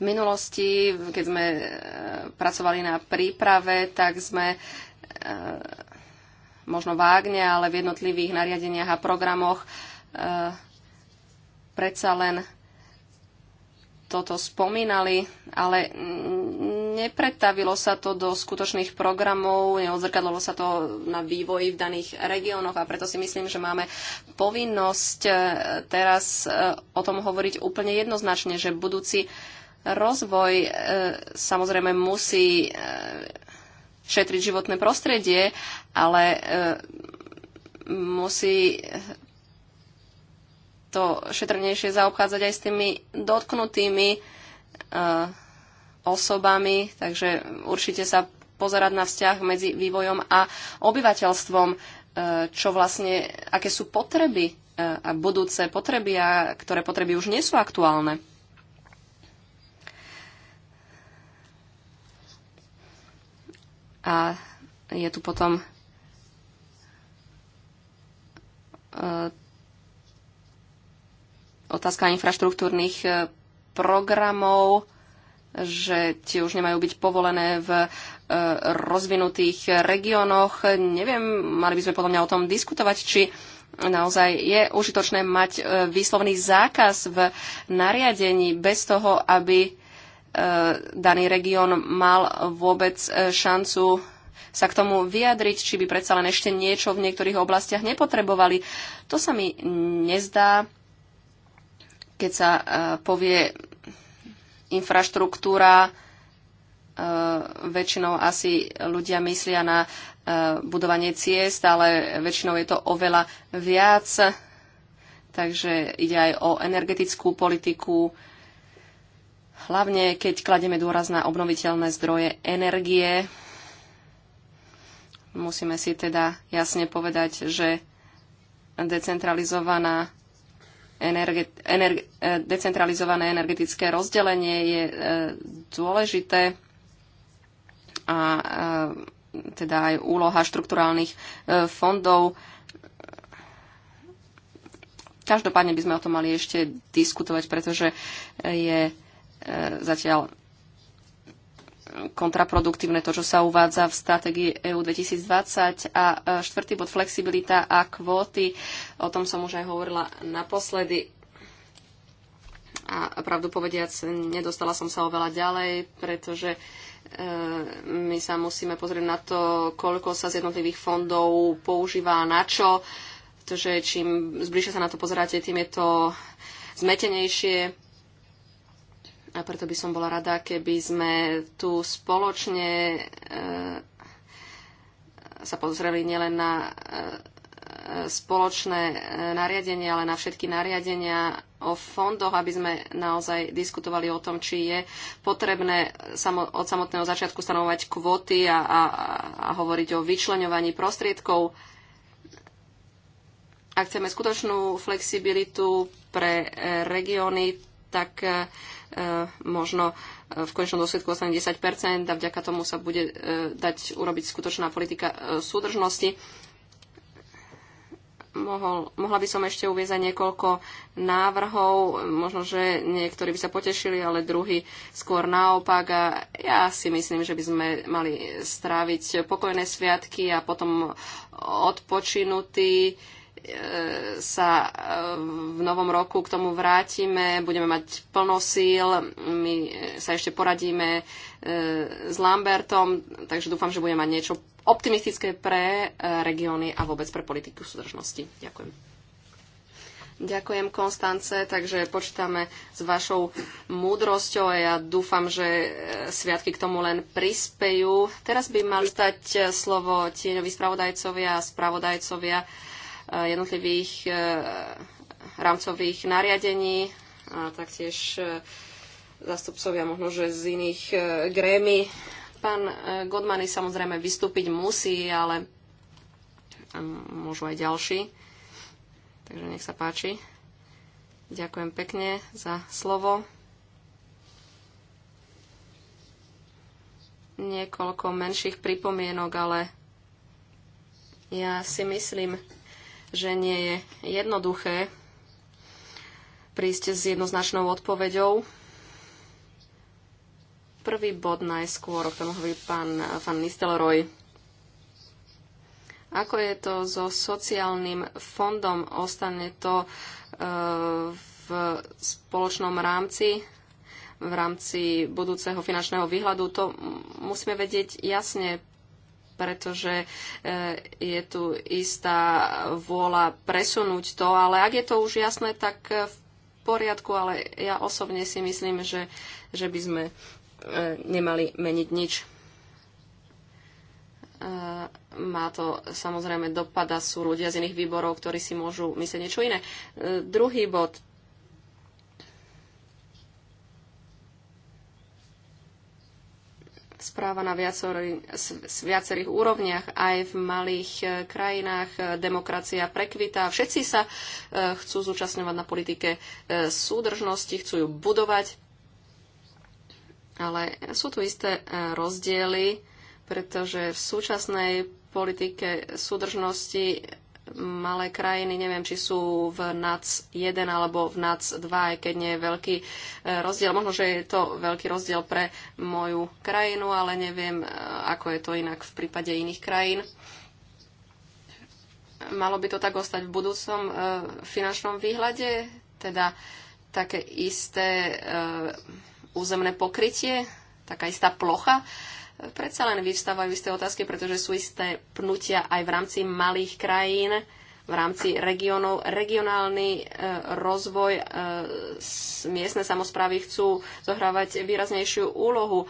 Speaker 2: V minulosti, keď sme eh, pracovali na príprave, tak sme možno vágne, ale v jednotlivých nariadeniach a programoch predsa len toto spomínali, ale mm, nepretavilo sa to do skutočných programov, neodzrkadlo sa to na vývoji v daných regiónoch a preto si myslím, že máme povinnosť e, teraz e, o tom hovoriť úplne jednoznačne, že budúci rozvoj e, samozrejme musí šetriť životné prostredie, ale musí to šetrnejšie zaobchádzať aj s tými dotknutými e, osobami, takže určite sa pozerať na vzťah medzi vývojom a obyvateľstvom, e, čo vlastne, aké sú potreby e, a budúce potreby, a ktoré potreby už nie sú aktuálne. A je tu potom otázka infraštruktúrnych e, programov, že tie už nemajú byť povolené v e, rozvinutých regiónoch. Neviem, mali by sme podľa mňa o tom diskutovať, či naozaj je užitočné mať e, výslovný zákaz v nariadení bez toho, aby daný región mal vôbec šancu sa k tomu vyjadriť, či by predsa len ešte niečo v niektorých oblastiach nepotrebovali. To sa mi nezdá keď sa e, povie infraštruktúra, e, väčšinou asi ľudia myslia na e, budovanie ciest, ale väčšinou je to oveľa viac. Takže ide aj o energetickú politiku, hlavne keď klademe dôraz na obnoviteľné zdroje energie. Musíme si teda jasne povedať, že decentralizovaná energe- energe, eh, decentralizované energetické rozdelenie je eh, dôležité a eh, teda aj úloha štrukturálnych fondov. Každopádne by sme o tom mali ešte diskutovať, pretože je zatiaľ kontraproduktívne to, čo sa uvádza v stratégii EU 2020. A e, štvrtý bod flexibilita a kvóty. O tom som už aj hovorila naposledy. A pravdu povediac, nedostala som sa oveľa ďalej, pretože e, my sa musíme pozrieť na to, koľko sa z jednotlivých fondov používa na čo, pretože čím zbližšie sa na to pozeráte, tým je to zmetenejšie a preto by som bola rada, keby sme tu spoločne eh, sa pozreli nielen na eh, spoločné eh, nariadenia, ale na všetky nariadenia o fondoch, aby sme naozaj diskutovali o tom, či je potrebné od samotného začiatku stanovať kvóty a, a, a hovoriť o vyčlenovaní prostriedkov. Ak chceme skutočnú flexibilitu pre regióny, tak e, možno e, v konečnom dôsledku ostane 10 a vďaka tomu sa bude e, dať urobiť skutočná politika súdržnosti. Mohol, mohla by som ešte uviezať niekoľko návrhov. Možno, že niektorí by sa potešili, ale druhý skôr naopak. A ja si myslím, že by sme mali stráviť pokojné sviatky a potom odpočinutý E, sa e, v novom roku k tomu vrátime, budeme mať plno síl, my e, sa ešte poradíme s Lambertom, takže dúfam, že budeme mať niečo optimistické pre regióny a vôbec pre politiku súdržnosti. Ďakujem. Ďakujem, Konstance, takže počítame s vašou múdrosťou a ja dúfam, že sviatky k tomu len prispejú. Teraz by mali stať slovo tieňoví spravodajcovia a spravodajcovia jednotlivých e, rámcových nariadení a taktiež e, zastupcovia možno, že z iných e, grémy. Pán Godmany samozrejme vystúpiť musí, ale mm, môžu aj ďalší. Takže nech sa páči. Ďakujem pekne za slovo. Niekoľko menších pripomienok, ale ja si myslím, že nie je jednoduché prísť s jednoznačnou odpoveďou. Prvý bod najskôr, o ktorom hovorí pán pán Nistelroj. Ako je to so sociálnym fondom? Ostane to e, v spoločnom rámci, v rámci budúceho finančného výhľadu? To musíme vedieť jasne pretože e, je tu istá vôľa presunúť to, ale ak je to už jasné, tak e, v poriadku, ale ja osobne si myslím, že, že by sme e, nemali meniť nič. Má to samozrejme dopada, sú ľudia z iných výborov, ktorí si môžu myslieť niečo iné. Druhý bod, správa na s viacerých úrovniach, aj v malých e, krajinách e, demokracia prekvitá. Všetci sa e, chcú zúčastňovať na politike súdržnosti, chcú ju budovať, ale sú tu isté rozdiely, pretože v súčasnej politike súdržnosti malé krajiny, neviem, či sú v NAC 1 alebo v NAC 2, aj keď nie je veľký e, rozdiel. Možno, že je to veľký rozdiel pre moju krajinu, ale neviem, e, ako je to inak v prípade iných krajín. Malo by to tak ostať v budúcom e, finančnom výhľade, teda také isté územné pokrytie, taká istá plocha predsa len vyvstávajú isté otázky, pretože sú isté pnutia aj v rámci malých krajín, v rámci regionov. Regionálny e, rozvoj, e, miestne samozprávy chcú zohrávať výraznejšiu úlohu.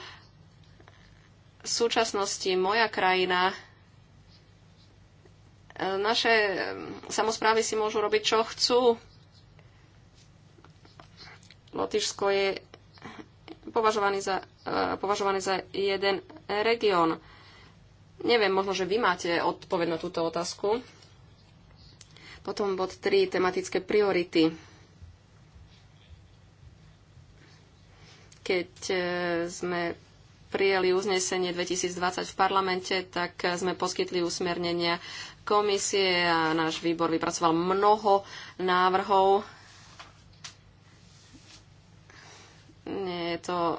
Speaker 2: V súčasnosti moja krajina, e, naše e, samozprávy si môžu robiť, čo chcú. Lotyšsko je považovaný za, e, považovaný za jeden región. Neviem, možno, že vy máte odpoveď na túto otázku. Potom bod 3, tematické priority. Keď e, sme prijeli uznesenie 2020 v parlamente, tak e, sme poskytli usmernenia komisie a náš výbor vypracoval mnoho návrhov Nie je to e,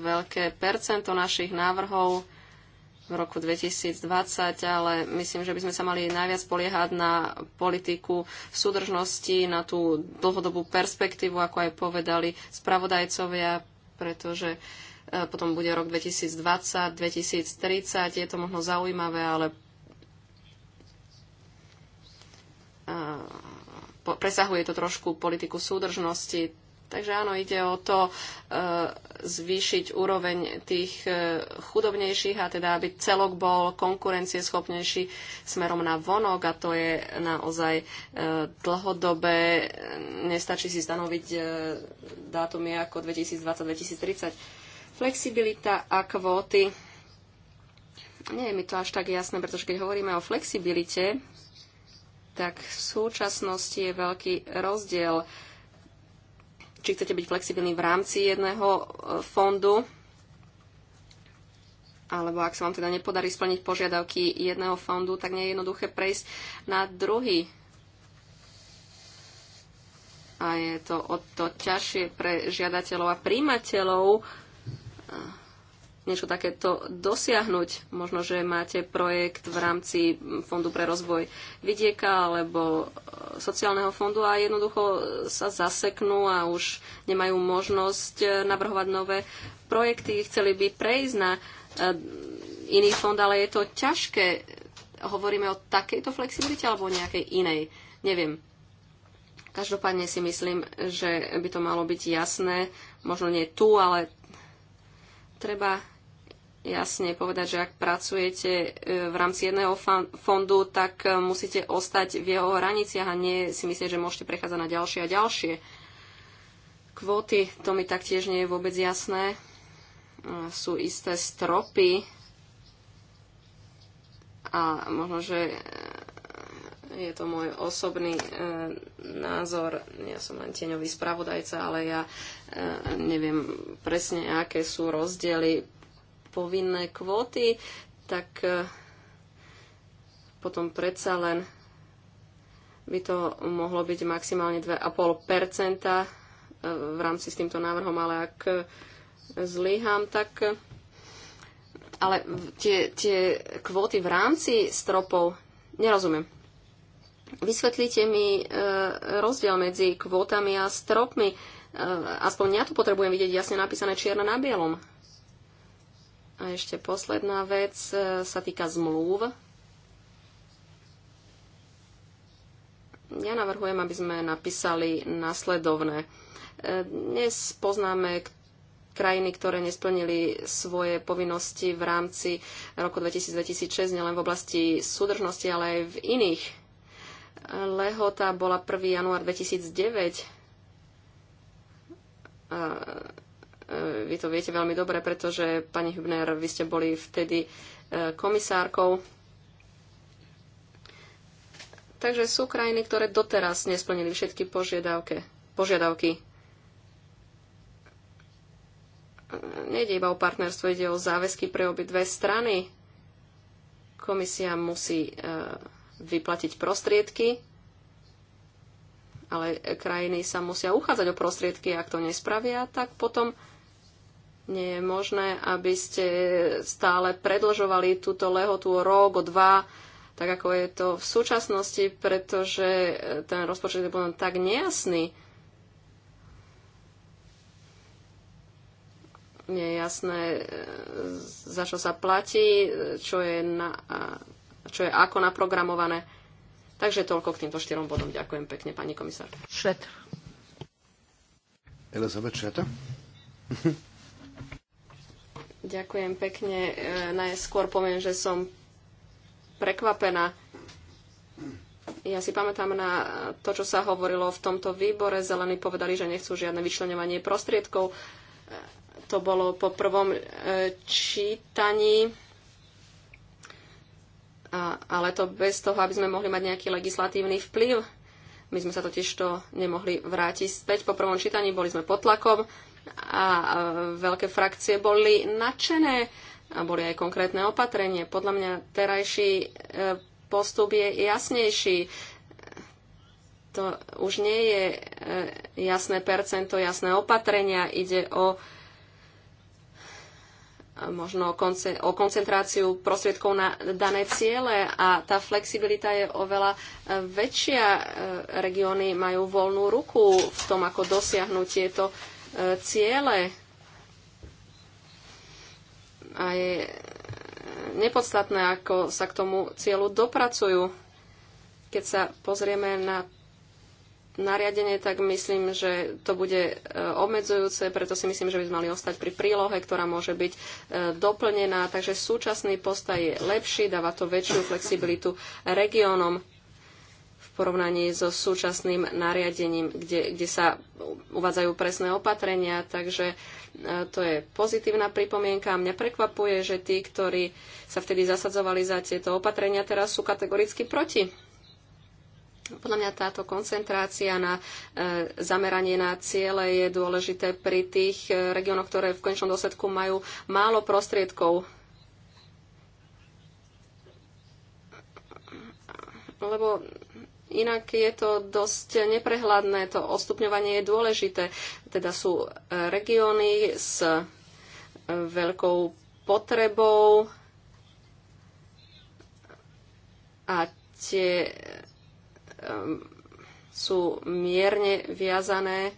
Speaker 2: veľké percento našich návrhov v roku 2020, ale myslím, že by sme sa mali najviac poliehať na politiku súdržnosti, na tú dlhodobú perspektívu, ako aj povedali spravodajcovia, pretože e, potom bude rok 2020, 2030, je to možno zaujímavé, ale e, presahuje to trošku politiku súdržnosti, Takže áno, ide o to e, zvýšiť úroveň tých e, chudobnejších a teda, aby celok bol konkurencieschopnejší smerom na vonok a to je naozaj e, dlhodobé. Nestačí si stanoviť e, dátumy ako 2020-2030. Flexibilita a kvóty. Nie je mi to až tak jasné, pretože keď hovoríme o flexibilite, tak v súčasnosti je veľký rozdiel či chcete byť flexibilní v rámci jedného e, fondu, alebo ak sa vám teda nepodarí splniť požiadavky jedného fondu, tak nie je jednoduché prejsť na druhý. A je to o to ťažšie pre žiadateľov a príjmateľov. E, niečo takéto dosiahnuť. Možno, že máte projekt v rámci Fondu pre rozvoj vidieka alebo e, sociálneho fondu a jednoducho sa zaseknú a už nemajú možnosť e, navrhovať nové projekty. Chceli by prejsť na e, iný fond, ale je to ťažké. Hovoríme o takejto flexibilite alebo o nejakej inej. Neviem. Každopádne si myslím, že by to malo byť jasné. Možno nie tu, ale treba jasne povedať, že ak pracujete e, v rámci jedného fondu, tak e, musíte ostať v jeho hraniciach a nie si myslieť, že môžete prechádzať na ďalšie a ďalšie. Kvóty, to mi taktiež nie je vôbec jasné. E, sú isté stropy a možno, že je to môj osobný názor. Ja som len tieňový spravodajca, ale ja neviem presne, aké sú rozdiely povinné kvóty, tak e, potom predsa len by to mohlo byť maximálne 2,5 e, v rámci s týmto návrhom, ale ak e, zlyham, tak ale tie, tie kvóty v rámci stropov nerozumiem. Vysvetlite mi e, rozdiel medzi kvótami a stropmi. E, aspoň ja tu potrebujem vidieť jasne napísané čierne na bielom. A ešte posledná vec e, sa týka zmluv. Ja navrhujem, aby sme napísali nasledovné. E, dnes poznáme krajiny, ktoré nesplnili svoje povinnosti v rámci roku 2000-2006, nielen v oblasti súdržnosti, ale aj v iných. Lehota bola 1. január 2009. E, vy to viete veľmi dobre, pretože, pani Hübner, vy ste boli vtedy e, komisárkou. Takže sú krajiny, ktoré doteraz nesplnili všetky požiadavky. požiadavky. E, nejde iba o partnerstvo, ide o záväzky pre obi dve strany. Komisia musí vyplatiť prostriedky, ale krajiny sa musia uchádzať o prostriedky, ak to nespravia, tak potom nie je možné, aby ste stále predlžovali túto lehotu o rok, o dva, tak ako je to v súčasnosti, pretože ten rozpočet je potom tak nejasný. Nie je jasné, e, za čo sa platí, čo je, na, čo je ako naprogramované. Takže toľko k týmto štyrom bodom. Ďakujem pekne, pani komisár. Švet.
Speaker 3: Elizabeth Šeta.
Speaker 2: Ďakujem pekne. E, najskôr poviem, že som prekvapená. Ja si pamätám na to, čo sa hovorilo v tomto výbore. Zelení povedali, že nechcú žiadne vyčlenovanie prostriedkov. E, to bolo po prvom e, čítaní, ale to bez toho, aby sme mohli mať nejaký legislatívny vplyv. My sme sa totiž to nemohli vrátiť späť. Po prvom čítaní boli sme pod tlakom a veľké frakcie boli nadšené a boli aj konkrétne opatrenie. Podľa mňa terajší e, postup je jasnejší. To už nie je e, jasné percento, jasné opatrenia. Ide o e, možno o koncentráciu prostriedkov na dané ciele a tá flexibilita je oveľa väčšia. Regióny majú voľnú ruku v tom, ako dosiahnuť tieto ciele a je nepodstatné, ako sa k tomu cieľu dopracujú. Keď sa pozrieme na nariadenie, tak myslím, že to bude e, obmedzujúce, preto si myslím, že by sme mali ostať pri prílohe, ktorá môže byť e, doplnená. Takže súčasný postaj je lepší, dáva to väčšiu flexibilitu regiónom porovnaní so súčasným nariadením, kde, kde sa uvádzajú presné opatrenia, takže e, to je pozitívna pripomienka. Mňa prekvapuje, že tí, ktorí sa vtedy zasadzovali za tieto opatrenia, teraz sú kategoricky proti. Podľa mňa táto koncentrácia na e, zameranie na ciele je dôležité pri tých e, regiónoch, ktoré v končnom dôsledku majú málo prostriedkov. Lebo Inak je to dosť neprehľadné, to odstupňovanie je dôležité. Teda sú e, regióny s e, veľkou potrebou a tie e, sú mierne viazané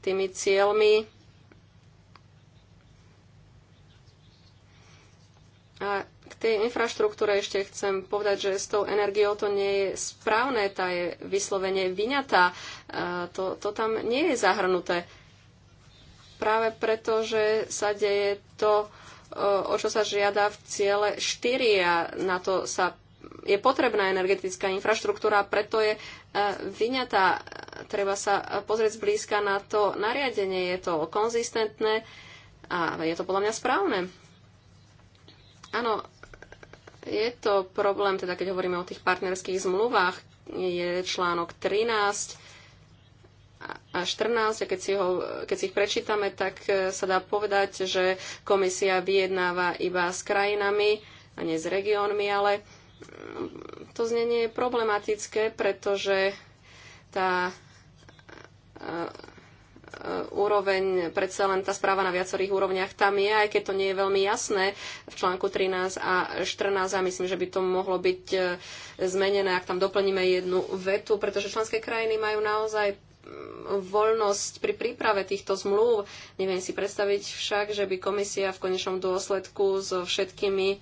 Speaker 2: tými cieľmi. A k tej infraštruktúre ešte chcem povedať, že s tou energiou to nie je správne, tá je vyslovene vyňatá. E, to, to tam nie je zahrnuté. Práve preto, že sa deje to, e, o čo sa žiada v ciele 4 a na to sa je potrebná energetická infraštruktúra, preto je e, vyňatá. Treba sa pozrieť zblízka na to nariadenie. Je to konzistentné a je to podľa mňa správne. Áno, je to problém, teda keď hovoríme o tých partnerských zmluvách, je článok 13 a 14, a keď si, ho, keď si ich prečítame, tak e, sa dá povedať, že komisia vyjednáva iba s krajinami a nie s regiónmi, ale mm, to znenie je problematické, pretože tá e, E, úroveň, predsa len tá správa na viacerých úrovniach tam je, aj keď to nie je veľmi jasné v článku 13 a 14 a myslím, že by to mohlo byť e, zmenené, ak tam doplníme jednu vetu, pretože členské krajiny majú naozaj voľnosť pri príprave týchto zmluv. Neviem si predstaviť však, že by komisia v konečnom dôsledku so všetkými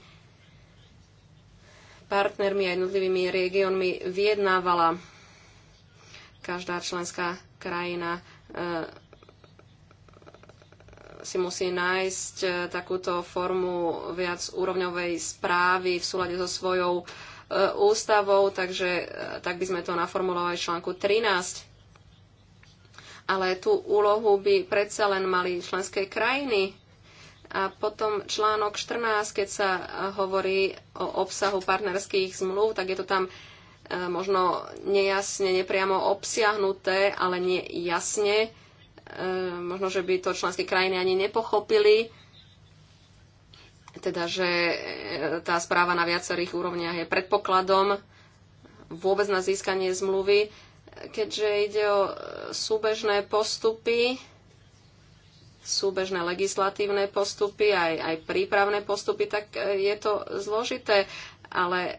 Speaker 2: partnermi a jednotlivými regiónmi vyjednávala každá členská krajina e, si musí nájsť e, takúto formu viac úrovňovej správy v súlade so svojou e, ústavou, takže e, tak by sme to naformulovali v článku 13 ale tú úlohu by predsa len mali členské krajiny. A potom článok 14, keď sa hovorí o obsahu partnerských zmluv, tak je to tam možno nejasne, nepriamo obsiahnuté, ale nie jasne. Ehm, možno, že by to členské krajiny ani nepochopili, teda, že e, tá správa na viacerých úrovniach je predpokladom vôbec na získanie zmluvy, keďže ide o e, súbežné postupy, súbežné legislatívne postupy, aj, aj prípravné postupy, tak e, je to zložité, ale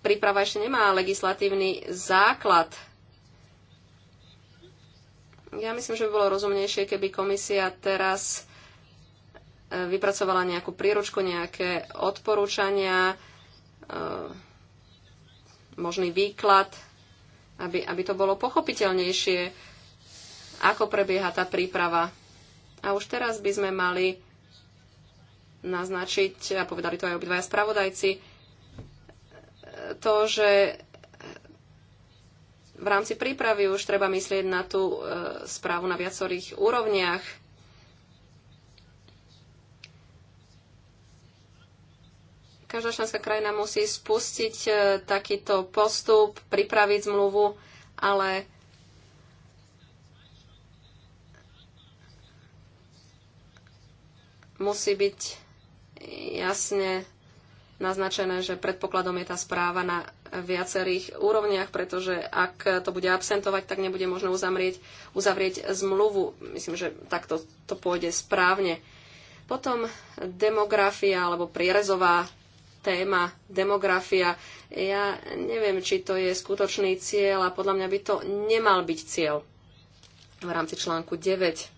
Speaker 2: príprava ešte nemá legislatívny základ ja myslím, že by bolo rozumnejšie, keby komisia teraz e, vypracovala nejakú príručku, nejaké odporúčania, e, možný výklad, aby, aby to bolo pochopiteľnejšie, ako prebieha tá príprava. A už teraz by sme mali naznačiť, a povedali to aj obidvaja spravodajci, e, to, že v rámci prípravy už treba myslieť na tú e, správu na viacerých úrovniach. Každá členská krajina musí spustiť e, takýto postup, pripraviť zmluvu, ale musí byť jasne naznačené, že predpokladom je tá správa na viacerých úrovniach, pretože ak to bude absentovať, tak nebude možno uzamrieť, uzavrieť zmluvu. Myslím, že takto to pôjde správne. Potom demografia alebo prierezová téma demografia. Ja neviem, či to je skutočný cieľ a podľa mňa by to nemal byť cieľ v rámci článku 9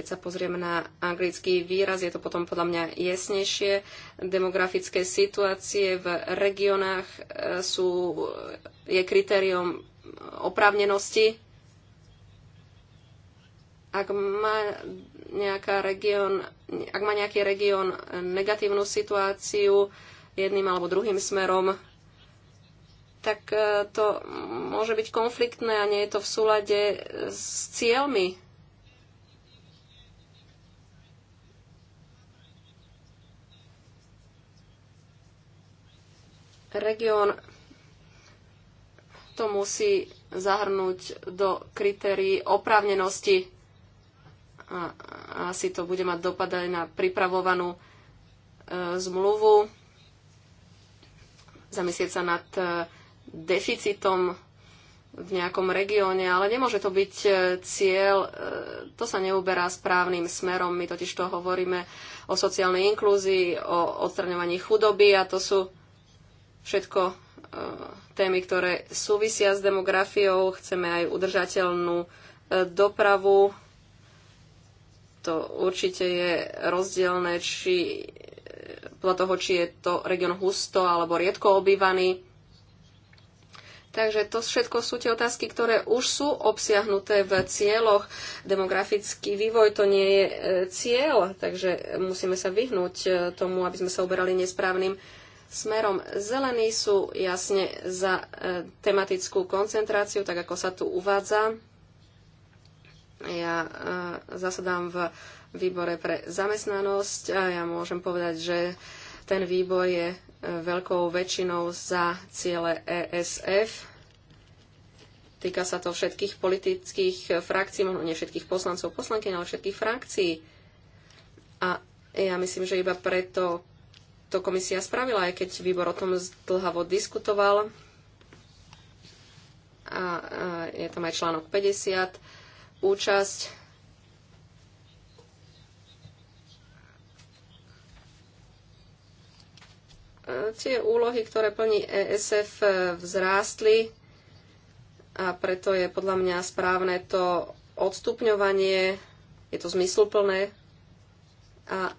Speaker 2: keď sa pozrieme na anglický výraz, je to potom podľa mňa jasnejšie. Demografické situácie v regionách e, sú, e, je kritériom oprávnenosti. Ak má, nejaká region, ak má nejaký región negatívnu situáciu jedným alebo druhým smerom, tak e, to môže byť konfliktné a nie je to v súlade s cieľmi Región to musí zahrnúť do kritérií oprávnenosti a asi to bude mať dopad aj na pripravovanú e, zmluvu, zamyslieť sa nad e, deficitom v nejakom regióne, ale nemôže to byť e, cieľ, e, to sa neuberá správnym smerom. My totiž to hovoríme o sociálnej inklúzii, o odstraňovaní chudoby a to sú všetko e, témy, ktoré súvisia s demografiou. Chceme aj udržateľnú e, dopravu. To určite je rozdielne, či e, podľa toho, či je to region husto alebo riedko obývaný. Takže to všetko sú tie otázky, ktoré už sú obsiahnuté v cieľoch. Demografický vývoj to nie je cieľ, takže musíme sa vyhnúť tomu, aby sme sa uberali nesprávnym smerom. Zelení sú jasne za e, tematickú koncentráciu, tak ako sa tu uvádza. Ja e, zasadám v výbore pre zamestnanosť a ja môžem povedať, že ten výbor je e, veľkou väčšinou za ciele ESF. Týka sa to všetkých politických frakcií, možno nie všetkých poslancov, poslanky, ale všetkých frakcií. A ja myslím, že iba preto to komisia spravila, aj keď výbor o tom dlhavo diskutoval. A je tam aj článok 50, účasť. Tie úlohy, ktoré plní ESF, vzrástli a preto je podľa mňa správne to odstupňovanie, je to zmysluplné a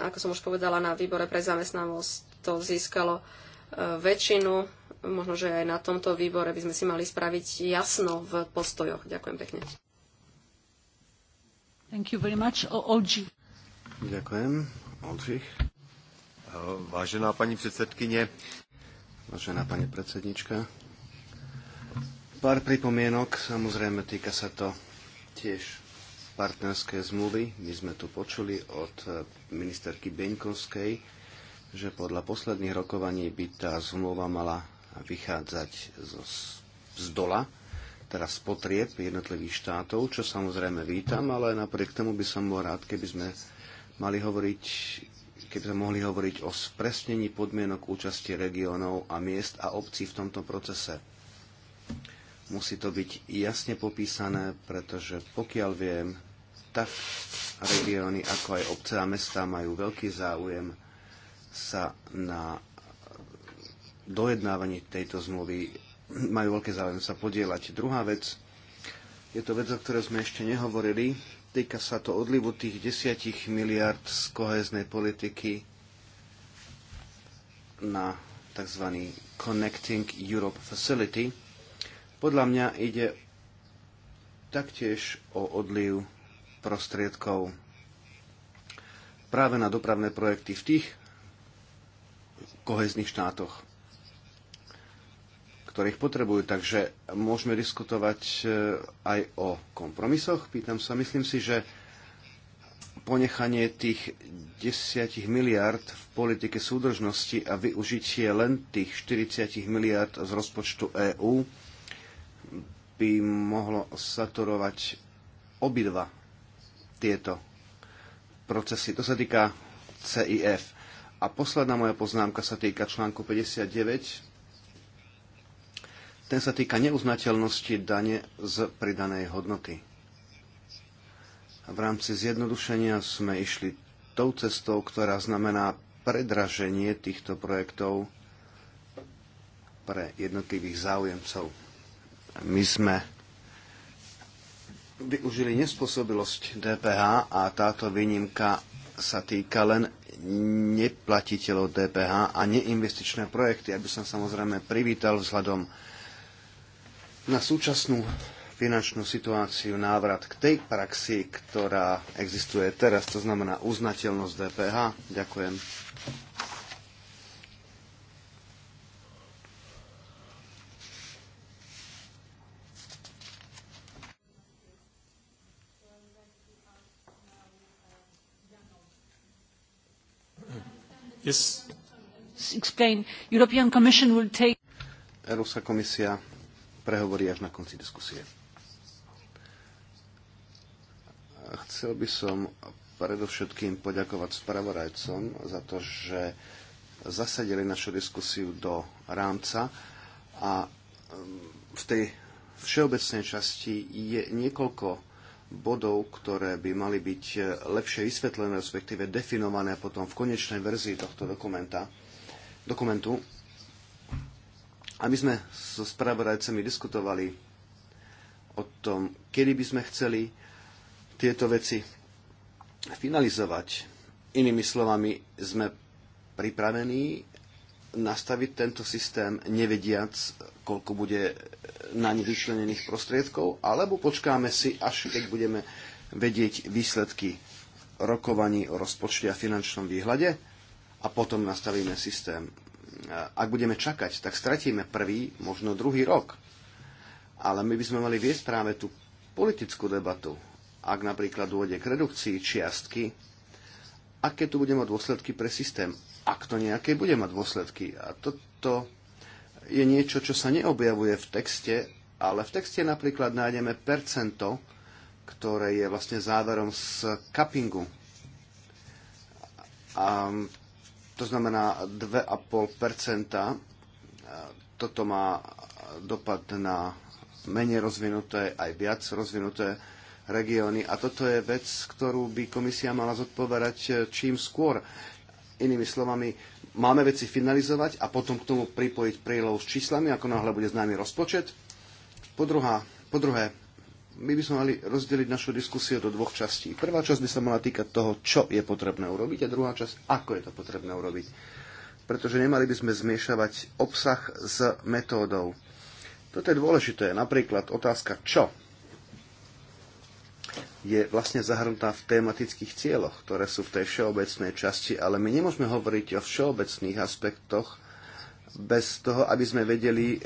Speaker 2: ako som už povedala, na výbore pre zamestnanosť to získalo e, väčšinu. Možno, že aj na tomto výbore by sme si mali spraviť jasno v postojoch. Ďakujem pekne. Thank you
Speaker 3: very much. Olži. Ďakujem. Oldřich. Vážená pani predsedkynie. Vážená pani predsednička. Pár pripomienok, samozrejme týka sa to tiež partnerské zmluvy. My sme tu počuli od eh, ministerky Beňkovskej, že podľa posledných rokovaní by tá zmluva mala vychádzať z, z dola, teda z potrieb jednotlivých štátov, čo samozrejme vítam, ale napriek tomu by som bol rád, keby sme mali hovoriť keby sme mohli hovoriť o spresnení podmienok účasti regiónov a miest a obcí v tomto procese. Musí to byť jasne popísané, pretože pokiaľ viem, tak regióny ako aj obce a mestá majú veľký záujem sa na dojednávanie tejto zmluvy majú veľké záujem sa podielať. Druhá vec, je to vec, o ktorej sme ešte nehovorili, týka sa to odlivu tých desiatich miliard z koheznej politiky na tzv. Connecting Europe Facility. Podľa mňa ide taktiež o odliv prostriedkov práve na dopravné projekty v tých kohezných štátoch, ktorých potrebujú. Takže môžeme diskutovať eh, aj o kompromisoch. Pýtam sa, myslím si, že ponechanie tých 10 miliard v politike súdržnosti a využitie len tých 40 miliard z rozpočtu EÚ by mohlo saturovať obidva tieto procesy. To sa týka CIF. A posledná moja poznámka sa týka článku 59. Ten sa týka neuznateľnosti dane z pridanej hodnoty. v rámci zjednodušenia sme išli tou cestou, ktorá znamená predraženie týchto projektov pre jednotlivých záujemcov. My sme využili nespôsobilosť DPH a táto výnimka sa týka len neplatiteľov DPH a neinvestičné projekty, aby som samozrejme privítal vzhľadom na súčasnú finančnú situáciu návrat k tej praxi, ktorá existuje teraz, to znamená uznateľnosť DPH. Ďakujem. Yes. Explain. European Commission will take... Európska komisia prehovorí až na konci diskusie. Chcel by som predovšetkým poďakovať spravodajcom za to, že zasadili našu diskusiu do rámca a v tej všeobecnej časti je niekoľko bodov, ktoré by mali byť e, lepšie vysvetlené, respektíve definované potom v konečnej verzii tohto dokumenta, dokumentu. Aby sme so spravodajcami diskutovali o tom, kedy by sme chceli tieto veci finalizovať. Inými slovami, sme pripravení nastaviť tento systém nevediac, koľko bude na ne vyčlenených prostriedkov, alebo počkáme si, až keď budeme vedieť výsledky rokovaní o rozpočte a finančnom výhľade a potom nastavíme systém. Ak budeme čakať, tak stratíme prvý, možno druhý rok. Ale my by sme mali viesť práve tú politickú debatu. Ak napríklad dôjde k redukcii čiastky, aké tu bude mať dôsledky pre systém, ak to nejaké bude mať dôsledky. A toto je niečo, čo sa neobjavuje v texte, ale v texte napríklad nájdeme percento, ktoré je vlastne záverom z cuppingu. A to znamená 2,5%. Toto má dopad na menej rozvinuté, aj viac rozvinuté regióny. A toto je vec, ktorú by komisia mala zodpovedať čím skôr. Inými slovami, máme veci finalizovať a potom k tomu pripojiť prílov s číslami, ako náhle bude známy rozpočet. Po, druhá, po druhé, my by sme mali rozdeliť našu diskusiu do dvoch častí. Prvá časť by sa mala týkať toho, čo je potrebné urobiť a druhá časť, ako je to potrebné urobiť. Pretože nemali by sme zmiešavať obsah s metódou. Toto je dôležité. Napríklad otázka čo je vlastne zahrnutá v tematických cieľoch, ktoré sú v tej všeobecnej časti, ale my nemôžeme hovoriť o všeobecných aspektoch bez toho, aby sme vedeli, e,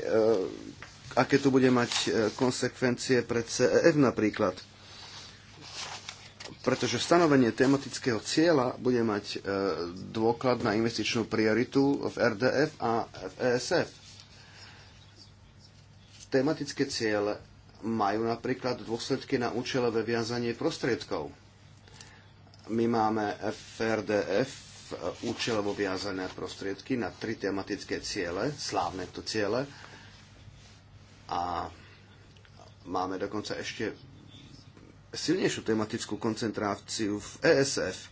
Speaker 3: aké tu bude mať e, konsekvencie pre CEF napríklad. Pretože stanovenie tematického cieľa bude mať e, dôklad na investičnú prioritu v RDF a v ESF. Tematické ciele majú napríklad dôsledky na účelové viazanie prostriedkov. My máme FRDF, e, účelovo viazané prostriedky na tri tematické ciele, slávne to ciele. A máme dokonca ešte silnejšiu tematickú koncentráciu v ESF,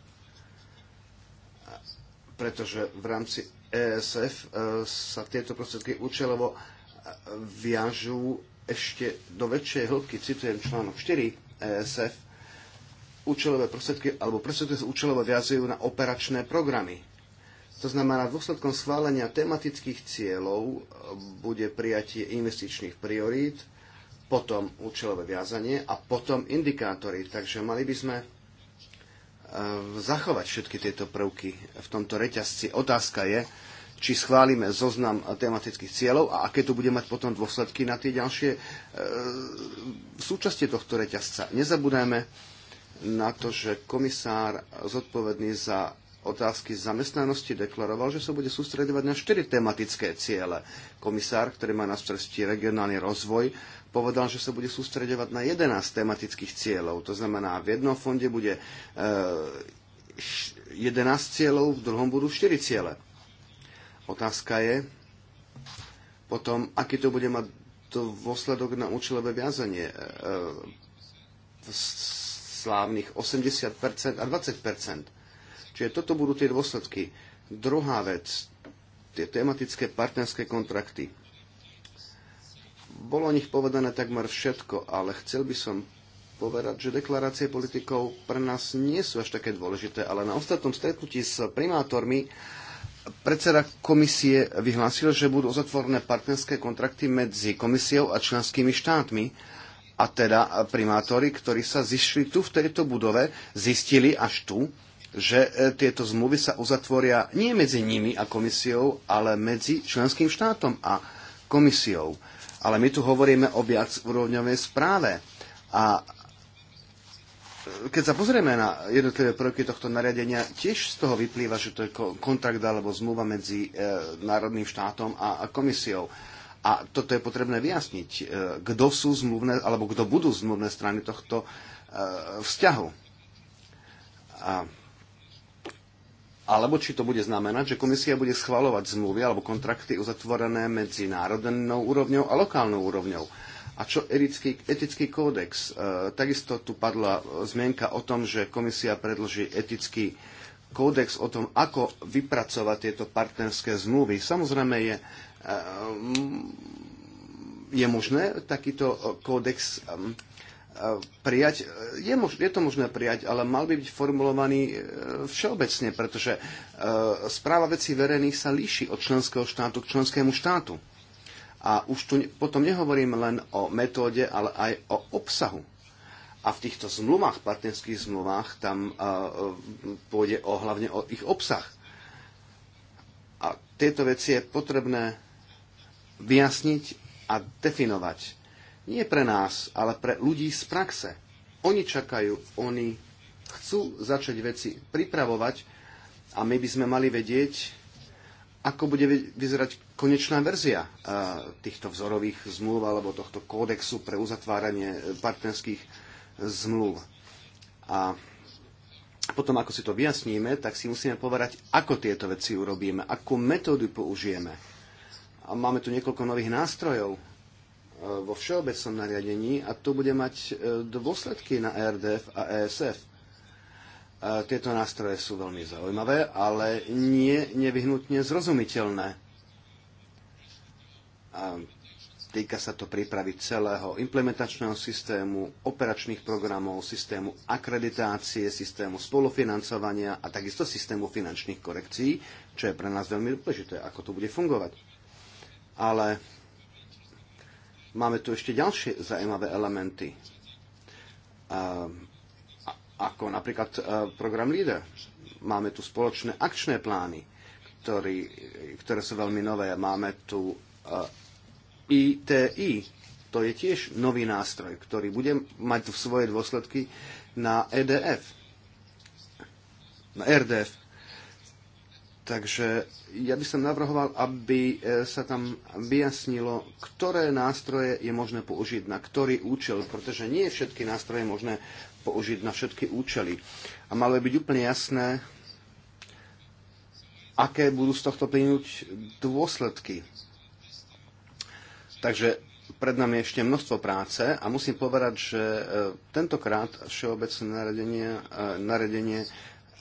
Speaker 3: pretože v rámci ESF e, sa tieto prostriedky účelovo viažú ešte do väčšej hĺbky, citujem článok 4 ESF, účelové prostriedky, alebo prostriedky sa účelovo viazujú na operačné programy. To znamená, dôsledkom schválenia tematických cieľov e, bude prijatie investičných priorít, potom účelové viazanie a potom indikátory. Takže mali by sme e, zachovať všetky tieto prvky v tomto reťazci. Otázka je, či schválime zoznam tematických cieľov a aké to bude mať potom dôsledky na tie ďalšie e, súčasti tohto reťazca. Nezabudajme na to, že komisár zodpovedný za otázky zamestnanosti deklaroval, že sa bude sústredovať na štyri tematické ciele. Komisár, ktorý má na starosti regionálny rozvoj, povedal, že sa bude sústredovať na 11 tematických cieľov. To znamená, v jednom fonde bude e, 11 cieľov, v druhom budú 4 ciele. Otázka je potom, aký to bude mať dôsledok na účelové viazanie e, e, slávnych 80% a 20%. Čiže toto budú tie dôsledky. Druhá vec, tie tematické partnerské kontrakty. Bolo o nich povedané takmer všetko, ale chcel by som povedať, že deklarácie politikov pre nás nie sú až také dôležité, ale na ostatnom stretnutí s primátormi Predseda komisie vyhlásil, že budú zatvorené partnerské kontrakty medzi komisiou a členskými štátmi a teda primátori, ktorí sa zišli tu v tejto budove, zistili až tu, že e, tieto zmluvy sa uzatvoria nie medzi nimi a komisiou, ale medzi členským štátom a komisiou. Ale my tu hovoríme o viacúrovňovej správe a keď sa pozrieme na jednotlivé prvky tohto nariadenia, tiež z toho vyplýva, že to je kontrakt alebo zmluva medzi e, Národným štátom a, a komisiou. A toto je potrebné vyjasniť, e, kto sú zmluvné, alebo kto budú zmluvné strany tohto e, vzťahu. A, alebo či to bude znamenať, že komisia bude schvalovať zmluvy alebo kontrakty uzatvorené medzi národnou úrovňou a lokálnou úrovňou a čo etický, etický kódex? E, takisto tu padla zmienka o tom, že komisia predloží etický kódex o tom, ako vypracovať tieto partnerské zmluvy. Samozrejme je, e, je možné takýto e, kódex prijať. Je, mož, je to možné prijať, ale mal by byť formulovaný všeobecne, pretože správa vecí verejných sa líši od členského štátu k členskému štátu. A už tu potom nehovorím len o metóde, ale aj o obsahu. A v týchto zmluvách, partnerských zmluvách, tam pôjde o, hlavne o ich obsah. A tieto veci je potrebné vyjasniť a definovať. Nie pre nás, ale pre ľudí z praxe. Oni čakajú, oni chcú začať veci pripravovať a my by sme mali vedieť, ako bude vyzerať konečná verzia eh, týchto vzorových zmluv alebo tohto kódexu pre uzatváranie eh, partnerských eh, zmluv. A potom, ako si to vyjasníme, tak si musíme povedať, ako tieto veci urobíme, akú metódu použijeme. A máme tu niekoľko nových nástrojov vo všeobecnom nariadení a to bude mať dôsledky na e RDF a ESF E, tieto nástroje sú veľmi zaujímavé, ale nie nevyhnutne zrozumiteľné. A týka sa to prípravy celého implementačného systému, operačných programov, systému akreditácie, systému spolufinancovania a takisto systému finančných korekcií, čo je pre nás veľmi dôležité, ako to bude fungovať. Ale máme tu ešte ďalšie zaujímavé elementy ako napríklad e, program LEADER. Máme tu spoločné akčné plány, ktorý, ktoré sú veľmi nové. Máme tu ITI, e, to je tiež nový nástroj, ktorý bude mať v svoje dôsledky na EDF, na RDF. Takže ja by som navrhoval, aby e, sa tam vyjasnilo, ktoré nástroje je možné použiť na ktorý účel, pretože nie všetky nástroje je možné použiť na všetky účely. A malo by byť úplne jasné, aké budú z tohto plynúť dôsledky. Takže pred nami je ešte množstvo práce a musím povedať, že e, tentokrát všeobecné naredenie, e, naredenie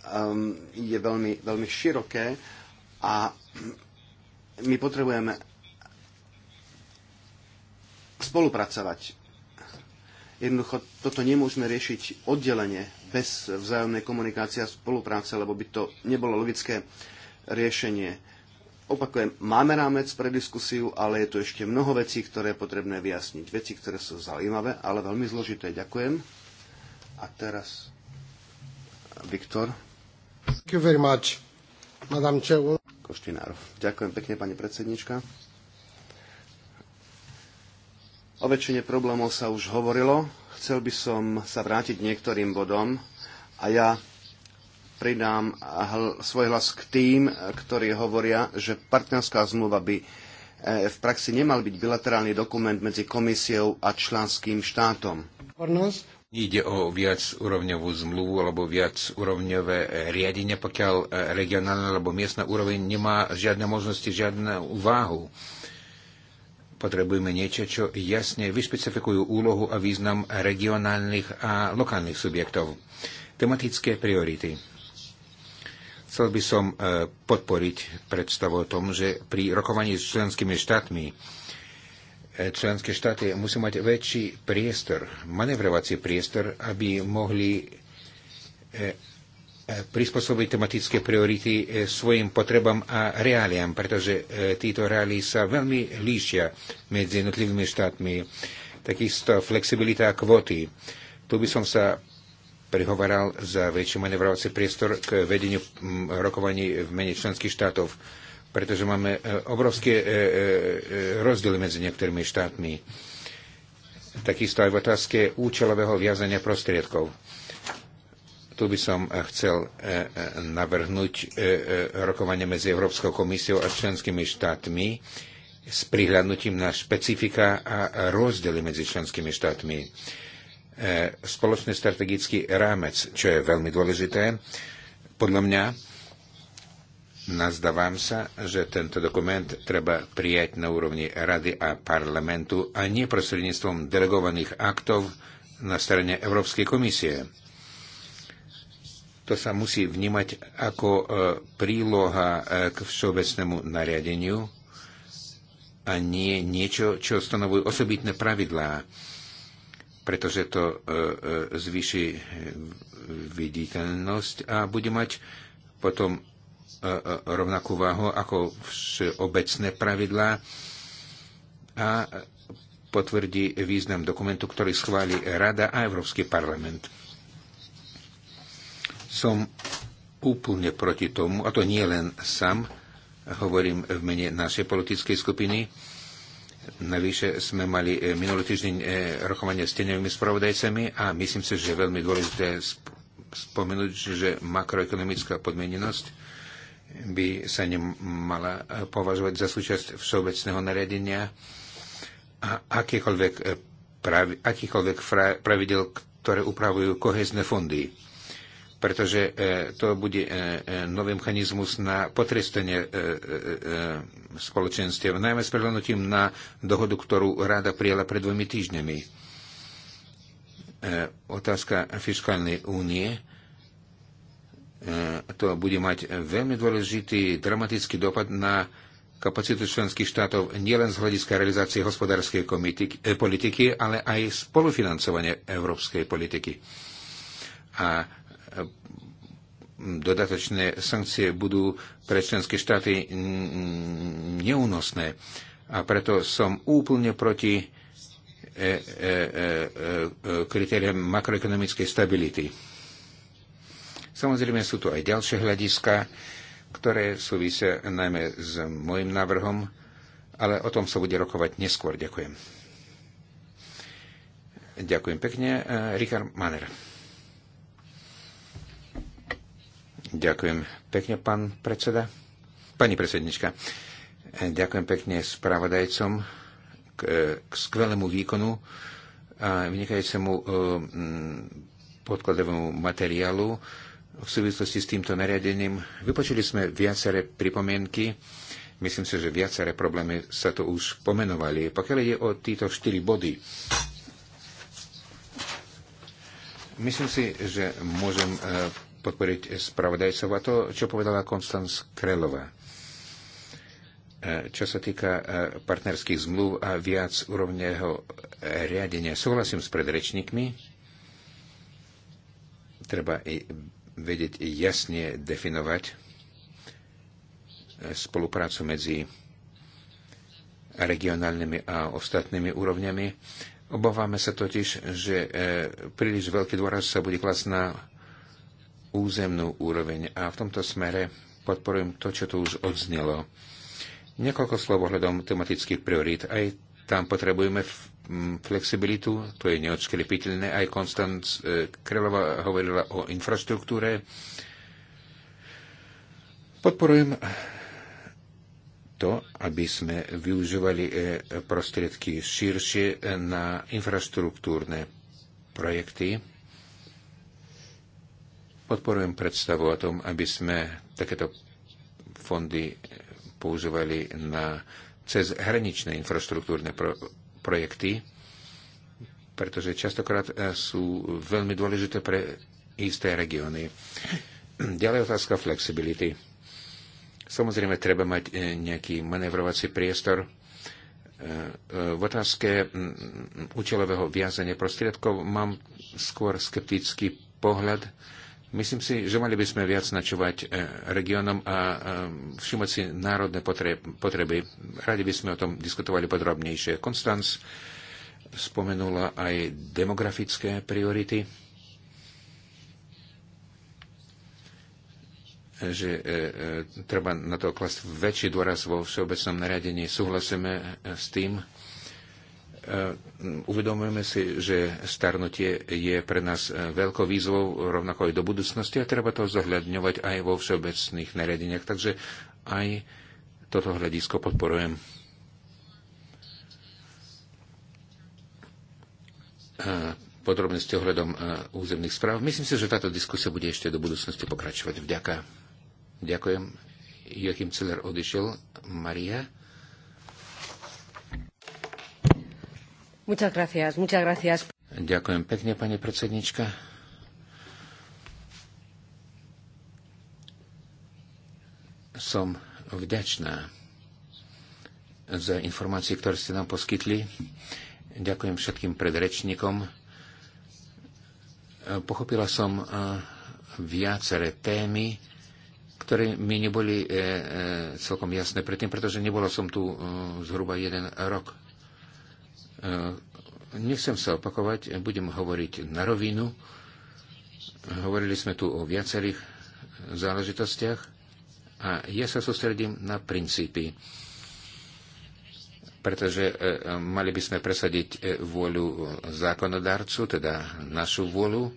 Speaker 3: um, je veľmi, veľmi široké a my potrebujeme spolupracovať Jednoducho toto nemôžeme riešiť oddelenie bez vzájomnej komunikácie a spolupráce, lebo by to nebolo logické riešenie. Opakujem, máme rámec pre diskusiu, ale je tu ešte mnoho vecí, ktoré je potrebné vyjasniť. Veci, ktoré sú zaujímavé, ale veľmi zložité. Ďakujem. A teraz Viktor. Thank you very much, Koštinárov. Ďakujem pekne, pani predsednička. O väčšine problémov sa už hovorilo. Chcel by som sa vrátiť niektorým bodom a ja pridám svoj hlas k tým, ktorí hovoria, že partnerská zmluva by e, v praxi nemal byť bilaterálny dokument medzi komisiou a členským štátom.
Speaker 1: Ide o viac úrovňovú zmluvu alebo viac úrovňové e, riadenie, pokiaľ e, regionálna alebo miestna úroveň nemá žiadne možnosti, žiadnu váhu. Potrebujeme niečo, čo jasne vyšpecifikujú úlohu a význam regionálnych a lokálnych subjektov. Tematické priority. Chcel by som e, podporiť predstavu o tom, že pri rokovaní s členskými štátmi e, členské štáty musí mať väčší priestor, manevrovací priestor, aby mohli e, E, prispôsobiť tematické priority e, svojim potrebám a reáliám, pretože e, títo reály sa veľmi líšia medzi jednotlivými štátmi. Takisto flexibilita a kvóty. Tu by som sa prihovaral za väčší manevrovací priestor k vedeniu rokovaní v mene členských štátov, pretože máme obrovské rozdiely medzi niektorými štátmi. Takisto aj v otázke účelového viazania prostriedkov tu by som eh, chcel eh, eh, navrhnúť rokovanie medzi Európskou komisiou a členskými štátmi s prihľadnutím na špecifika a rozdiely medzi členskými štátmi. Spoločný strategický rámec, čo je veľmi dôležité, podľa mňa Nazdávam sa, že tento dokument treba prijať na úrovni Rady a parlamentu a nie prostredníctvom delegovaných aktov na strane Európskej komisie. To sa musí vnímať ako e, príloha e, k všeobecnému nariadeniu a nie niečo, čo stanovujú osobitné pravidlá, pretože to e, zvýši viditeľnosť a bude mať potom rovnakú váhu ako všeobecné pravidlá a potvrdí význam dokumentu, ktorý schváli Rada a Európsky parlament. Som úplne proti tomu, a to nie len sám, hovorím v mene našej politickej skupiny. Navyše sme mali e, minulý týždeň e, rokovanie s tenovými spravodajcami a myslím si, že je veľmi dôležité spomenúť, že makroekonomická podmienenosť by sa nemala e, považovať za súčasť všeobecného nariadenia a akýchkoľvek pravidel, ktoré upravujú kohezné fondy pretože e, to bude e, e, nový mechanizmus na potrestanie spoločenstiev, najmä s prehľadnutím na dohodu, ktorú rada prijala pred dvomi týždňami. Otázka fiskálnej únie to bude mať veľmi dôležitý dramatický dopad na kapacitu členských štátov nielen z hľadiska realizácie hospodárskej politiky, ale aj spolufinancovania európskej politiky. A dodatočné sankcie budú pre členské štáty neúnosné. A preto som úplne proti e, e, e, kritériám makroekonomickej stability. Samozrejme sú tu aj ďalšie hľadiska, ktoré súvisia najmä s môjim návrhom, ale o tom sa bude rokovať neskôr. Ďakujem. Ďakujem pekne. Richard Manner. Ďakujem pekne, pán predseda. Pani predsednička, eh, ďakujem pekne spravodajcom k, eh, k skvelému výkonu a vynikajúcemu eh, mm, podkladovému materiálu v súvislosti s týmto nariadením. Vypočuli sme viaceré pripomienky. Myslím si, že viaceré problémy sa to už pomenovali. Pokiaľ ide o títo štyri body, myslím si, že môžem podporiť spravodajcov a to, čo povedala Konstanz Krelova. E, čo sa týka e, partnerských zmluv a viac úrovného e, riadenia, súhlasím s predrečníkmi. Treba i vedieť jasne definovať spoluprácu medzi regionálnymi a ostatnými úrovňami. Obávame sa totiž, že príliš veľký dôraz sa bude klasť na územnú úroveň a v tomto smere podporujem to, čo tu už odznelo. Niekoľko slov ohľadom tematických priorít. Aj tam potrebujeme flexibilitu, to je neodšklepiteľné. Aj Konstanc e, Krelova hovorila o infraštruktúre. Podporujem to, aby sme využívali e, prostriedky širšie na infraštruktúrne projekty. Podporujem predstavu o tom, aby sme takéto fondy používali na cez hraničné infraštruktúrne pro, projekty, pretože častokrát eh, sú veľmi dôležité pre isté regióny. Ďalej otázka flexibility. Samozrejme, treba mať eh, nejaký manevrovací priestor. Eh, v otázke mm, mm, mm, účelového viazania prostriedkov mám skôr skeptický pohľad, Myslím si, že mali by sme viac načúvať e, regiónom a e, všimať si národné potreby. Radi by sme o tom diskutovali podrobnejšie. Konstanc spomenula aj demografické priority, že e, treba na to klasť väčší dôraz vo všeobecnom nariadení. Súhlasíme s tým, E, uvedomujeme si, že starnutie je pre nás e, veľkou výzvou, rovnako aj do budúcnosti a treba to zohľadňovať aj vo všeobecných nariadeniach. Takže aj toto hľadisko podporujem. E, podrobnosti ohľadom územných správ. Myslím si, že táto diskusia bude ešte do budúcnosti pokračovať. Vďaka. Ďakujem. Joachim Celer odišiel. Maria.
Speaker 2: Muchas gracias, muchas gracias.
Speaker 1: Ďakujem pekne, pani predsednička. Som vďačná za informácie, ktoré ste nám poskytli. Ďakujem všetkým predrečníkom. Pochopila som eh, viaceré témy, ktoré mi neboli eh, eh, celkom jasné predtým, pretože nebola som tu zhruba jeden rok. E, nechcem sa opakovať, budem hovoriť na rovinu. Hovorili sme tu o viacerých záležitostiach a ja sa sústredím na princípy pretože e, mali by sme presadiť e, vôľu zákonodarcu, teda našu vôľu,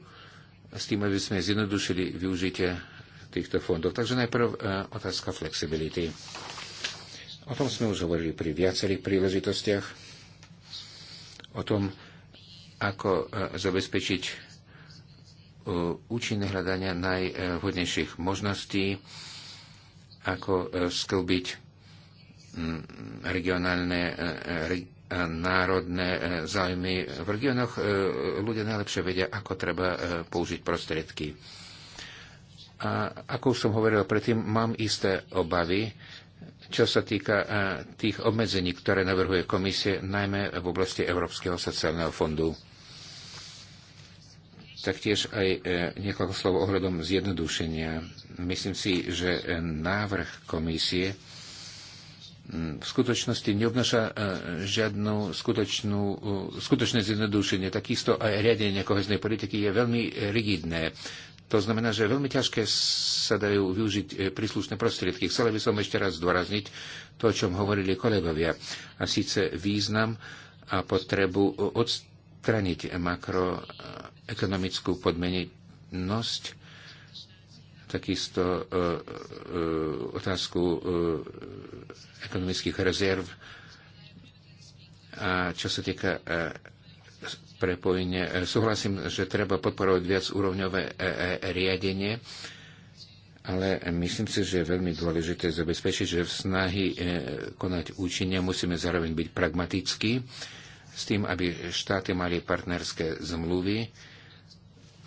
Speaker 1: s tým, aby sme zjednodušili využitie týchto fondov. Takže najprv otázka flexibility. O tom sme už hovorili pri viacerých príležitostiach o tom, ako e, zabezpečiť e, účinné hľadania najvhodnejších možností, ako e, sklbiť regionálne, národné záujmy. V regiónoch ľudia najlepšie vedia, ako treba použiť prostriedky. A ako už som hovoril predtým, mám isté obavy, čo sa týka eh, tých obmedzení, ktoré navrhuje komisie, najmä v oblasti Európskeho sociálneho fondu. Taktiež aj eh, niekoľko slov ohľadom zjednodušenia. Myslím si, že eh, návrh komisie mm, v skutočnosti neobnáša žiadnu skutočnú, skutočné zjednodušenie. Takisto aj riadenie koheznej politiky je veľmi rigidné. To znamená, že veľmi ťažké sa dajú využiť e, príslušné prostriedky. Chcel by som ešte raz zdôrazniť to, o čom hovorili kolegovia, a síce význam a potrebu odstraniť makroekonomickú podmenenosť, takisto e, e, otázku ekonomických rezerv a čo sa týka prepojenie. E, súhlasím, že treba podporovať viac úrovňové e, e, riadenie, ale myslím si, že je veľmi dôležité zabezpečiť, že v snahy konať účinne musíme zároveň byť pragmatickí s tým, aby štáty mali partnerské zmluvy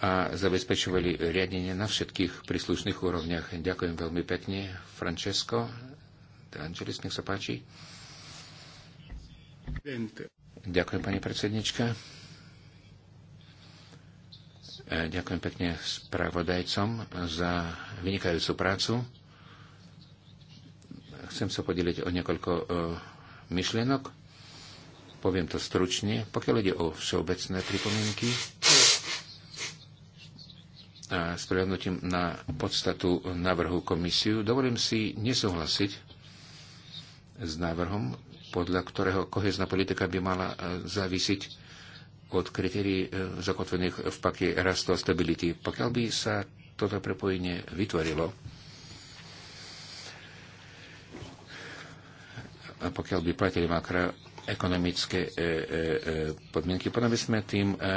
Speaker 1: a zabezpečovali riadenie na všetkých príslušných úrovniach. Ďakujem veľmi pekne. Francesco, De Angelis, nech sa páči. Ďakujem, pani predsednička. E, ďakujem pekne spravodajcom za vynikajúcu prácu. Chcem sa podeliť o niekoľko e, myšlienok. Poviem to stručne. Pokiaľ ide o všeobecné pripomienky a s prihľadnutím na podstatu návrhu komisiu, dovolím si nesúhlasiť s návrhom, podľa ktorého kohezná politika by mala e, závisiť od kritérií e, zakotvených v pakte rastu a stability. Pokiaľ by sa toto prepojenie vytvorilo, a pokiaľ by platili makroekonomické e, e, e, podmienky, potom by sme tým e, m,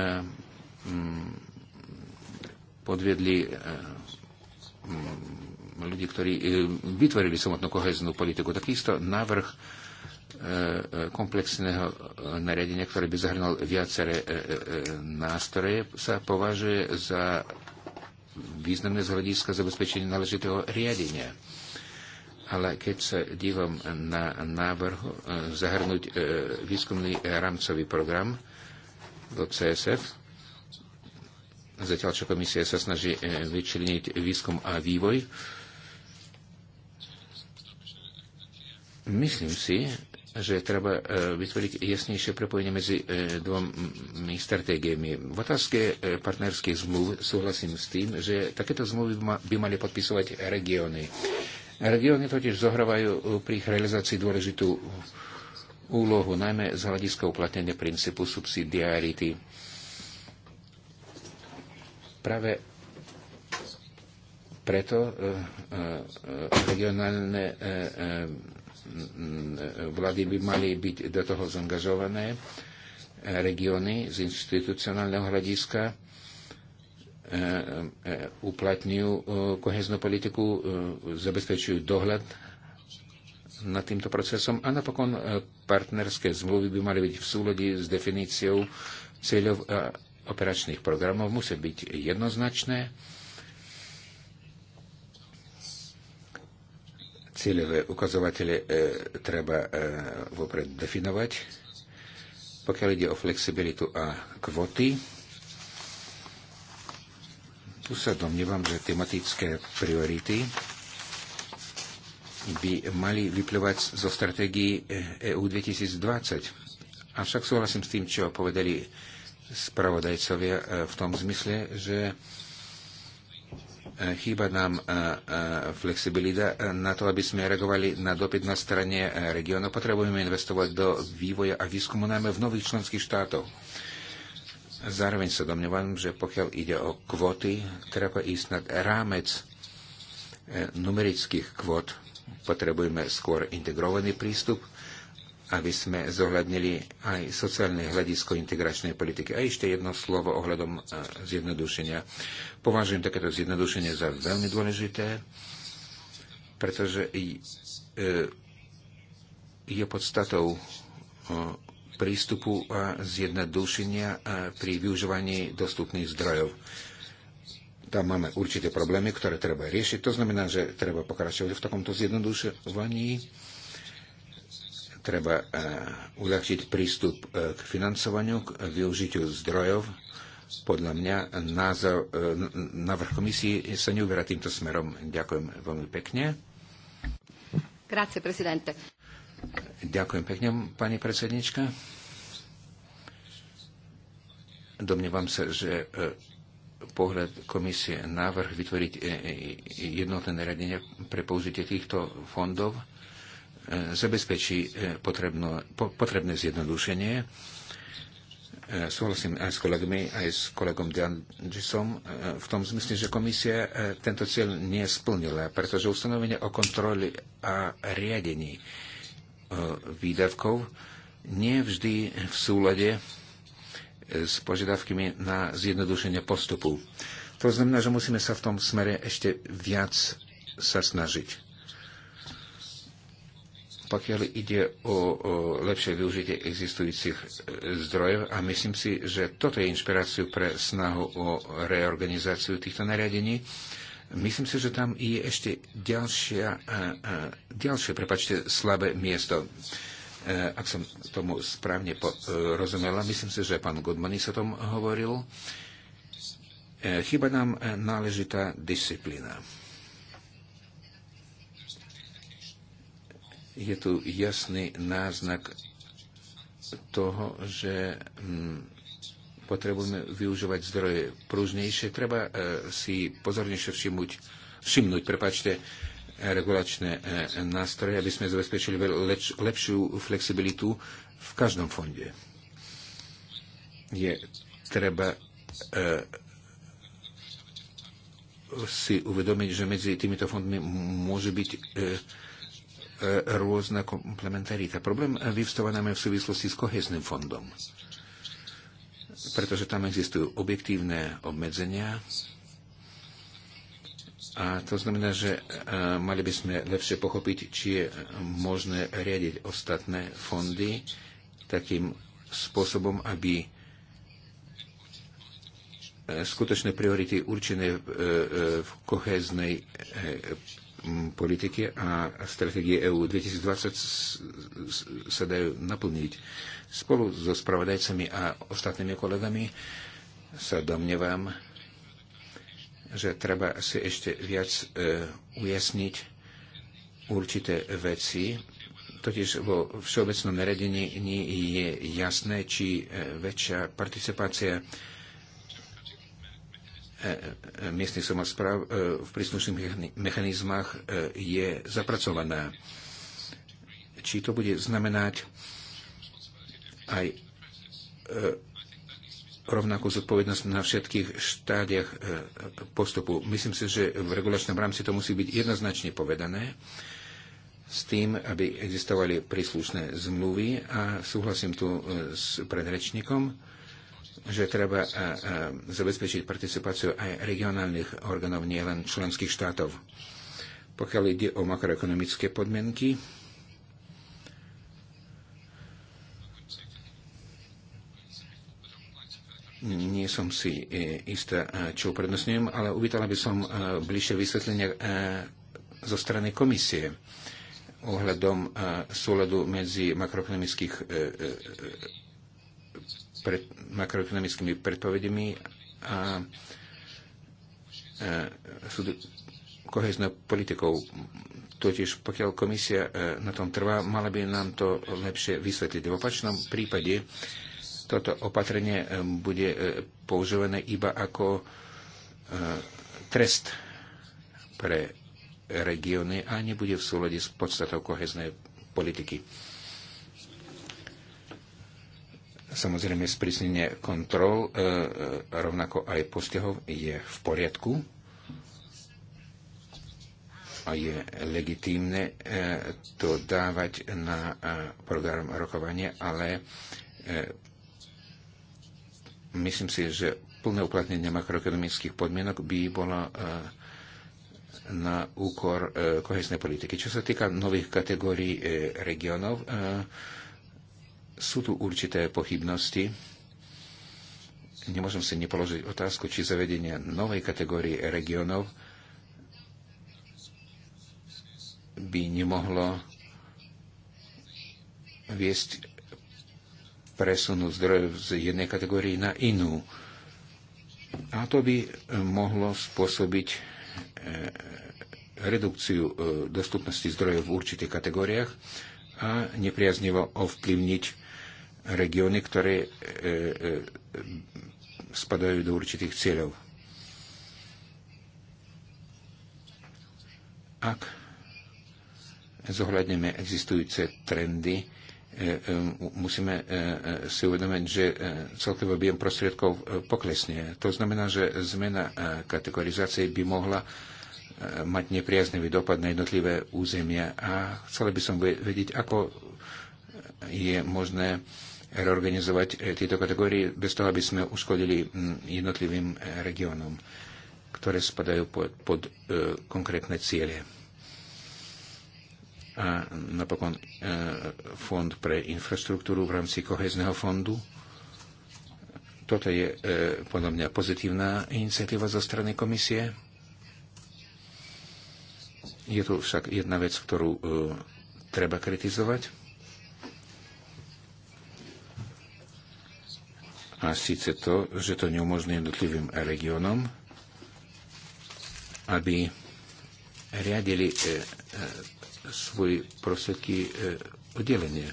Speaker 1: mm, podviedli e, m, mm, ľudí, ktorí e, vytvorili samotnú koheznú politiku. Takisto návrh e, E, e, komplexného e, nariadenia, ktoré by zahrnul viaceré nástroje, sa považuje za významné z hľadiska zabezpečenia náležitého riadenia. Ale keď sa dívam na návrh zahrnúť výskumný rámcový program do CSF, zatiaľ čo komisia sa snaží vyčleniť výskum a vývoj, myslím si, že treba e, vytvoriť jasnejšie prepojenie medzi e, dvomi stratégiami. V otázke e, partnerských zmluv súhlasím s tým, že takéto zmluvy by mali podpisovať regióny. Regióny totiž zohrávajú pri ich realizácii dôležitú úlohu, najmä z hľadiska uplatnenia princípu subsidiarity. Práve preto regionálne vlády by mali byť do toho zaangažované, e, regióny z institucionálneho hľadiska e, e, uplatňujú koheznú politiku, zabezpečujú dohľad nad týmto procesom a napokon partnerské zmluvy by mali byť v súlodi s definíciou cieľov operačných programov, musia byť jednoznačné Cieľové ukazovatele e, treba e, vopred definovať. Pokiaľ ide o flexibilitu a kvoty, tu sa domnievam, že tematické priority by mali vyplývať zo stratégií EU e 2020. Avšak súhlasím s tým, čo povedali spravodajcovia v tom zmysle, že Chýba nám e, e, flexibilita e, na to, aby sme reagovali na dopyt na strane regiónu. Potrebujeme investovať do vývoja a výskumu najmä v nových členských štátoch. Zároveň sa domnievam, že pokiaľ ide o kvóty, treba ísť nad rámec numerických kvót. Potrebujeme skôr integrovaný prístup aby sme zohľadnili aj sociálne hľadisko integračnej politiky. A ešte jedno slovo ohľadom e, zjednodušenia. Považujem takéto zjednodušenie za veľmi dôležité, pretože e, je podstatou e, prístupu a zjednodušenia pri využívaní dostupných zdrojov. Tam máme určité problémy, ktoré treba riešiť. To znamená, že treba pokračovať v takomto zjednodušovaní treba e, uľahčiť prístup e, k financovaniu, k využitiu zdrojov. Podľa mňa názor, e, návrh komisie sa neuverá týmto smerom. Ďakujem veľmi pekne.
Speaker 2: Grazie, presidente.
Speaker 1: Ďakujem pekne, pani predsednička. Domnievam sa, že pohľad komisie návrh vytvoriť jednotné nariadenia pre použitie týchto fondov E, zabezpečí e, potrebno, potrebné zjednodušenie. E, súhlasím aj s kolegmi, aj s kolegom Dianžisom v tom zmysle, že komisia tento cieľ nesplnila, pretože ustanovenie o kontroli a riadení výdavkov nie vždy v súlade s požiadavkami na zjednodušenie postupu. To znamená, že musíme sa v tom smere ešte viac sa snažiť pokiaľ ide o, o lepšie využitie existujúcich e, zdrojov a myslím si, že toto je inšpiráciu pre snahu o reorganizáciu týchto nariadení. Myslím si, že tam je ešte ďalšia, a, e, a, e, ďalšie, prepačte, slabé miesto. Ak som tomu správne po, rozumela, myslím si, že pán Godmany sa tom hovoril. Chyba nám náležitá disciplína. je tu jasný náznak toho, že hm, potrebujeme využívať zdroje prúžnejšie. Treba e, si pozornejšie všimnúť, všimnúť prepáčte, regulačné e, nástroje, aby sme zabezpečili leč, lepšiu flexibilitu v každom fonde. Je treba e, si uvedomiť, že medzi týmito fondmi môže byť E, rôzna komplementarita. Problém vyvstáva najmä v súvislosti s kohezným fondom, pretože tam existujú objektívne obmedzenia a to znamená, že e, mali by sme lepšie pochopiť, či je možné riadiť ostatné fondy takým spôsobom, aby e, skutočné priority určené v kohéznej politiky a stratégie EU 2020 sa dajú naplniť. Spolu so spravodajcami a ostatnými kolegami sa domnievam, že treba si ešte viac e, ujasniť určité veci, totiž vo všeobecnom naredení nie je jasné, či e, väčšia participácia e, E, e, e, miestnych samozpráv v príslušných mechanizmách je zapracovaná. Či to bude znamenať aj rovnakú zodpovednosť na všetkých štádiach postupu. Myslím si, že v regulačnom rámci to musí byť jednoznačne povedané s tým, aby existovali príslušné zmluvy a súhlasím tu s predrečníkom že treba zabezpečiť participáciu aj regionálnych orgánov, nielen členských štátov. Pokiaľ ide o makroekonomické podmienky, nie som si e, istá, čo uprednostňujem, ale uvítala by som e, bližšie vysvetlenie e, zo strany komisie ohľadom súladu medzi makroekonomických pred, makroekonomickými predpovediami a e, sú koheznou politikou. Totiž pokiaľ komisia e, na tom trvá, mala by nám to lepšie vysvetliť. V opačnom prípade toto opatrenie e, bude používané iba ako trest pre regióny a nebude v súlade s podstatou koheznej politiky. Samozrejme, sprísnenie kontrol, e, e, rovnako aj postihov, je v poriadku a je legitímne e, to dávať na program rokovania, ale myslím si, že plné uplatnenie makroekonomických podmienok by bolo na úkor kohesnej politiky. Čo sa týka nových kategórií regionov, sú tu určité pochybnosti. Nemôžem si nepoložiť otázku, či zavedenie novej kategórie regionov by nemohlo viesť presunu zdrojov z jednej kategórie na inú. A to by mohlo spôsobiť e, redukciu e, dostupnosti zdrojov v určitých kategóriách a nepriaznivo ovplyvniť regióny, ktoré e, e, spadajú do určitých cieľov. Ak zohľadneme existujúce trendy, e, musíme si uvedomiť, že celkový objem prostriedkov poklesne. To znamená, že zmena kategorizácie by mohla mať nepriaznivý dopad na jednotlivé územia a chcela by som vedieť, ako je možné reorganizovať e, tieto kategórie bez toho, aby sme uškodili jednotlivým e, regiónom, ktoré spadajú pod, pod e, konkrétne ciele. A napokon fond pre infraštruktúru v rámci kohezného fondu. Toto je podľa mňa pozitívna iniciatíva zo strany komisie. Je tu však jedna vec, ktorú treba kritizovať A síce to, že to neumožní jednotlivým regiónom, aby riadili e, e, svoje prostriedky e, oddelenie.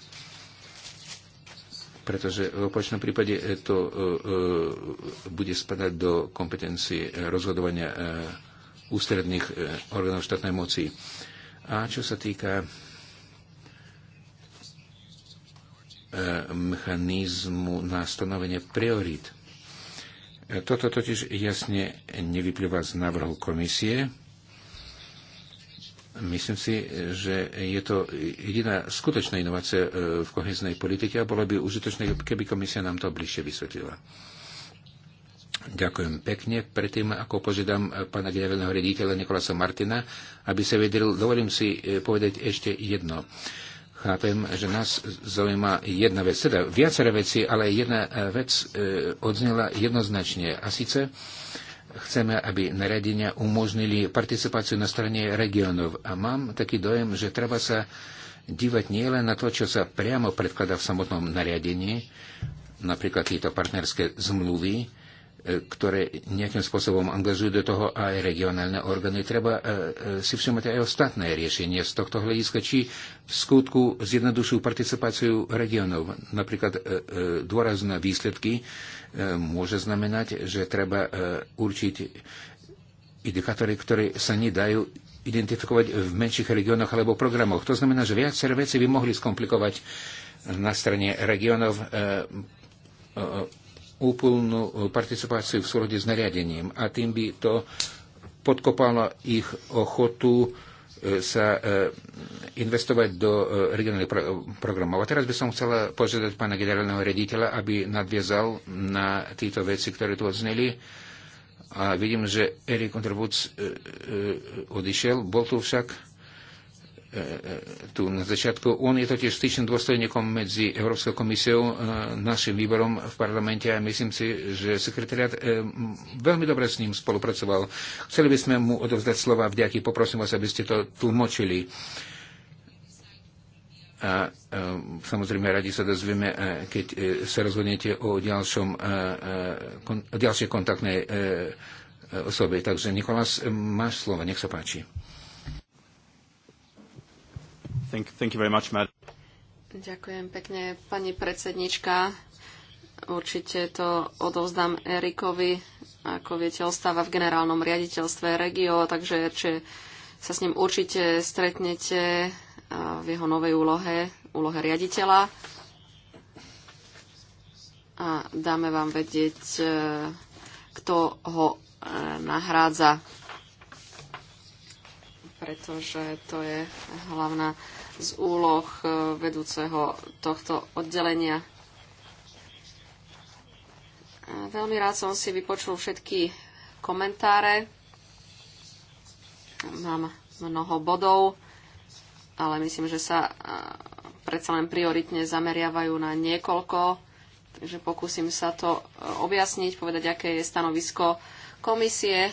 Speaker 1: Pretože v opačnom prípade to bude spadať do kompetencie rozhodovania ústredných orgánov štátnej moci. A čo sa týka E, mechanizmu na stanovenie priorít. E, toto totiž jasne nevyplýva z návrhu komisie. Myslím si, že je to jediná skutočná inovácia e, v koheznej politike a bolo by užitočné, keby komisia nám to bližšie vysvetlila. Ďakujem pekne. Predtým, ako požiadam pána generálneho rediteľa Nikolasa Martina, aby sa vedel, dovolím si povedať ešte jedno. Chápem, že nás zaujíma jedna vec, teda viacere veci, ale jedna e, vec e, odznela jednoznačne. A síce chceme, aby naradenia umožnili participáciu na strane regionov. A mám taký dojem, že treba sa dívať nielen na to, čo sa priamo predkladá v samotnom nariadení, napríklad tieto partnerské zmluvy, E, ktoré nejakým spôsobom angažujú do toho aj regionálne orgány. Treba e, e, si všimnúť aj ostatné riešenie z tohto hľadiska, či v skutku zjednodušujú participáciu regionov. Napríklad dôraz na výsledky môže znamenať, že treba určiť indikátory, ktoré sa nedajú identifikovať v menších regiónoch alebo programoch. To znamená, že viaceré veci by mohli skomplikovať na strane regionov úplnú eh, participáciu v súrode s nariadením a tým by to podkopalo ich ochotu eh, sa eh, investovať do regionálnych pro- programov. A teraz by som chcela požiadať pána generálneho rediteľa, aby nadviezal na tieto veci, ktoré tu odzneli. A vidím, že Erik Underwoods odišiel. Bol tu však E, e, tu na začiatku. On je totiž styčným dôstojníkom medzi Európskou komisiou, e, našim výborom v parlamente a myslím si, že sekretariat veľmi dobre s ním spolupracoval. Chceli by sme mu odovzdať slova vďaky. Poprosím vás, aby ste to tlmočili. A samozrejme radi sa dozvieme, keď sa rozhodnete o, ďalšom, o ďalšej kontaktnej osobe. Takže Nikolás, máš slovo, nech sa páči. Thank, thank you very much,
Speaker 2: Ďakujem pekne, pani predsednička. Určite to odovzdám Erikovi. Ako viete, ostáva v generálnom riaditeľstve Regio, takže či sa s ním určite stretnete v jeho novej úlohe, úlohe riaditeľa. A dáme vám vedieť, e, kto ho e, nahrádza, pretože to je hlavná z úloh e, vedúceho tohto oddelenia. Veľmi rád som si vypočul všetky komentáre. Mám mnoho bodov, ale myslím, že sa e, predsa len prioritne zameriavajú na niekoľko, takže pokúsim sa to e, objasniť, povedať, aké je stanovisko komisie.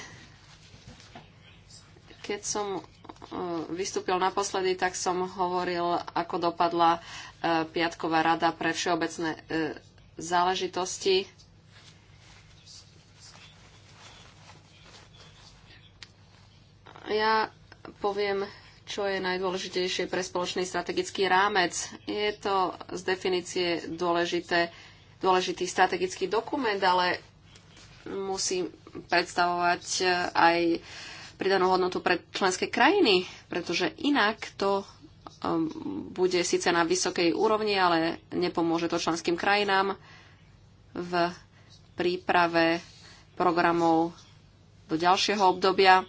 Speaker 2: Keď som E, vystúpil naposledy, tak som hovoril, ako dopadla e, piatková rada pre všeobecné e, záležitosti. Ja poviem, čo je najdôležitejšie pre spoločný strategický rámec. Je to z definície dôležité, dôležitý strategický dokument, ale musí predstavovať aj uh, pridanú hodnotu pre členské krajiny, pretože inak to um, bude síce na vysokej úrovni, ale nepomôže to členským krajinám v príprave programov do ďalšieho obdobia.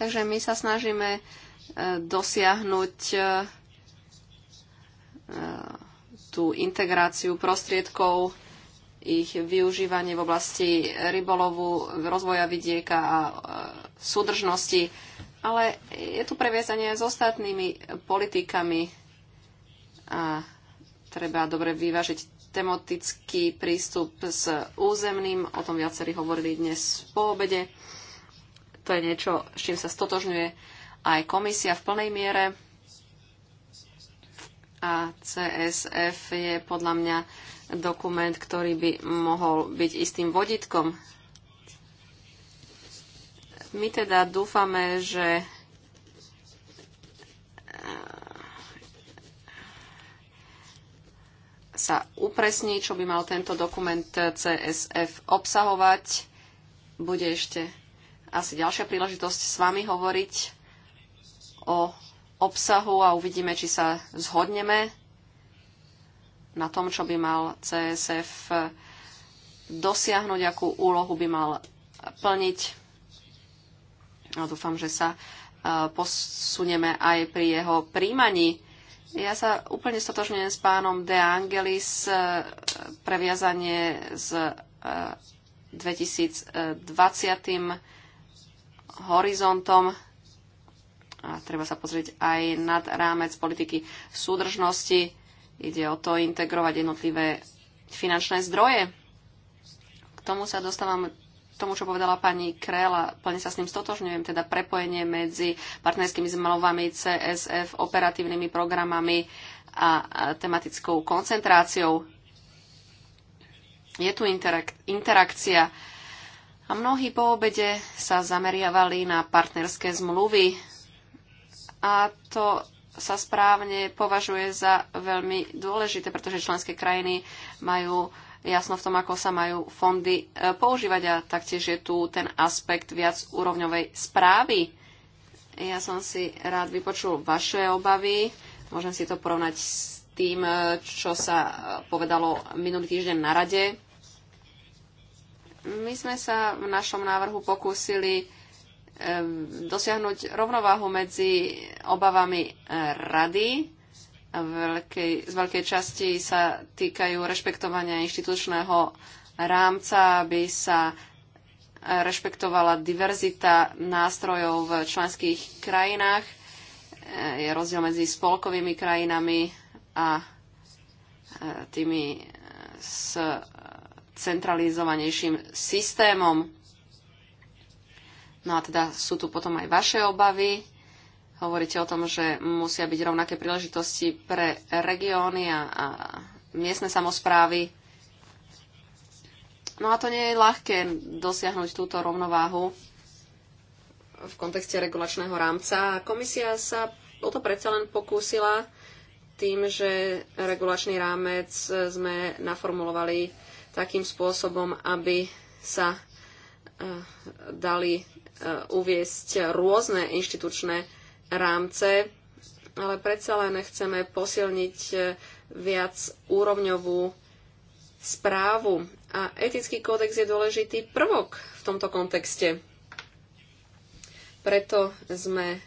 Speaker 2: Takže my sa snažíme e, dosiahnuť e, e, tú integráciu prostriedkov ich využívanie v oblasti rybolovu, rozvoja vidieka a e, súdržnosti. Ale je tu previazanie aj s ostatnými politikami a treba dobre vyvážiť tematický prístup s územným, o tom viacerí hovorili dnes po obede. To je niečo, s čím sa stotožňuje aj komisia v plnej miere. A CSF je podľa mňa dokument, ktorý by mohol byť istým vodítkom. My teda dúfame, že eh, sa upresní, čo by mal tento dokument CSF obsahovať. Bude ešte asi ďalšia príležitosť s vami hovoriť o obsahu a uvidíme, či sa zhodneme na tom, čo by mal CSF dosiahnuť, akú úlohu by mal plniť. A dúfam, že sa e, posunieme aj pri jeho príjmaní. Ja sa úplne stotožňujem s pánom De Angelis e, previazanie s 2020. E, horizontom. A treba sa pozrieť aj nad rámec politiky súdržnosti Ide o to integrovať jednotlivé finančné zdroje. K tomu sa dostávam tomu, čo povedala pani Krela, plne sa s ním stotožňujem, teda prepojenie medzi partnerskými zmluvami CSF, operatívnymi programami a tematickou koncentráciou. Je tu interak- interakcia a mnohí po obede sa zameriavali na partnerské zmluvy a to sa správne považuje za veľmi dôležité, pretože členské krajiny majú jasno v tom, ako sa majú fondy e, používať a taktiež je tu ten aspekt viac úrovňovej správy. Ja som si rád vypočul vaše obavy. Môžem si to porovnať s tým, e, čo sa e, povedalo minulý týždeň na rade. My sme sa v našom návrhu pokúsili dosiahnuť rovnováhu medzi obavami eh, rady, veľkej, z veľkej časti sa týkajú rešpektovania inštitučného rámca, aby sa eh, rešpektovala diverzita nástrojov v členských krajinách. Eh, je rozdiel medzi spolkovými krajinami a tými s centralizovanejším systémom No a teda sú tu potom aj vaše obavy. Hovoríte o tom, že musia byť rovnaké príležitosti pre regióny a, a miestne samozprávy. No a to nie je ľahké dosiahnuť túto rovnováhu v kontexte regulačného rámca. Komisia sa o to predsa len pokúsila tým, že regulačný rámec sme naformulovali takým spôsobom, aby sa eh, dali Eh, uviesť rôzne inštitučné rámce, ale predsa len chceme posilniť eh, viac úrovňovú správu. A etický kódex je dôležitý prvok v tomto kontexte. Preto sme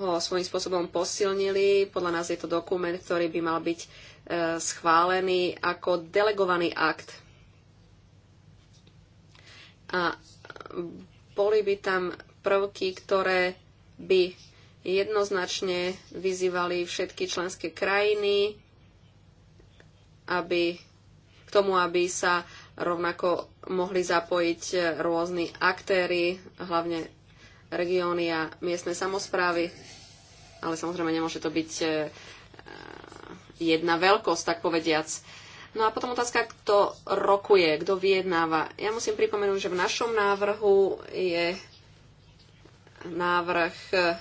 Speaker 2: ho svojím spôsobom posilnili. Podľa nás je to dokument, ktorý by mal byť eh, schválený ako delegovaný akt. A boli by tam prvky, ktoré by jednoznačne vyzývali všetky členské krajiny aby, k tomu, aby sa rovnako mohli zapojiť rôzni aktéry, hlavne regióny a miestne samozprávy. Ale samozrejme nemôže to byť eh, jedna veľkosť, tak povediac. No a potom otázka, kto rokuje, kto vyjednáva. Ja musím pripomenúť, že v našom návrhu je návrh e,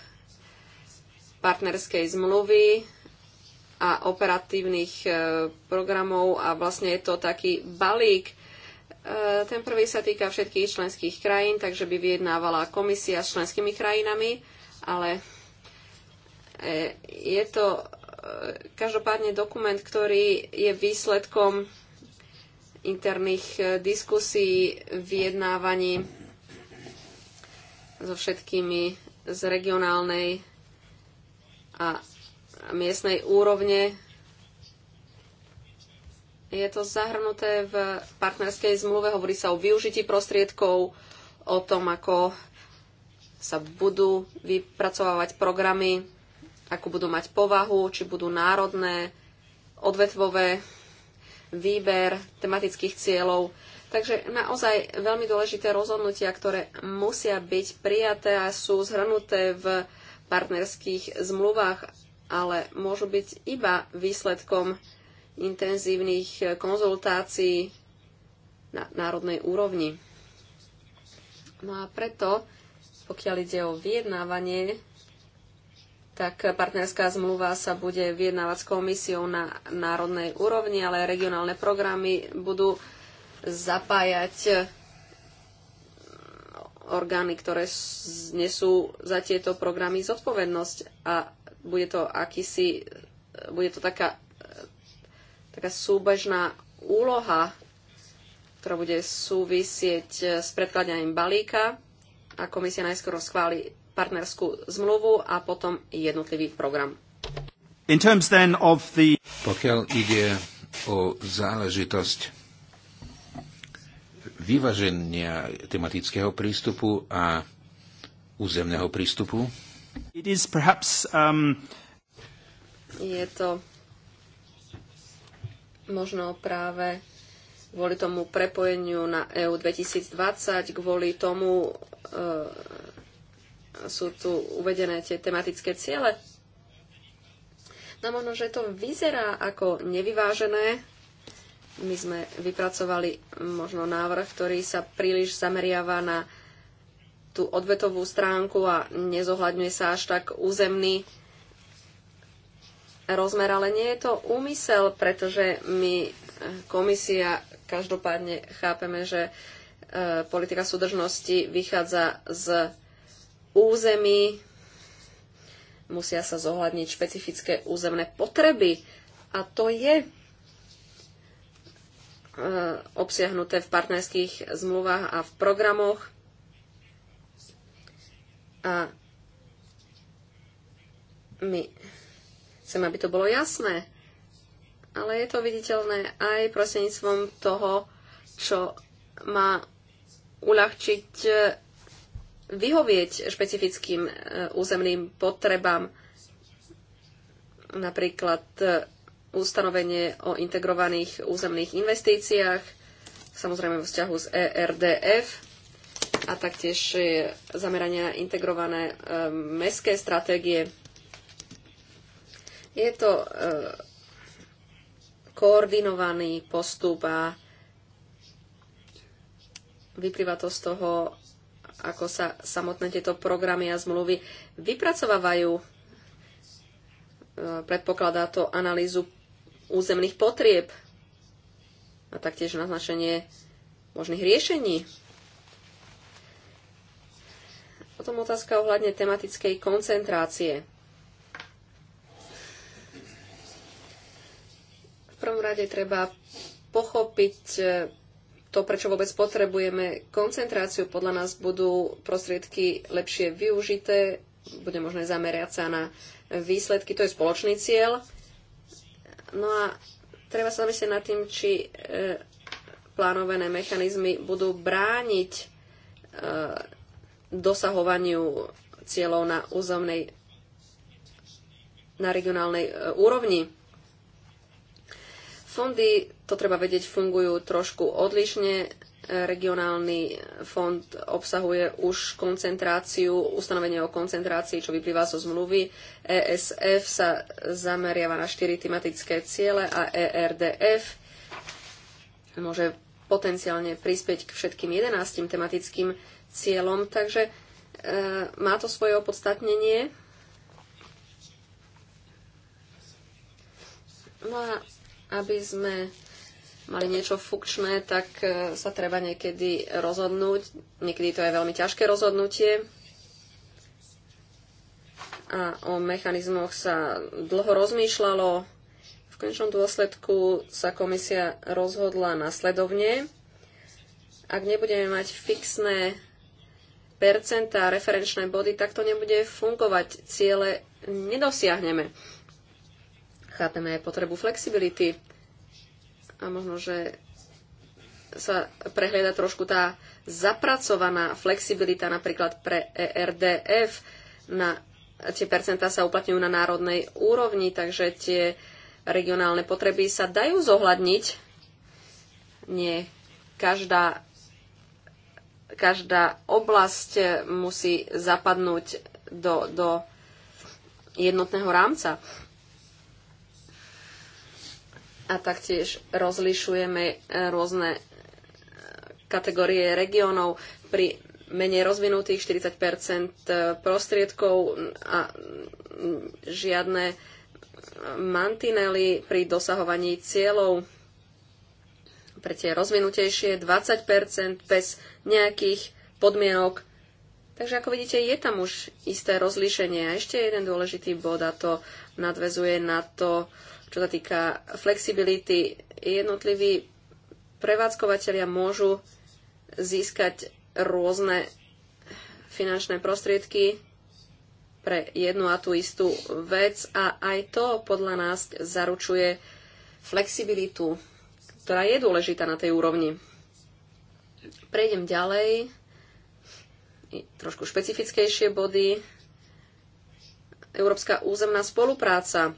Speaker 2: partnerskej zmluvy a operatívnych e, programov a vlastne je to taký balík. E, ten prvý sa týka všetkých členských krajín, takže by vyjednávala komisia s členskými krajinami, ale je to každopádne dokument, ktorý je výsledkom interných e, diskusí, vyjednávaní so všetkými z regionálnej a miestnej úrovne. Je to zahrnuté v partnerskej zmluve, hovorí sa o využití prostriedkov, o tom, ako sa budú vypracovávať programy akú budú mať povahu, či budú národné, odvetvové, výber tematických cieľov. Takže naozaj veľmi dôležité rozhodnutia, ktoré musia byť prijaté a sú zhrnuté v partnerských zmluvách, ale môžu byť iba výsledkom intenzívnych konzultácií na národnej úrovni. No a preto, pokiaľ ide o vyjednávanie tak partnerská zmluva sa bude vyjednávať s komisiou na národnej úrovni, ale regionálne programy budú zapájať eh, orgány, ktoré nesú za tieto programy zodpovednosť a bude to akýsi, eh, bude to taká, eh, taká súbežná úloha, ktorá bude súvisieť s predkladaním balíka a komisia najskôr schváli partnerskú zmluvu a potom jednotlivý program.
Speaker 1: In terms then of the... Pokiaľ ide o záležitosť vyvaženia tematického prístupu a územného prístupu, It is perhaps, um...
Speaker 2: Je to možno práve kvôli tomu prepojeniu na EU 2020, kvôli tomu e sú tu uvedené tie tematické ciele. No možno, že to vyzerá ako nevyvážené. My sme vypracovali možno návrh, ktorý sa príliš zameriava na tú odvetovú stránku a nezohľadňuje sa až tak územný rozmer, ale nie je to úmysel, pretože my, eh, komisia, každopádne chápeme, že eh, politika súdržnosti vychádza z území, musia sa zohľadniť špecifické územné potreby a to je e, obsiahnuté v partnerských zmluvách a v programoch. A my chcem, aby to bolo jasné, ale je to viditeľné aj prostredníctvom toho, čo má uľahčiť vyhovieť špecifickým e, územným potrebám, napríklad e, ustanovenie o integrovaných územných investíciách, samozrejme v vzťahu s ERDF a taktiež e, zamerania integrované mestské stratégie. Je to koordinovaný postup a vyplýva to z toho, ako sa samotné tieto programy a zmluvy vypracovávajú. E, predpokladá to analýzu územných potrieb a taktiež naznačenie možných riešení. Potom otázka ohľadne tematickej koncentrácie. V prvom rade treba pochopiť e, to, prečo vôbec potrebujeme koncentráciu. Podľa nás budú prostriedky lepšie využité, bude možné zamerať sa na výsledky, to je spoločný cieľ. No a treba sa zamyslieť nad tým, či e, plánované mechanizmy budú brániť e, dosahovaniu cieľov na územnej na regionálnej e, úrovni. Fondy, to treba vedieť, fungujú trošku odlišne. Regionálny fond obsahuje už koncentráciu, ustanovenie o koncentrácii, čo vyplýva zo zmluvy. ESF sa zameriava na štyri tematické ciele a ERDF môže potenciálne prispieť k všetkým 11 tematickým cieľom, takže e, má to svoje opodstatnenie. No a aby sme mali niečo funkčné, tak e, sa treba niekedy rozhodnúť. Niekedy to je veľmi ťažké rozhodnutie. A o mechanizmoch sa dlho rozmýšľalo. V končnom dôsledku sa komisia rozhodla nasledovne. Ak nebudeme mať fixné percentá, referenčné body, tak to nebude fungovať. Ciele nedosiahneme. Chápeme aj potrebu flexibility. A možno, že sa prehliada trošku tá zapracovaná flexibilita napríklad pre ERDF. Na, tie percentá sa uplatňujú na národnej úrovni, takže tie regionálne potreby sa dajú zohľadniť. Nie každá, každá oblasť musí zapadnúť do, do jednotného rámca a taktiež rozlišujeme e, rôzne e, kategórie regiónov. Pri menej rozvinutých 40 e, prostriedkov a žiadne mantinely pri dosahovaní cieľov pre tie rozvinutejšie 20 bez nejakých podmienok. Takže ako vidíte, je tam už isté rozlíšenie. A ešte jeden dôležitý bod a to nadvezuje na to, čo sa týka flexibility, jednotliví prevádzkovateľia môžu získať rôzne finančné prostriedky pre jednu a tú istú vec a aj to podľa nás zaručuje flexibilitu, ktorá je dôležitá na tej úrovni. Prejdem ďalej. Trošku špecifickejšie body. Európska územná spolupráca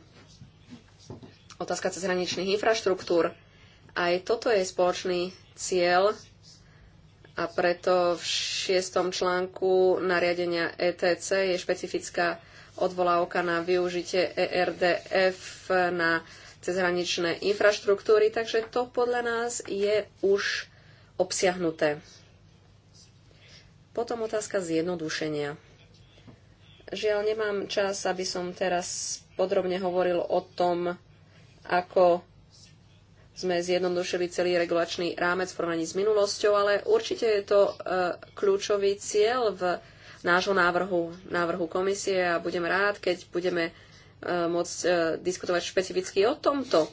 Speaker 2: otázka cezhraničných infraštruktúr. Aj toto je spoločný cieľ a preto v šiestom článku nariadenia ETC je špecifická odvolávka na využitie ERDF na cezhraničné infraštruktúry, takže to podľa nás je už obsiahnuté. Potom otázka zjednodušenia. Žiaľ, nemám čas, aby som teraz podrobne hovoril o tom, ako sme zjednodušili celý regulačný rámec v porovnaní s minulosťou, ale určite je to e, kľúčový cieľ v nášho návrhu, návrhu komisie a budem rád, keď budeme e, môcť e, diskutovať špecificky o tomto.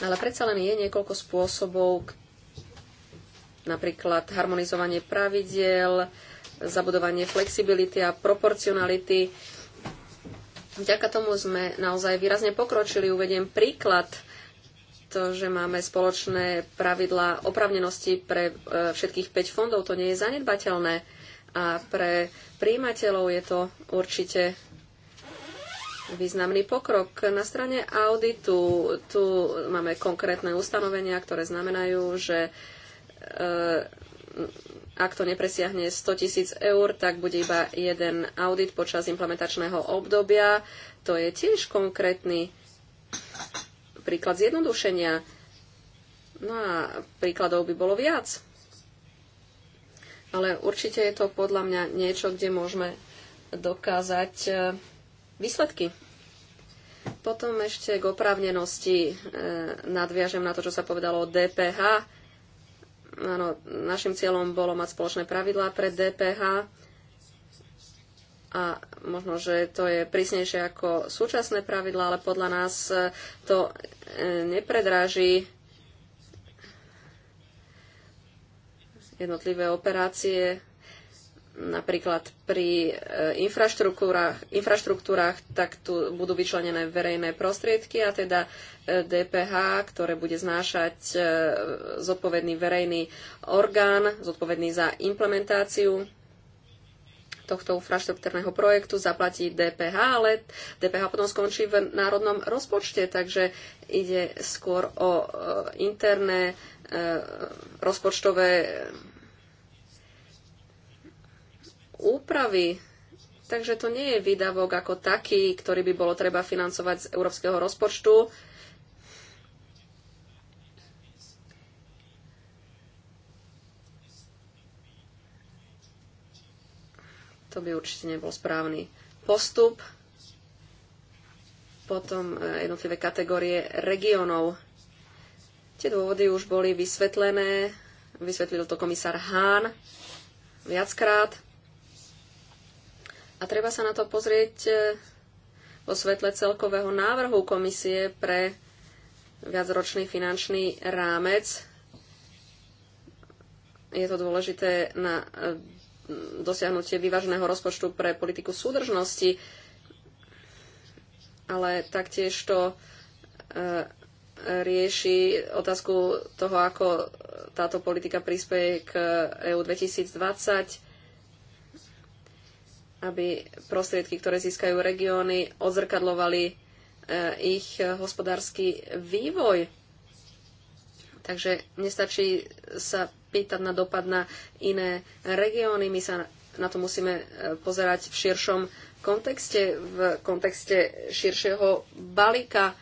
Speaker 2: Ale predsa len je niekoľko spôsobov, napríklad harmonizovanie pravidiel, zabudovanie flexibility a proporcionality Vďaka tomu sme naozaj výrazne pokročili. Uvediem príklad to, že máme spoločné pravidlá opravnenosti pre e, všetkých 5 fondov, to nie je zanedbateľné. A pre príjimateľov je to určite významný pokrok. Na strane auditu tu máme konkrétne ustanovenia, ktoré znamenajú, že e, ak to nepresiahne 100 tisíc eur, tak bude iba jeden audit počas implementačného obdobia. To je tiež konkrétny príklad zjednodušenia. No a príkladov by bolo viac. Ale určite je to podľa mňa niečo, kde môžeme dokázať e, výsledky. Potom ešte k oprávnenosti e, nadviažem na to, čo sa povedalo o DPH Áno, našim cieľom bolo mať spoločné pravidlá pre DPH a možno, že to je prísnejšie ako súčasné pravidlá, ale podľa nás e, to e, nepredráži jednotlivé operácie napríklad pri e, infraštruktúrach, infraštruktúrach, tak tu budú vyčlenené verejné prostriedky a teda e, DPH, ktoré bude znášať e, zodpovedný verejný orgán, zodpovedný za implementáciu tohto infraštruktúrneho projektu zaplatí DPH, ale DPH potom skončí v národnom rozpočte, takže ide skôr o interné rozpočtové úpravy. Takže to nie je výdavok ako taký, ktorý by bolo treba financovať z európskeho rozpočtu. To by určite nebol správny postup. Potom e, jednotlivé kategórie regionov. Tie dôvody už boli vysvetlené, vysvetlil to komisár Hahn viackrát. A treba sa na to pozrieť e, vo svetle celkového návrhu komisie pre viacročný finančný rámec. Je to dôležité na e, dosiahnutie vyváženého rozpočtu pre politiku súdržnosti, ale taktiež to e, rieši otázku toho, ako táto politika prispieje k EU 2020 aby prostriedky, ktoré získajú regióny, odzrkadlovali e, ich hospodársky vývoj. Takže nestačí sa pýtať na dopad na iné regióny. My sa na to musíme e, pozerať v širšom kontexte, v kontexte širšieho balíka.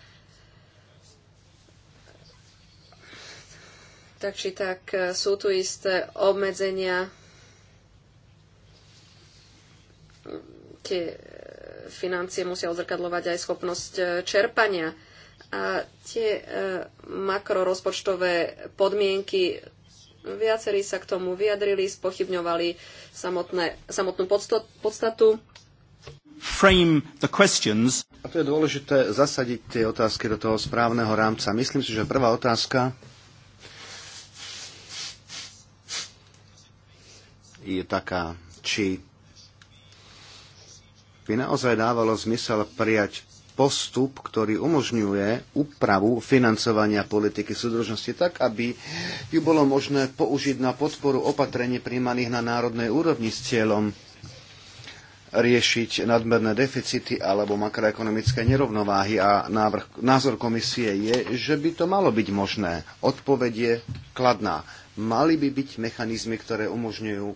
Speaker 2: Tak či tak e, sú tu isté obmedzenia tie financie musia odzrkadľovať aj schopnosť e, čerpania. A tie e, makrorozpočtové podmienky viacerí sa k tomu vyjadrili, spochybňovali samotné, samotnú podstatu.
Speaker 3: Frame the questions. A to je dôležité zasadiť tie otázky do toho správneho rámca. Myslím si, že prvá otázka je taká, či by naozaj dávalo zmysel prijať postup, ktorý umožňuje úpravu financovania politiky súdržnosti tak, aby ju bolo možné použiť na podporu opatrení príjmaných na národnej úrovni s cieľom riešiť nadmerné deficity alebo makroekonomické nerovnováhy a návrh, názor komisie je, že by to malo byť možné. Odpoveď je kladná. Mali by byť mechanizmy, ktoré umožňujú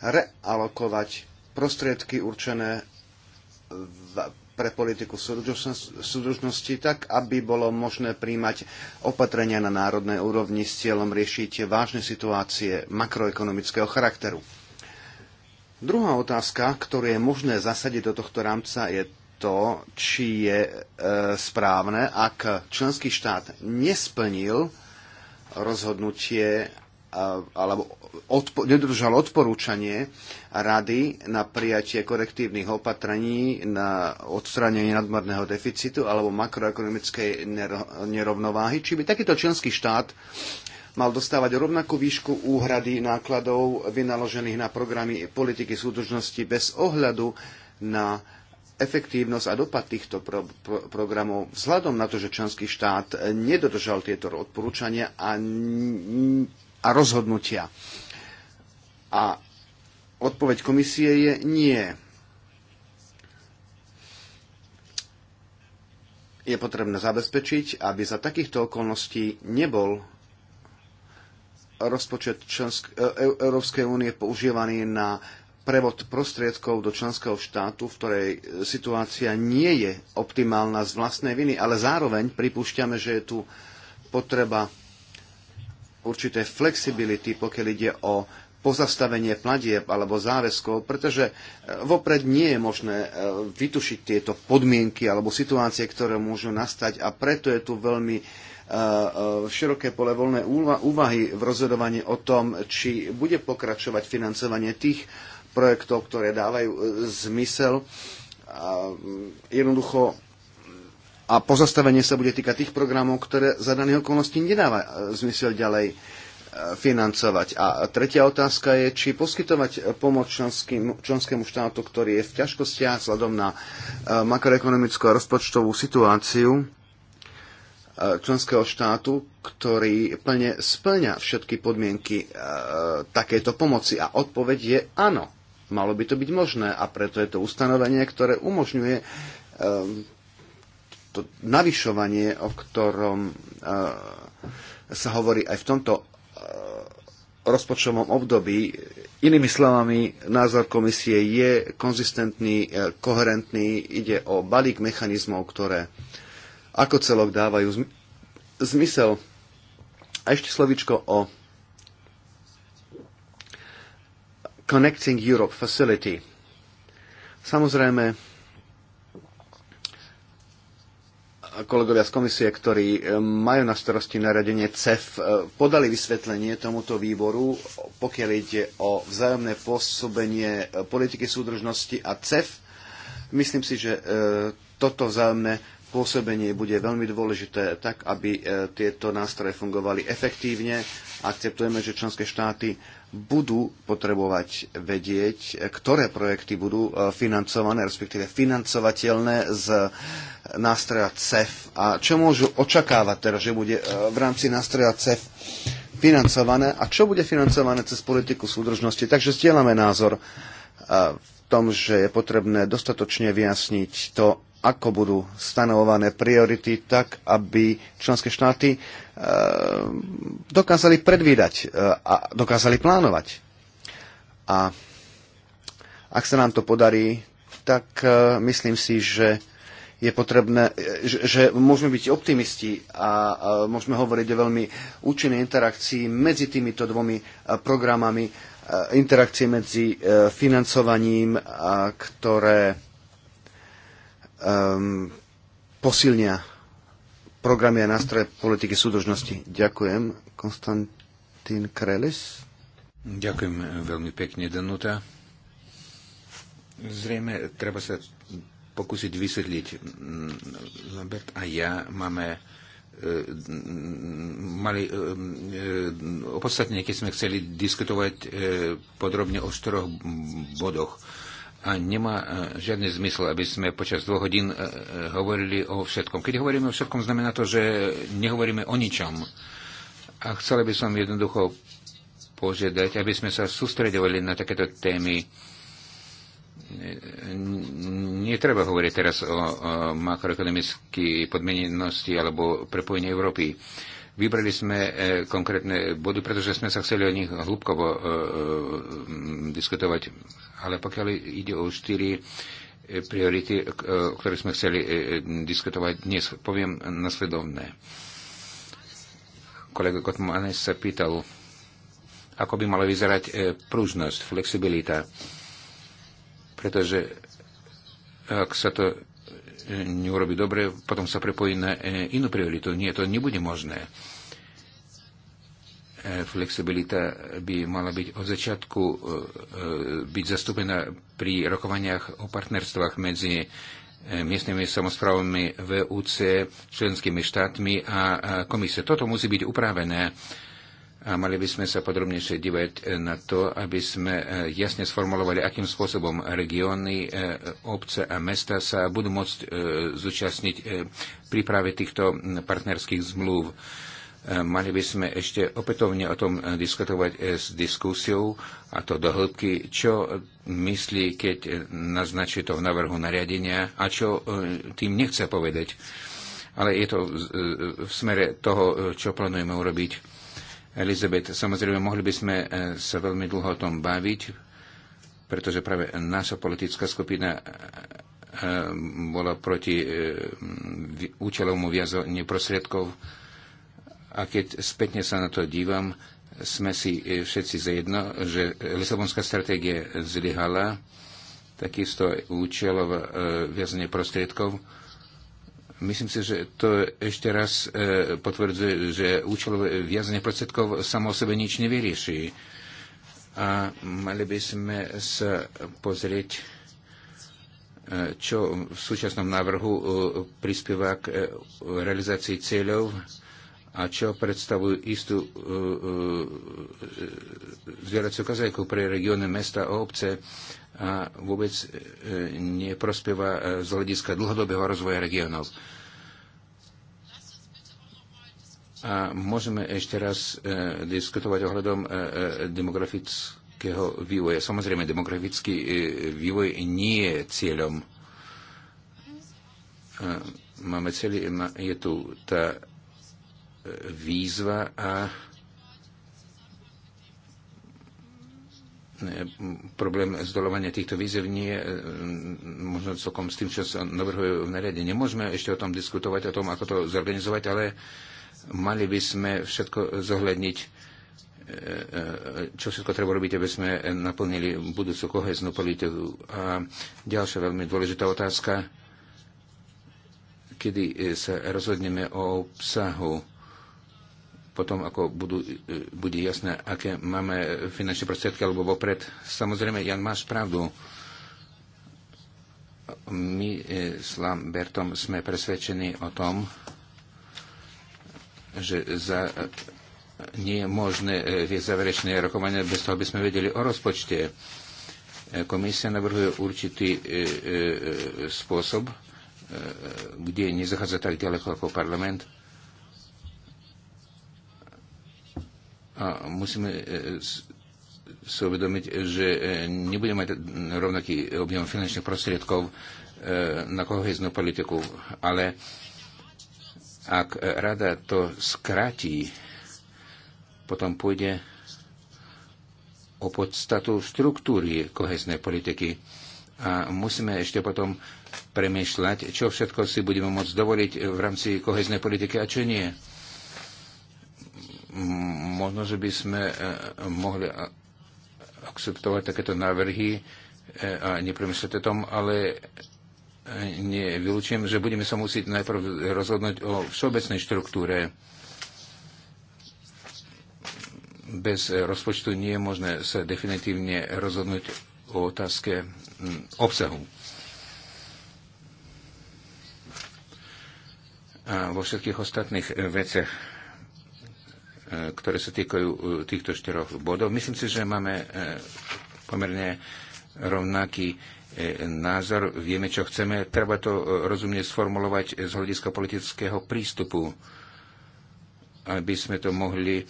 Speaker 3: realokovať prostriedky určené pre politiku súdržnosti tak, aby bolo možné príjmať opatrenia na národnej úrovni s cieľom riešiť vážne situácie makroekonomického charakteru. Druhá otázka, ktorú je možné zasadiť do tohto rámca, je to, či je e, správne, ak členský štát nesplnil rozhodnutie alebo odpo- nedodržal odporúčanie rady na prijatie korektívnych opatrení na odstránenie nadmerného deficitu alebo makroekonomickej nerovnováhy, či by takýto členský štát mal dostávať rovnakú výšku úhrady nákladov vynaložených na programy politiky súdržnosti bez ohľadu na efektívnosť a dopad týchto pro, pro, programov vzhľadom na to, že členský štát nedodržal tieto odporúčania a a rozhodnutia. A odpoveď komisie je nie. Je potrebné zabezpečiť, aby za takýchto okolností nebol rozpočet člensk- e, e, Európskej únie používaný na prevod prostriedkov do členského štátu, v ktorej situácia nie je optimálna z vlastnej viny, ale zároveň pripúšťame, že je tu potreba určité flexibility, pokiaľ ide o pozastavenie platieb alebo záväzkov, pretože e, vopred nie je možné e, vytušiť tieto podmienky alebo situácie, ktoré môžu nastať a preto je tu veľmi e, široké pole voľné úvahy v rozhodovaní o tom, či bude pokračovať financovanie tých projektov, ktoré dávajú zmysel. Jednoducho a pozastavenie sa bude týkať tých programov, ktoré za daných okolností nedáva e, zmysel ďalej e, financovať. A tretia otázka je, či poskytovať pomoc členským, členskému štátu, ktorý je v ťažkostiach vzhľadom na e, makroekonomickú a rozpočtovú situáciu členského štátu, ktorý plne splňa všetky podmienky takéto pomoci. A odpoveď je áno. Malo by to byť možné a preto je to ustanovenie, ktoré umožňuje to navyšovanie, o ktorom eh, sa hovorí aj v tomto eh, rozpočtovom období. Inými slovami, názor komisie je konzistentný, eh, koherentný, ide o balík mechanizmov, ktoré ako celok dávajú zmysel. A ešte slovičko o Connecting Europe Facility. Samozrejme, kolegovia z komisie, ktorí e, majú na starosti naradenie CEF, e, podali vysvetlenie tomuto výboru, pokiaľ ide o vzájomné pôsobenie e, politiky súdržnosti a CEF. Myslím si, že toto vzájomné pôsobenie bude veľmi dôležité tak, aby e, tieto nástroje fungovali efektívne. Akceptujeme, že členské štáty budú potrebovať vedieť, ktoré projekty budú e, financované, respektíve financovateľné z e, nástroja CEF a čo môžu očakávať teraz, že bude v rámci nástroja CEF financované a čo bude financované cez politiku súdržnosti. Takže zdieľame názor v tom, že je potrebné dostatočne vyjasniť to, ako budú stanovované priority tak, aby členské štáty e, dokázali predvídať e, a dokázali plánovať. A ak sa nám to podarí, tak e, myslím si, že je potrebné, že môžeme byť optimisti a môžeme hovoriť o veľmi účinnej interakcii medzi týmito dvomi programami, interakcie medzi financovaním, ktoré um, posilnia programy a nástroje politiky súdržnosti. Ďakujem. Konstantín
Speaker 1: Krelis. Ďakujem veľmi pekne, Danuta. Zrejme treba sa pokúsiť vysvetliť. Lambert a ja máme e, mali e, e, opodstatne, keď sme chceli diskutovať podrobne o štyroch bodoch a nemá e, žiadny zmysel, aby sme počas dvoch hodín e, e, hovorili o všetkom. Keď hovoríme o všetkom, znamená to, že nehovoríme o ničom. A chcela by som jednoducho požiadať, aby sme sa sústredovali na takéto témy. Netreba hovoriť teraz o, o makroekonomickej podmienenosti alebo prepojení Európy. Vybrali sme e, konkrétne body, pretože sme sa chceli o nich hlubkovo e, e, diskutovať. Ale pokiaľ ide o štyri priority, o ktorých sme chceli diskutovať dnes, poviem nasledovné. Kolega Kotmanes sa pýtal, ako by mala vyzerať prúžnosť, flexibilita. Pretože ak sa to neurobi dobre, potom sa prepojí na e, inú prioritu. Nie, to nebude možné. E, flexibilita by mala byť od začiatku e, byť zastúpená pri rokovaniach o partnerstvách medzi miestnymi samozprávami VUC, členskými štátmi a komisie. Toto musí byť upravené a mali by sme sa podrobnejšie dívať e, na to, aby sme e, jasne sformulovali, akým spôsobom regióny, e, obce a mesta sa budú môcť zúčastniť príprave týchto partnerských zmluv. Mali by sme ešte opätovne o tom diskutovať s diskusiou a to do hĺbky, čo myslí, keď naznačí to v navrhu nariadenia a čo tým nechce povedať. Ale je to v smere toho, čo plánujeme urobiť Elizabeth, samozrejme, mohli by sme eh, sa veľmi dlho o tom baviť, pretože práve naša politická skupina eh, eh, bola proti účelovmu viazovaniu prostriedkov. A keď spätne sa na to dívam, sme si všetci zajedno, že Lisabonská stratégia zlyhala, takisto účelov viazanie prostriedkov Myslím si, že to ešte raz e, potvrdzuje, že účelové viazanie prostriedkov samo o sebe nič nevyrieši. A mali by sme sa pozrieť, e, čo v súčasnom návrhu e, prispieva k realizácii cieľov a čo predstavujú istú zvieraciu kazajku pre regióny mesta a obce a vôbec e, neprospieva e, z hľadiska dlhodobého rozvoja regionov. A môžeme ešte raz e, diskutovať ohľadom demografického vývoja. Samozrejme, demografický vývoj nie je cieľom. máme celý, je tu tá výzva a E, problém zdolovania týchto výzev nie je možno celkom s tým, čo sa navrhuje v nariade. Nemôžeme ešte o tom diskutovať, o tom, ako to zorganizovať, ale mali by sme všetko zohľadniť, e, e, čo všetko treba robiť, aby sme naplnili budúcu koheznú politiku. A ďalšia veľmi dôležitá otázka, kedy sa rozhodneme o obsahu potom ako budú, e, bude jasné, aké máme finančné prostriedky alebo vopred. Samozrejme, Jan, máš pravdu. My e, s Lambertom sme presvedčení o tom, že za, nie je možné viesť e, záverečné rokovanie bez toho, aby sme vedeli o rozpočte. Komisia navrhuje určitý e, e, spôsob, e, kde nezachádza tak ďaleko ako parlament A musíme e, si uvedomiť, že e, nebudeme mať rovnaký objem finančných prostriedkov e, na koheznú politiku, ale ak rada to skratí, potom pôjde o podstatu štruktúry koheznej politiky. A musíme ešte potom premýšľať, čo všetko si budeme môcť dovoliť v rámci koheznej politiky a čo nie. Možno, že by sme e, mohli akceptovať takéto návrhy e, a nepremýšľať o tom, ale e, nevylučujem, že budeme sa musieť najprv rozhodnúť o všeobecnej štruktúre. Bez rozpočtu nie je možné sa definitívne rozhodnúť o otázke obsahu. A vo všetkých ostatných veciach E, ktoré sa týkajú e, týchto štyroch bodov. Myslím si, že máme e, pomerne rovnaký názor, vieme, čo chceme, treba to rozumne sformulovať z hľadiska politického prístupu, aby sme to mohli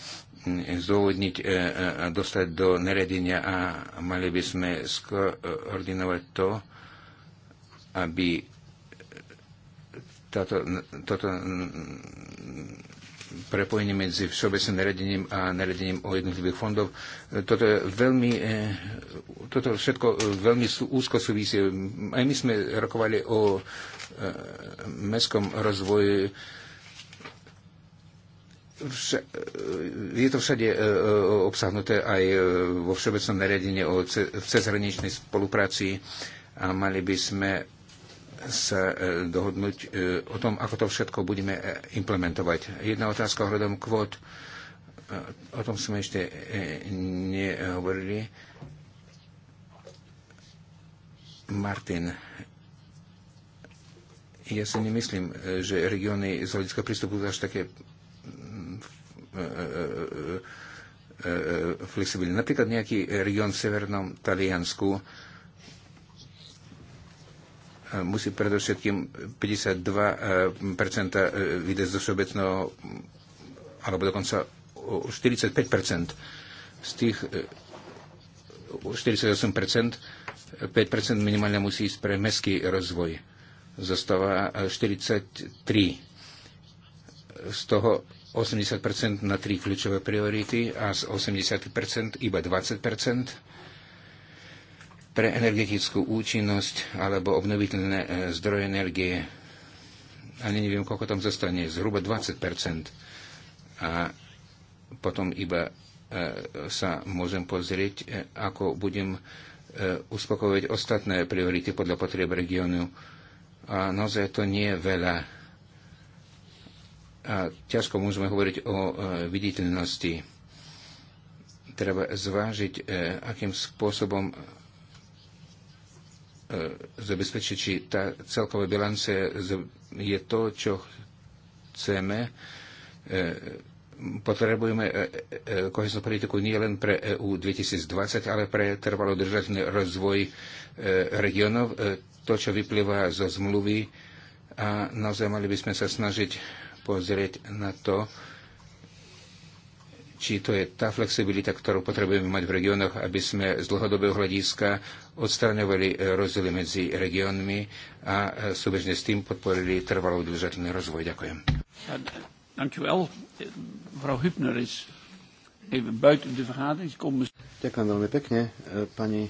Speaker 1: zôvodniť a dostať do neredenia a mali by sme skoordinovať to, aby táto, toto prepojenie medzi všeobecným nariadením a nariadením o jednotlivých fondov. E, toto, je veľmi, e, toto všetko e, veľmi úzko súvisí. Aj my sme rokovali o mestskom rozvoji je to všade obsahnuté aj vo všeobecnom nariadení o cezhraničnej spolupráci a mali by sme sa e, dohodnúť e, o tom, ako to všetko budeme e, implementovať. Jedna otázka ohľadom kvót, o tom sme ešte nehovorili. Martin, ja si nemyslím, že regióny z hľadiska prístupu sú až také flexibilné. Napríklad nejaký región v severnom Taliansku musí predovšetkým 52% eh, eh, vydať zo všeobecného alebo dokonca 45% z tých 48%, eh, 5% minimálne musí ísť pre mestský rozvoj. Zostáva 43. Z toho 80% na tri kľúčové priority a z 80% iba 20% pre energetickú účinnosť alebo obnoviteľné e, zdroje energie. Ani neviem, koľko tam zostane, zhruba 20 A potom iba e, sa môžem pozrieť, e, ako budem uspokojiť ostatné priority podľa potrieb regiónu. A naozaj to nie je veľa. A ťažko môžeme hovoriť o viditeľnosti. Treba zvážiť, akým spôsobom E, zabezpečiť, či tá celková bilancia je to, čo chceme. E, potrebujeme e, kohesnú politiku nie len pre EU 2020, ale pre trvalo držateľný rozvoj regionov, to, čo vyplýva zo zmluvy a naozaj mali by sme sa snažiť pozrieť na to, či to je tá flexibilita, ktorú potrebujeme mať v regiónoch, aby sme z dlhodobého hľadiska odstraňovali e, rozdiely medzi regiónmi a e, súbežne s tým podporili trvalo udržateľný rozvoj. Ďakujem. Eh,
Speaker 3: ďakujem veľmi pekne. E, pani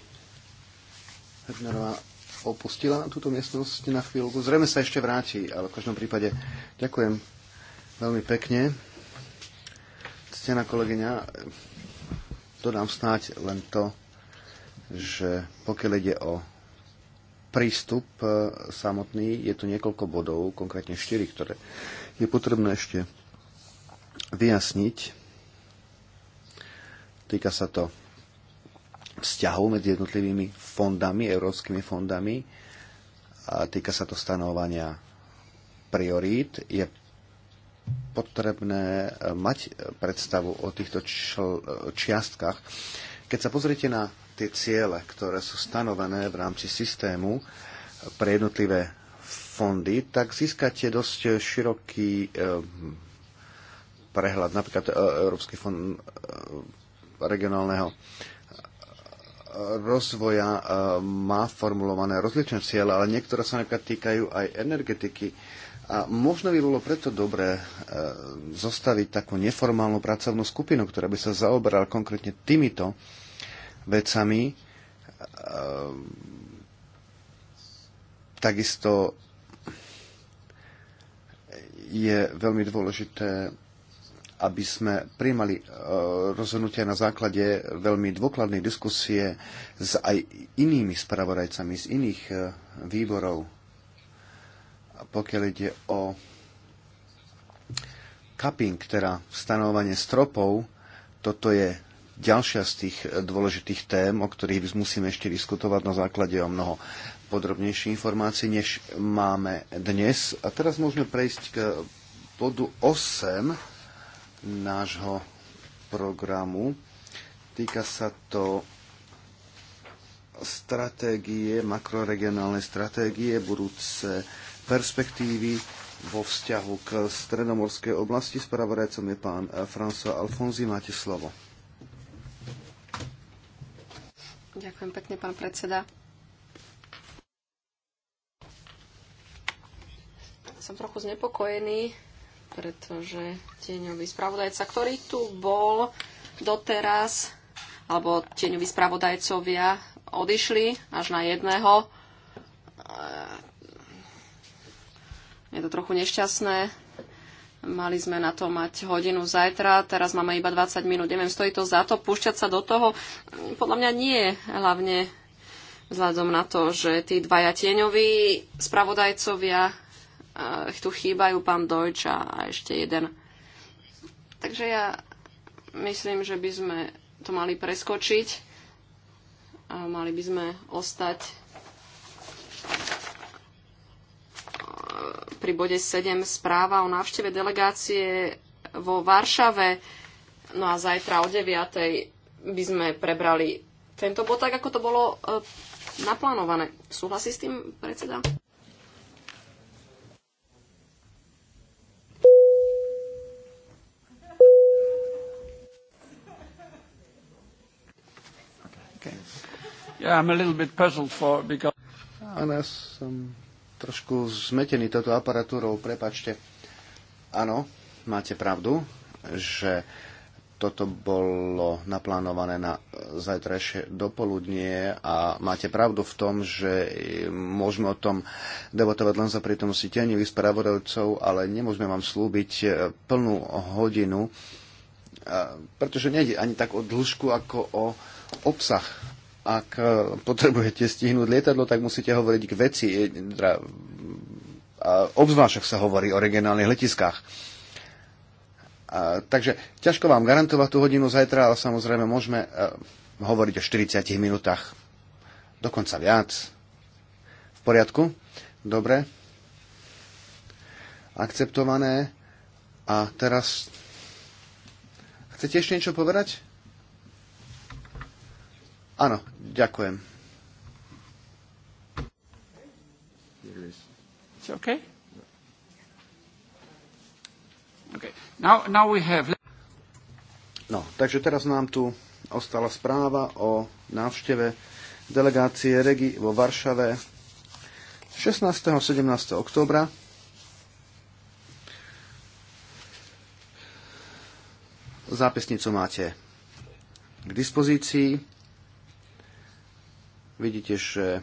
Speaker 3: Hebnerová opustila túto miestnosť na chvíľku. Zrejme sa ešte vráti, ale v každom prípade ďakujem veľmi pekne ctená kolegyňa, dodám snáď len to, že pokiaľ ide o prístup e, samotný, je tu niekoľko bodov, konkrétne 4, ktoré je potrebné ešte vyjasniť. Týka sa to vzťahov medzi jednotlivými fondami, európskymi fondami. A týka sa to stanovania priorít. Je potrebné e, mať e, predstavu o týchto e, čiastkách. Keď sa pozriete na tie ciele, ktoré sú stanovené v rámci systému pre jednotlivé fondy, tak získate dosť široký prehľad. Napríklad Európsky fond regionálneho rozvoja má formulované rozličné ciele, ale niektoré sa napríklad týkajú aj energetiky a možno by bolo preto dobré e, zostaviť takú neformálnu pracovnú skupinu, ktorá by sa zaoberala konkrétne týmito vecami. E, takisto je veľmi dôležité, aby sme príjmali e, rozhodnutia na základe veľmi dôkladnej diskusie s aj inými spravodajcami z iných výborov pokiaľ ide o cupping, teda stanovanie stropov, toto je ďalšia z tých dôležitých tém, o ktorých musíme ešte diskutovať na základe o mnoho podrobnejších informácií, než máme dnes. A teraz môžeme prejsť k bodu 8 nášho programu. Týka sa to stratégie, makroregionálnej stratégie budúce perspektívy vo vzťahu k stredomorskej oblasti. Spravodajcom je pán eh, François Alfonzi. Máte slovo.
Speaker 2: Ďakujem pekne, pán predseda. Som trochu znepokojený, pretože tieňový spravodajca, ktorý tu bol doteraz, alebo tieňoví spravodajcovia odišli až na jedného, Je to trochu nešťastné. Mali sme na to mať hodinu zajtra, teraz máme iba 20 minút. Neviem, stojí to za to púšťať sa do toho? Podľa mňa nie, hlavne vzhľadom na to, že tí dvaja tieňoví spravodajcovia eh, tu chýbajú, pán Deutsch a ešte jeden. Takže ja myslím, že by sme to mali preskočiť a mali by sme ostať pri bode 7 správa o návšteve delegácie vo Varšave. No a zajtra o 9. by sme prebrali tento bod tak, ako to bolo e, naplánované. Súhlasí s tým predseda?
Speaker 1: Okay. Yeah, I'm a little bit puzzled for because...
Speaker 3: Áno, um, trošku zmetený toto aparatúrou, prepačte. Áno, máte pravdu, že toto bolo naplánované na zajtrajšie dopoludnie a máte pravdu v tom, že môžeme o tom debatovať len za prítomnosti tenivých spravodajcov, ale nemôžeme vám slúbiť eh, plnú hodinu, eh, pretože nejde ani tak o dĺžku, ako o obsah ak e, potrebujete stihnúť lietadlo, tak musíte hovoriť k veci. E, teda, a obzvlášť, sa hovorí o regionálnych letiskách. A, takže ťažko vám garantovať tú hodinu zajtra, ale samozrejme môžeme a, e, hovoriť o 40 minútach. Dokonca viac. V poriadku? Dobre. Akceptované. A teraz... Chcete ešte niečo povedať? Áno, ďakujem. No, takže teraz nám tu ostala správa o návšteve delegácie Regi vo Varšave 16. a 17. októbra. Zápisnicu máte k dispozícii. Vidíte, že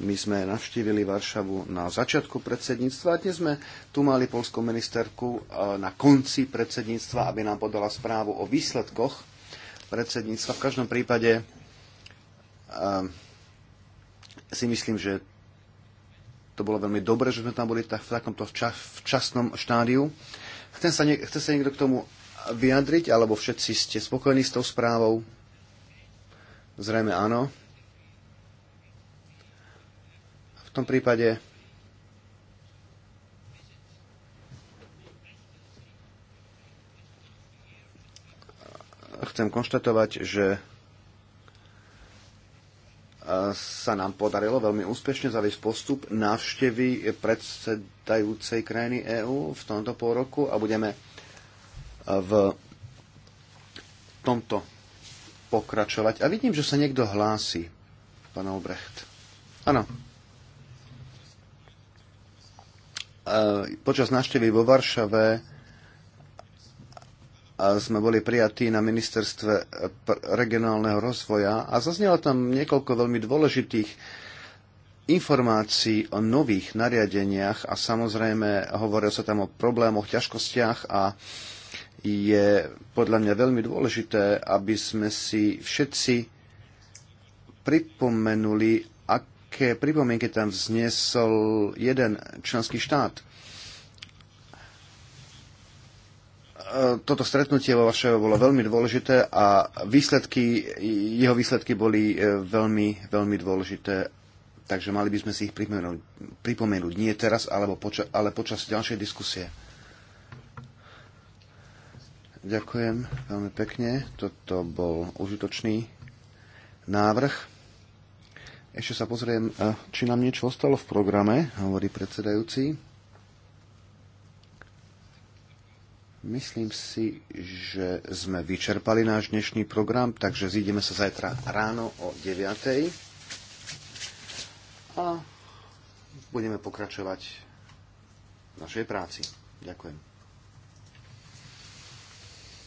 Speaker 3: my sme navštívili Varšavu na začiatku predsedníctva a dnes sme tu mali polskú ministerku eh, na konci predsedníctva, aby nám podala správu o výsledkoch predsedníctva. V každom prípade eh, si myslím, že to bolo veľmi dobre, že sme tam boli v takomto včasnom štádiu. Chcem sa, chce sa niekto k tomu vyjadriť, alebo všetci ste spokojní s tou správou? Zrejme áno. V tom prípade chcem konštatovať, že e, sa nám podarilo veľmi úspešne zaviesť postup návštevy predsedajúcej krajiny EÚ v tomto pôroku a budeme e, v tomto pokračovať. A vidím, že sa niekto hlási, pán Obrecht. Áno. E, počas návštevy vo Varšave e, sme boli prijatí na ministerstve regionálneho rozvoja a zaznelo tam niekoľko veľmi dôležitých informácií o nových nariadeniach a samozrejme hovorilo sa tam o problémoch, ťažkostiach a je podľa mňa veľmi dôležité, aby sme si všetci pripomenuli, aké pripomienky tam vznesol jeden členský štát. E, toto stretnutie vo Varšave bolo veľmi dôležité a výsledky, jeho výsledky boli e, veľmi, veľmi dôležité takže mali by sme si ich pripomenúť, pripomenúť nie teraz, alebo poča- ale počas ďalšej diskusie. Ďakujem veľmi pekne. Toto bol užitočný návrh. Ešte sa pozriem, či nám niečo ostalo v programe, hovorí predsedajúci. Myslím si, že sme vyčerpali náš dnešný program, takže zídeme sa zajtra ráno o 9. A budeme pokračovať v našej práci. Ďakujem.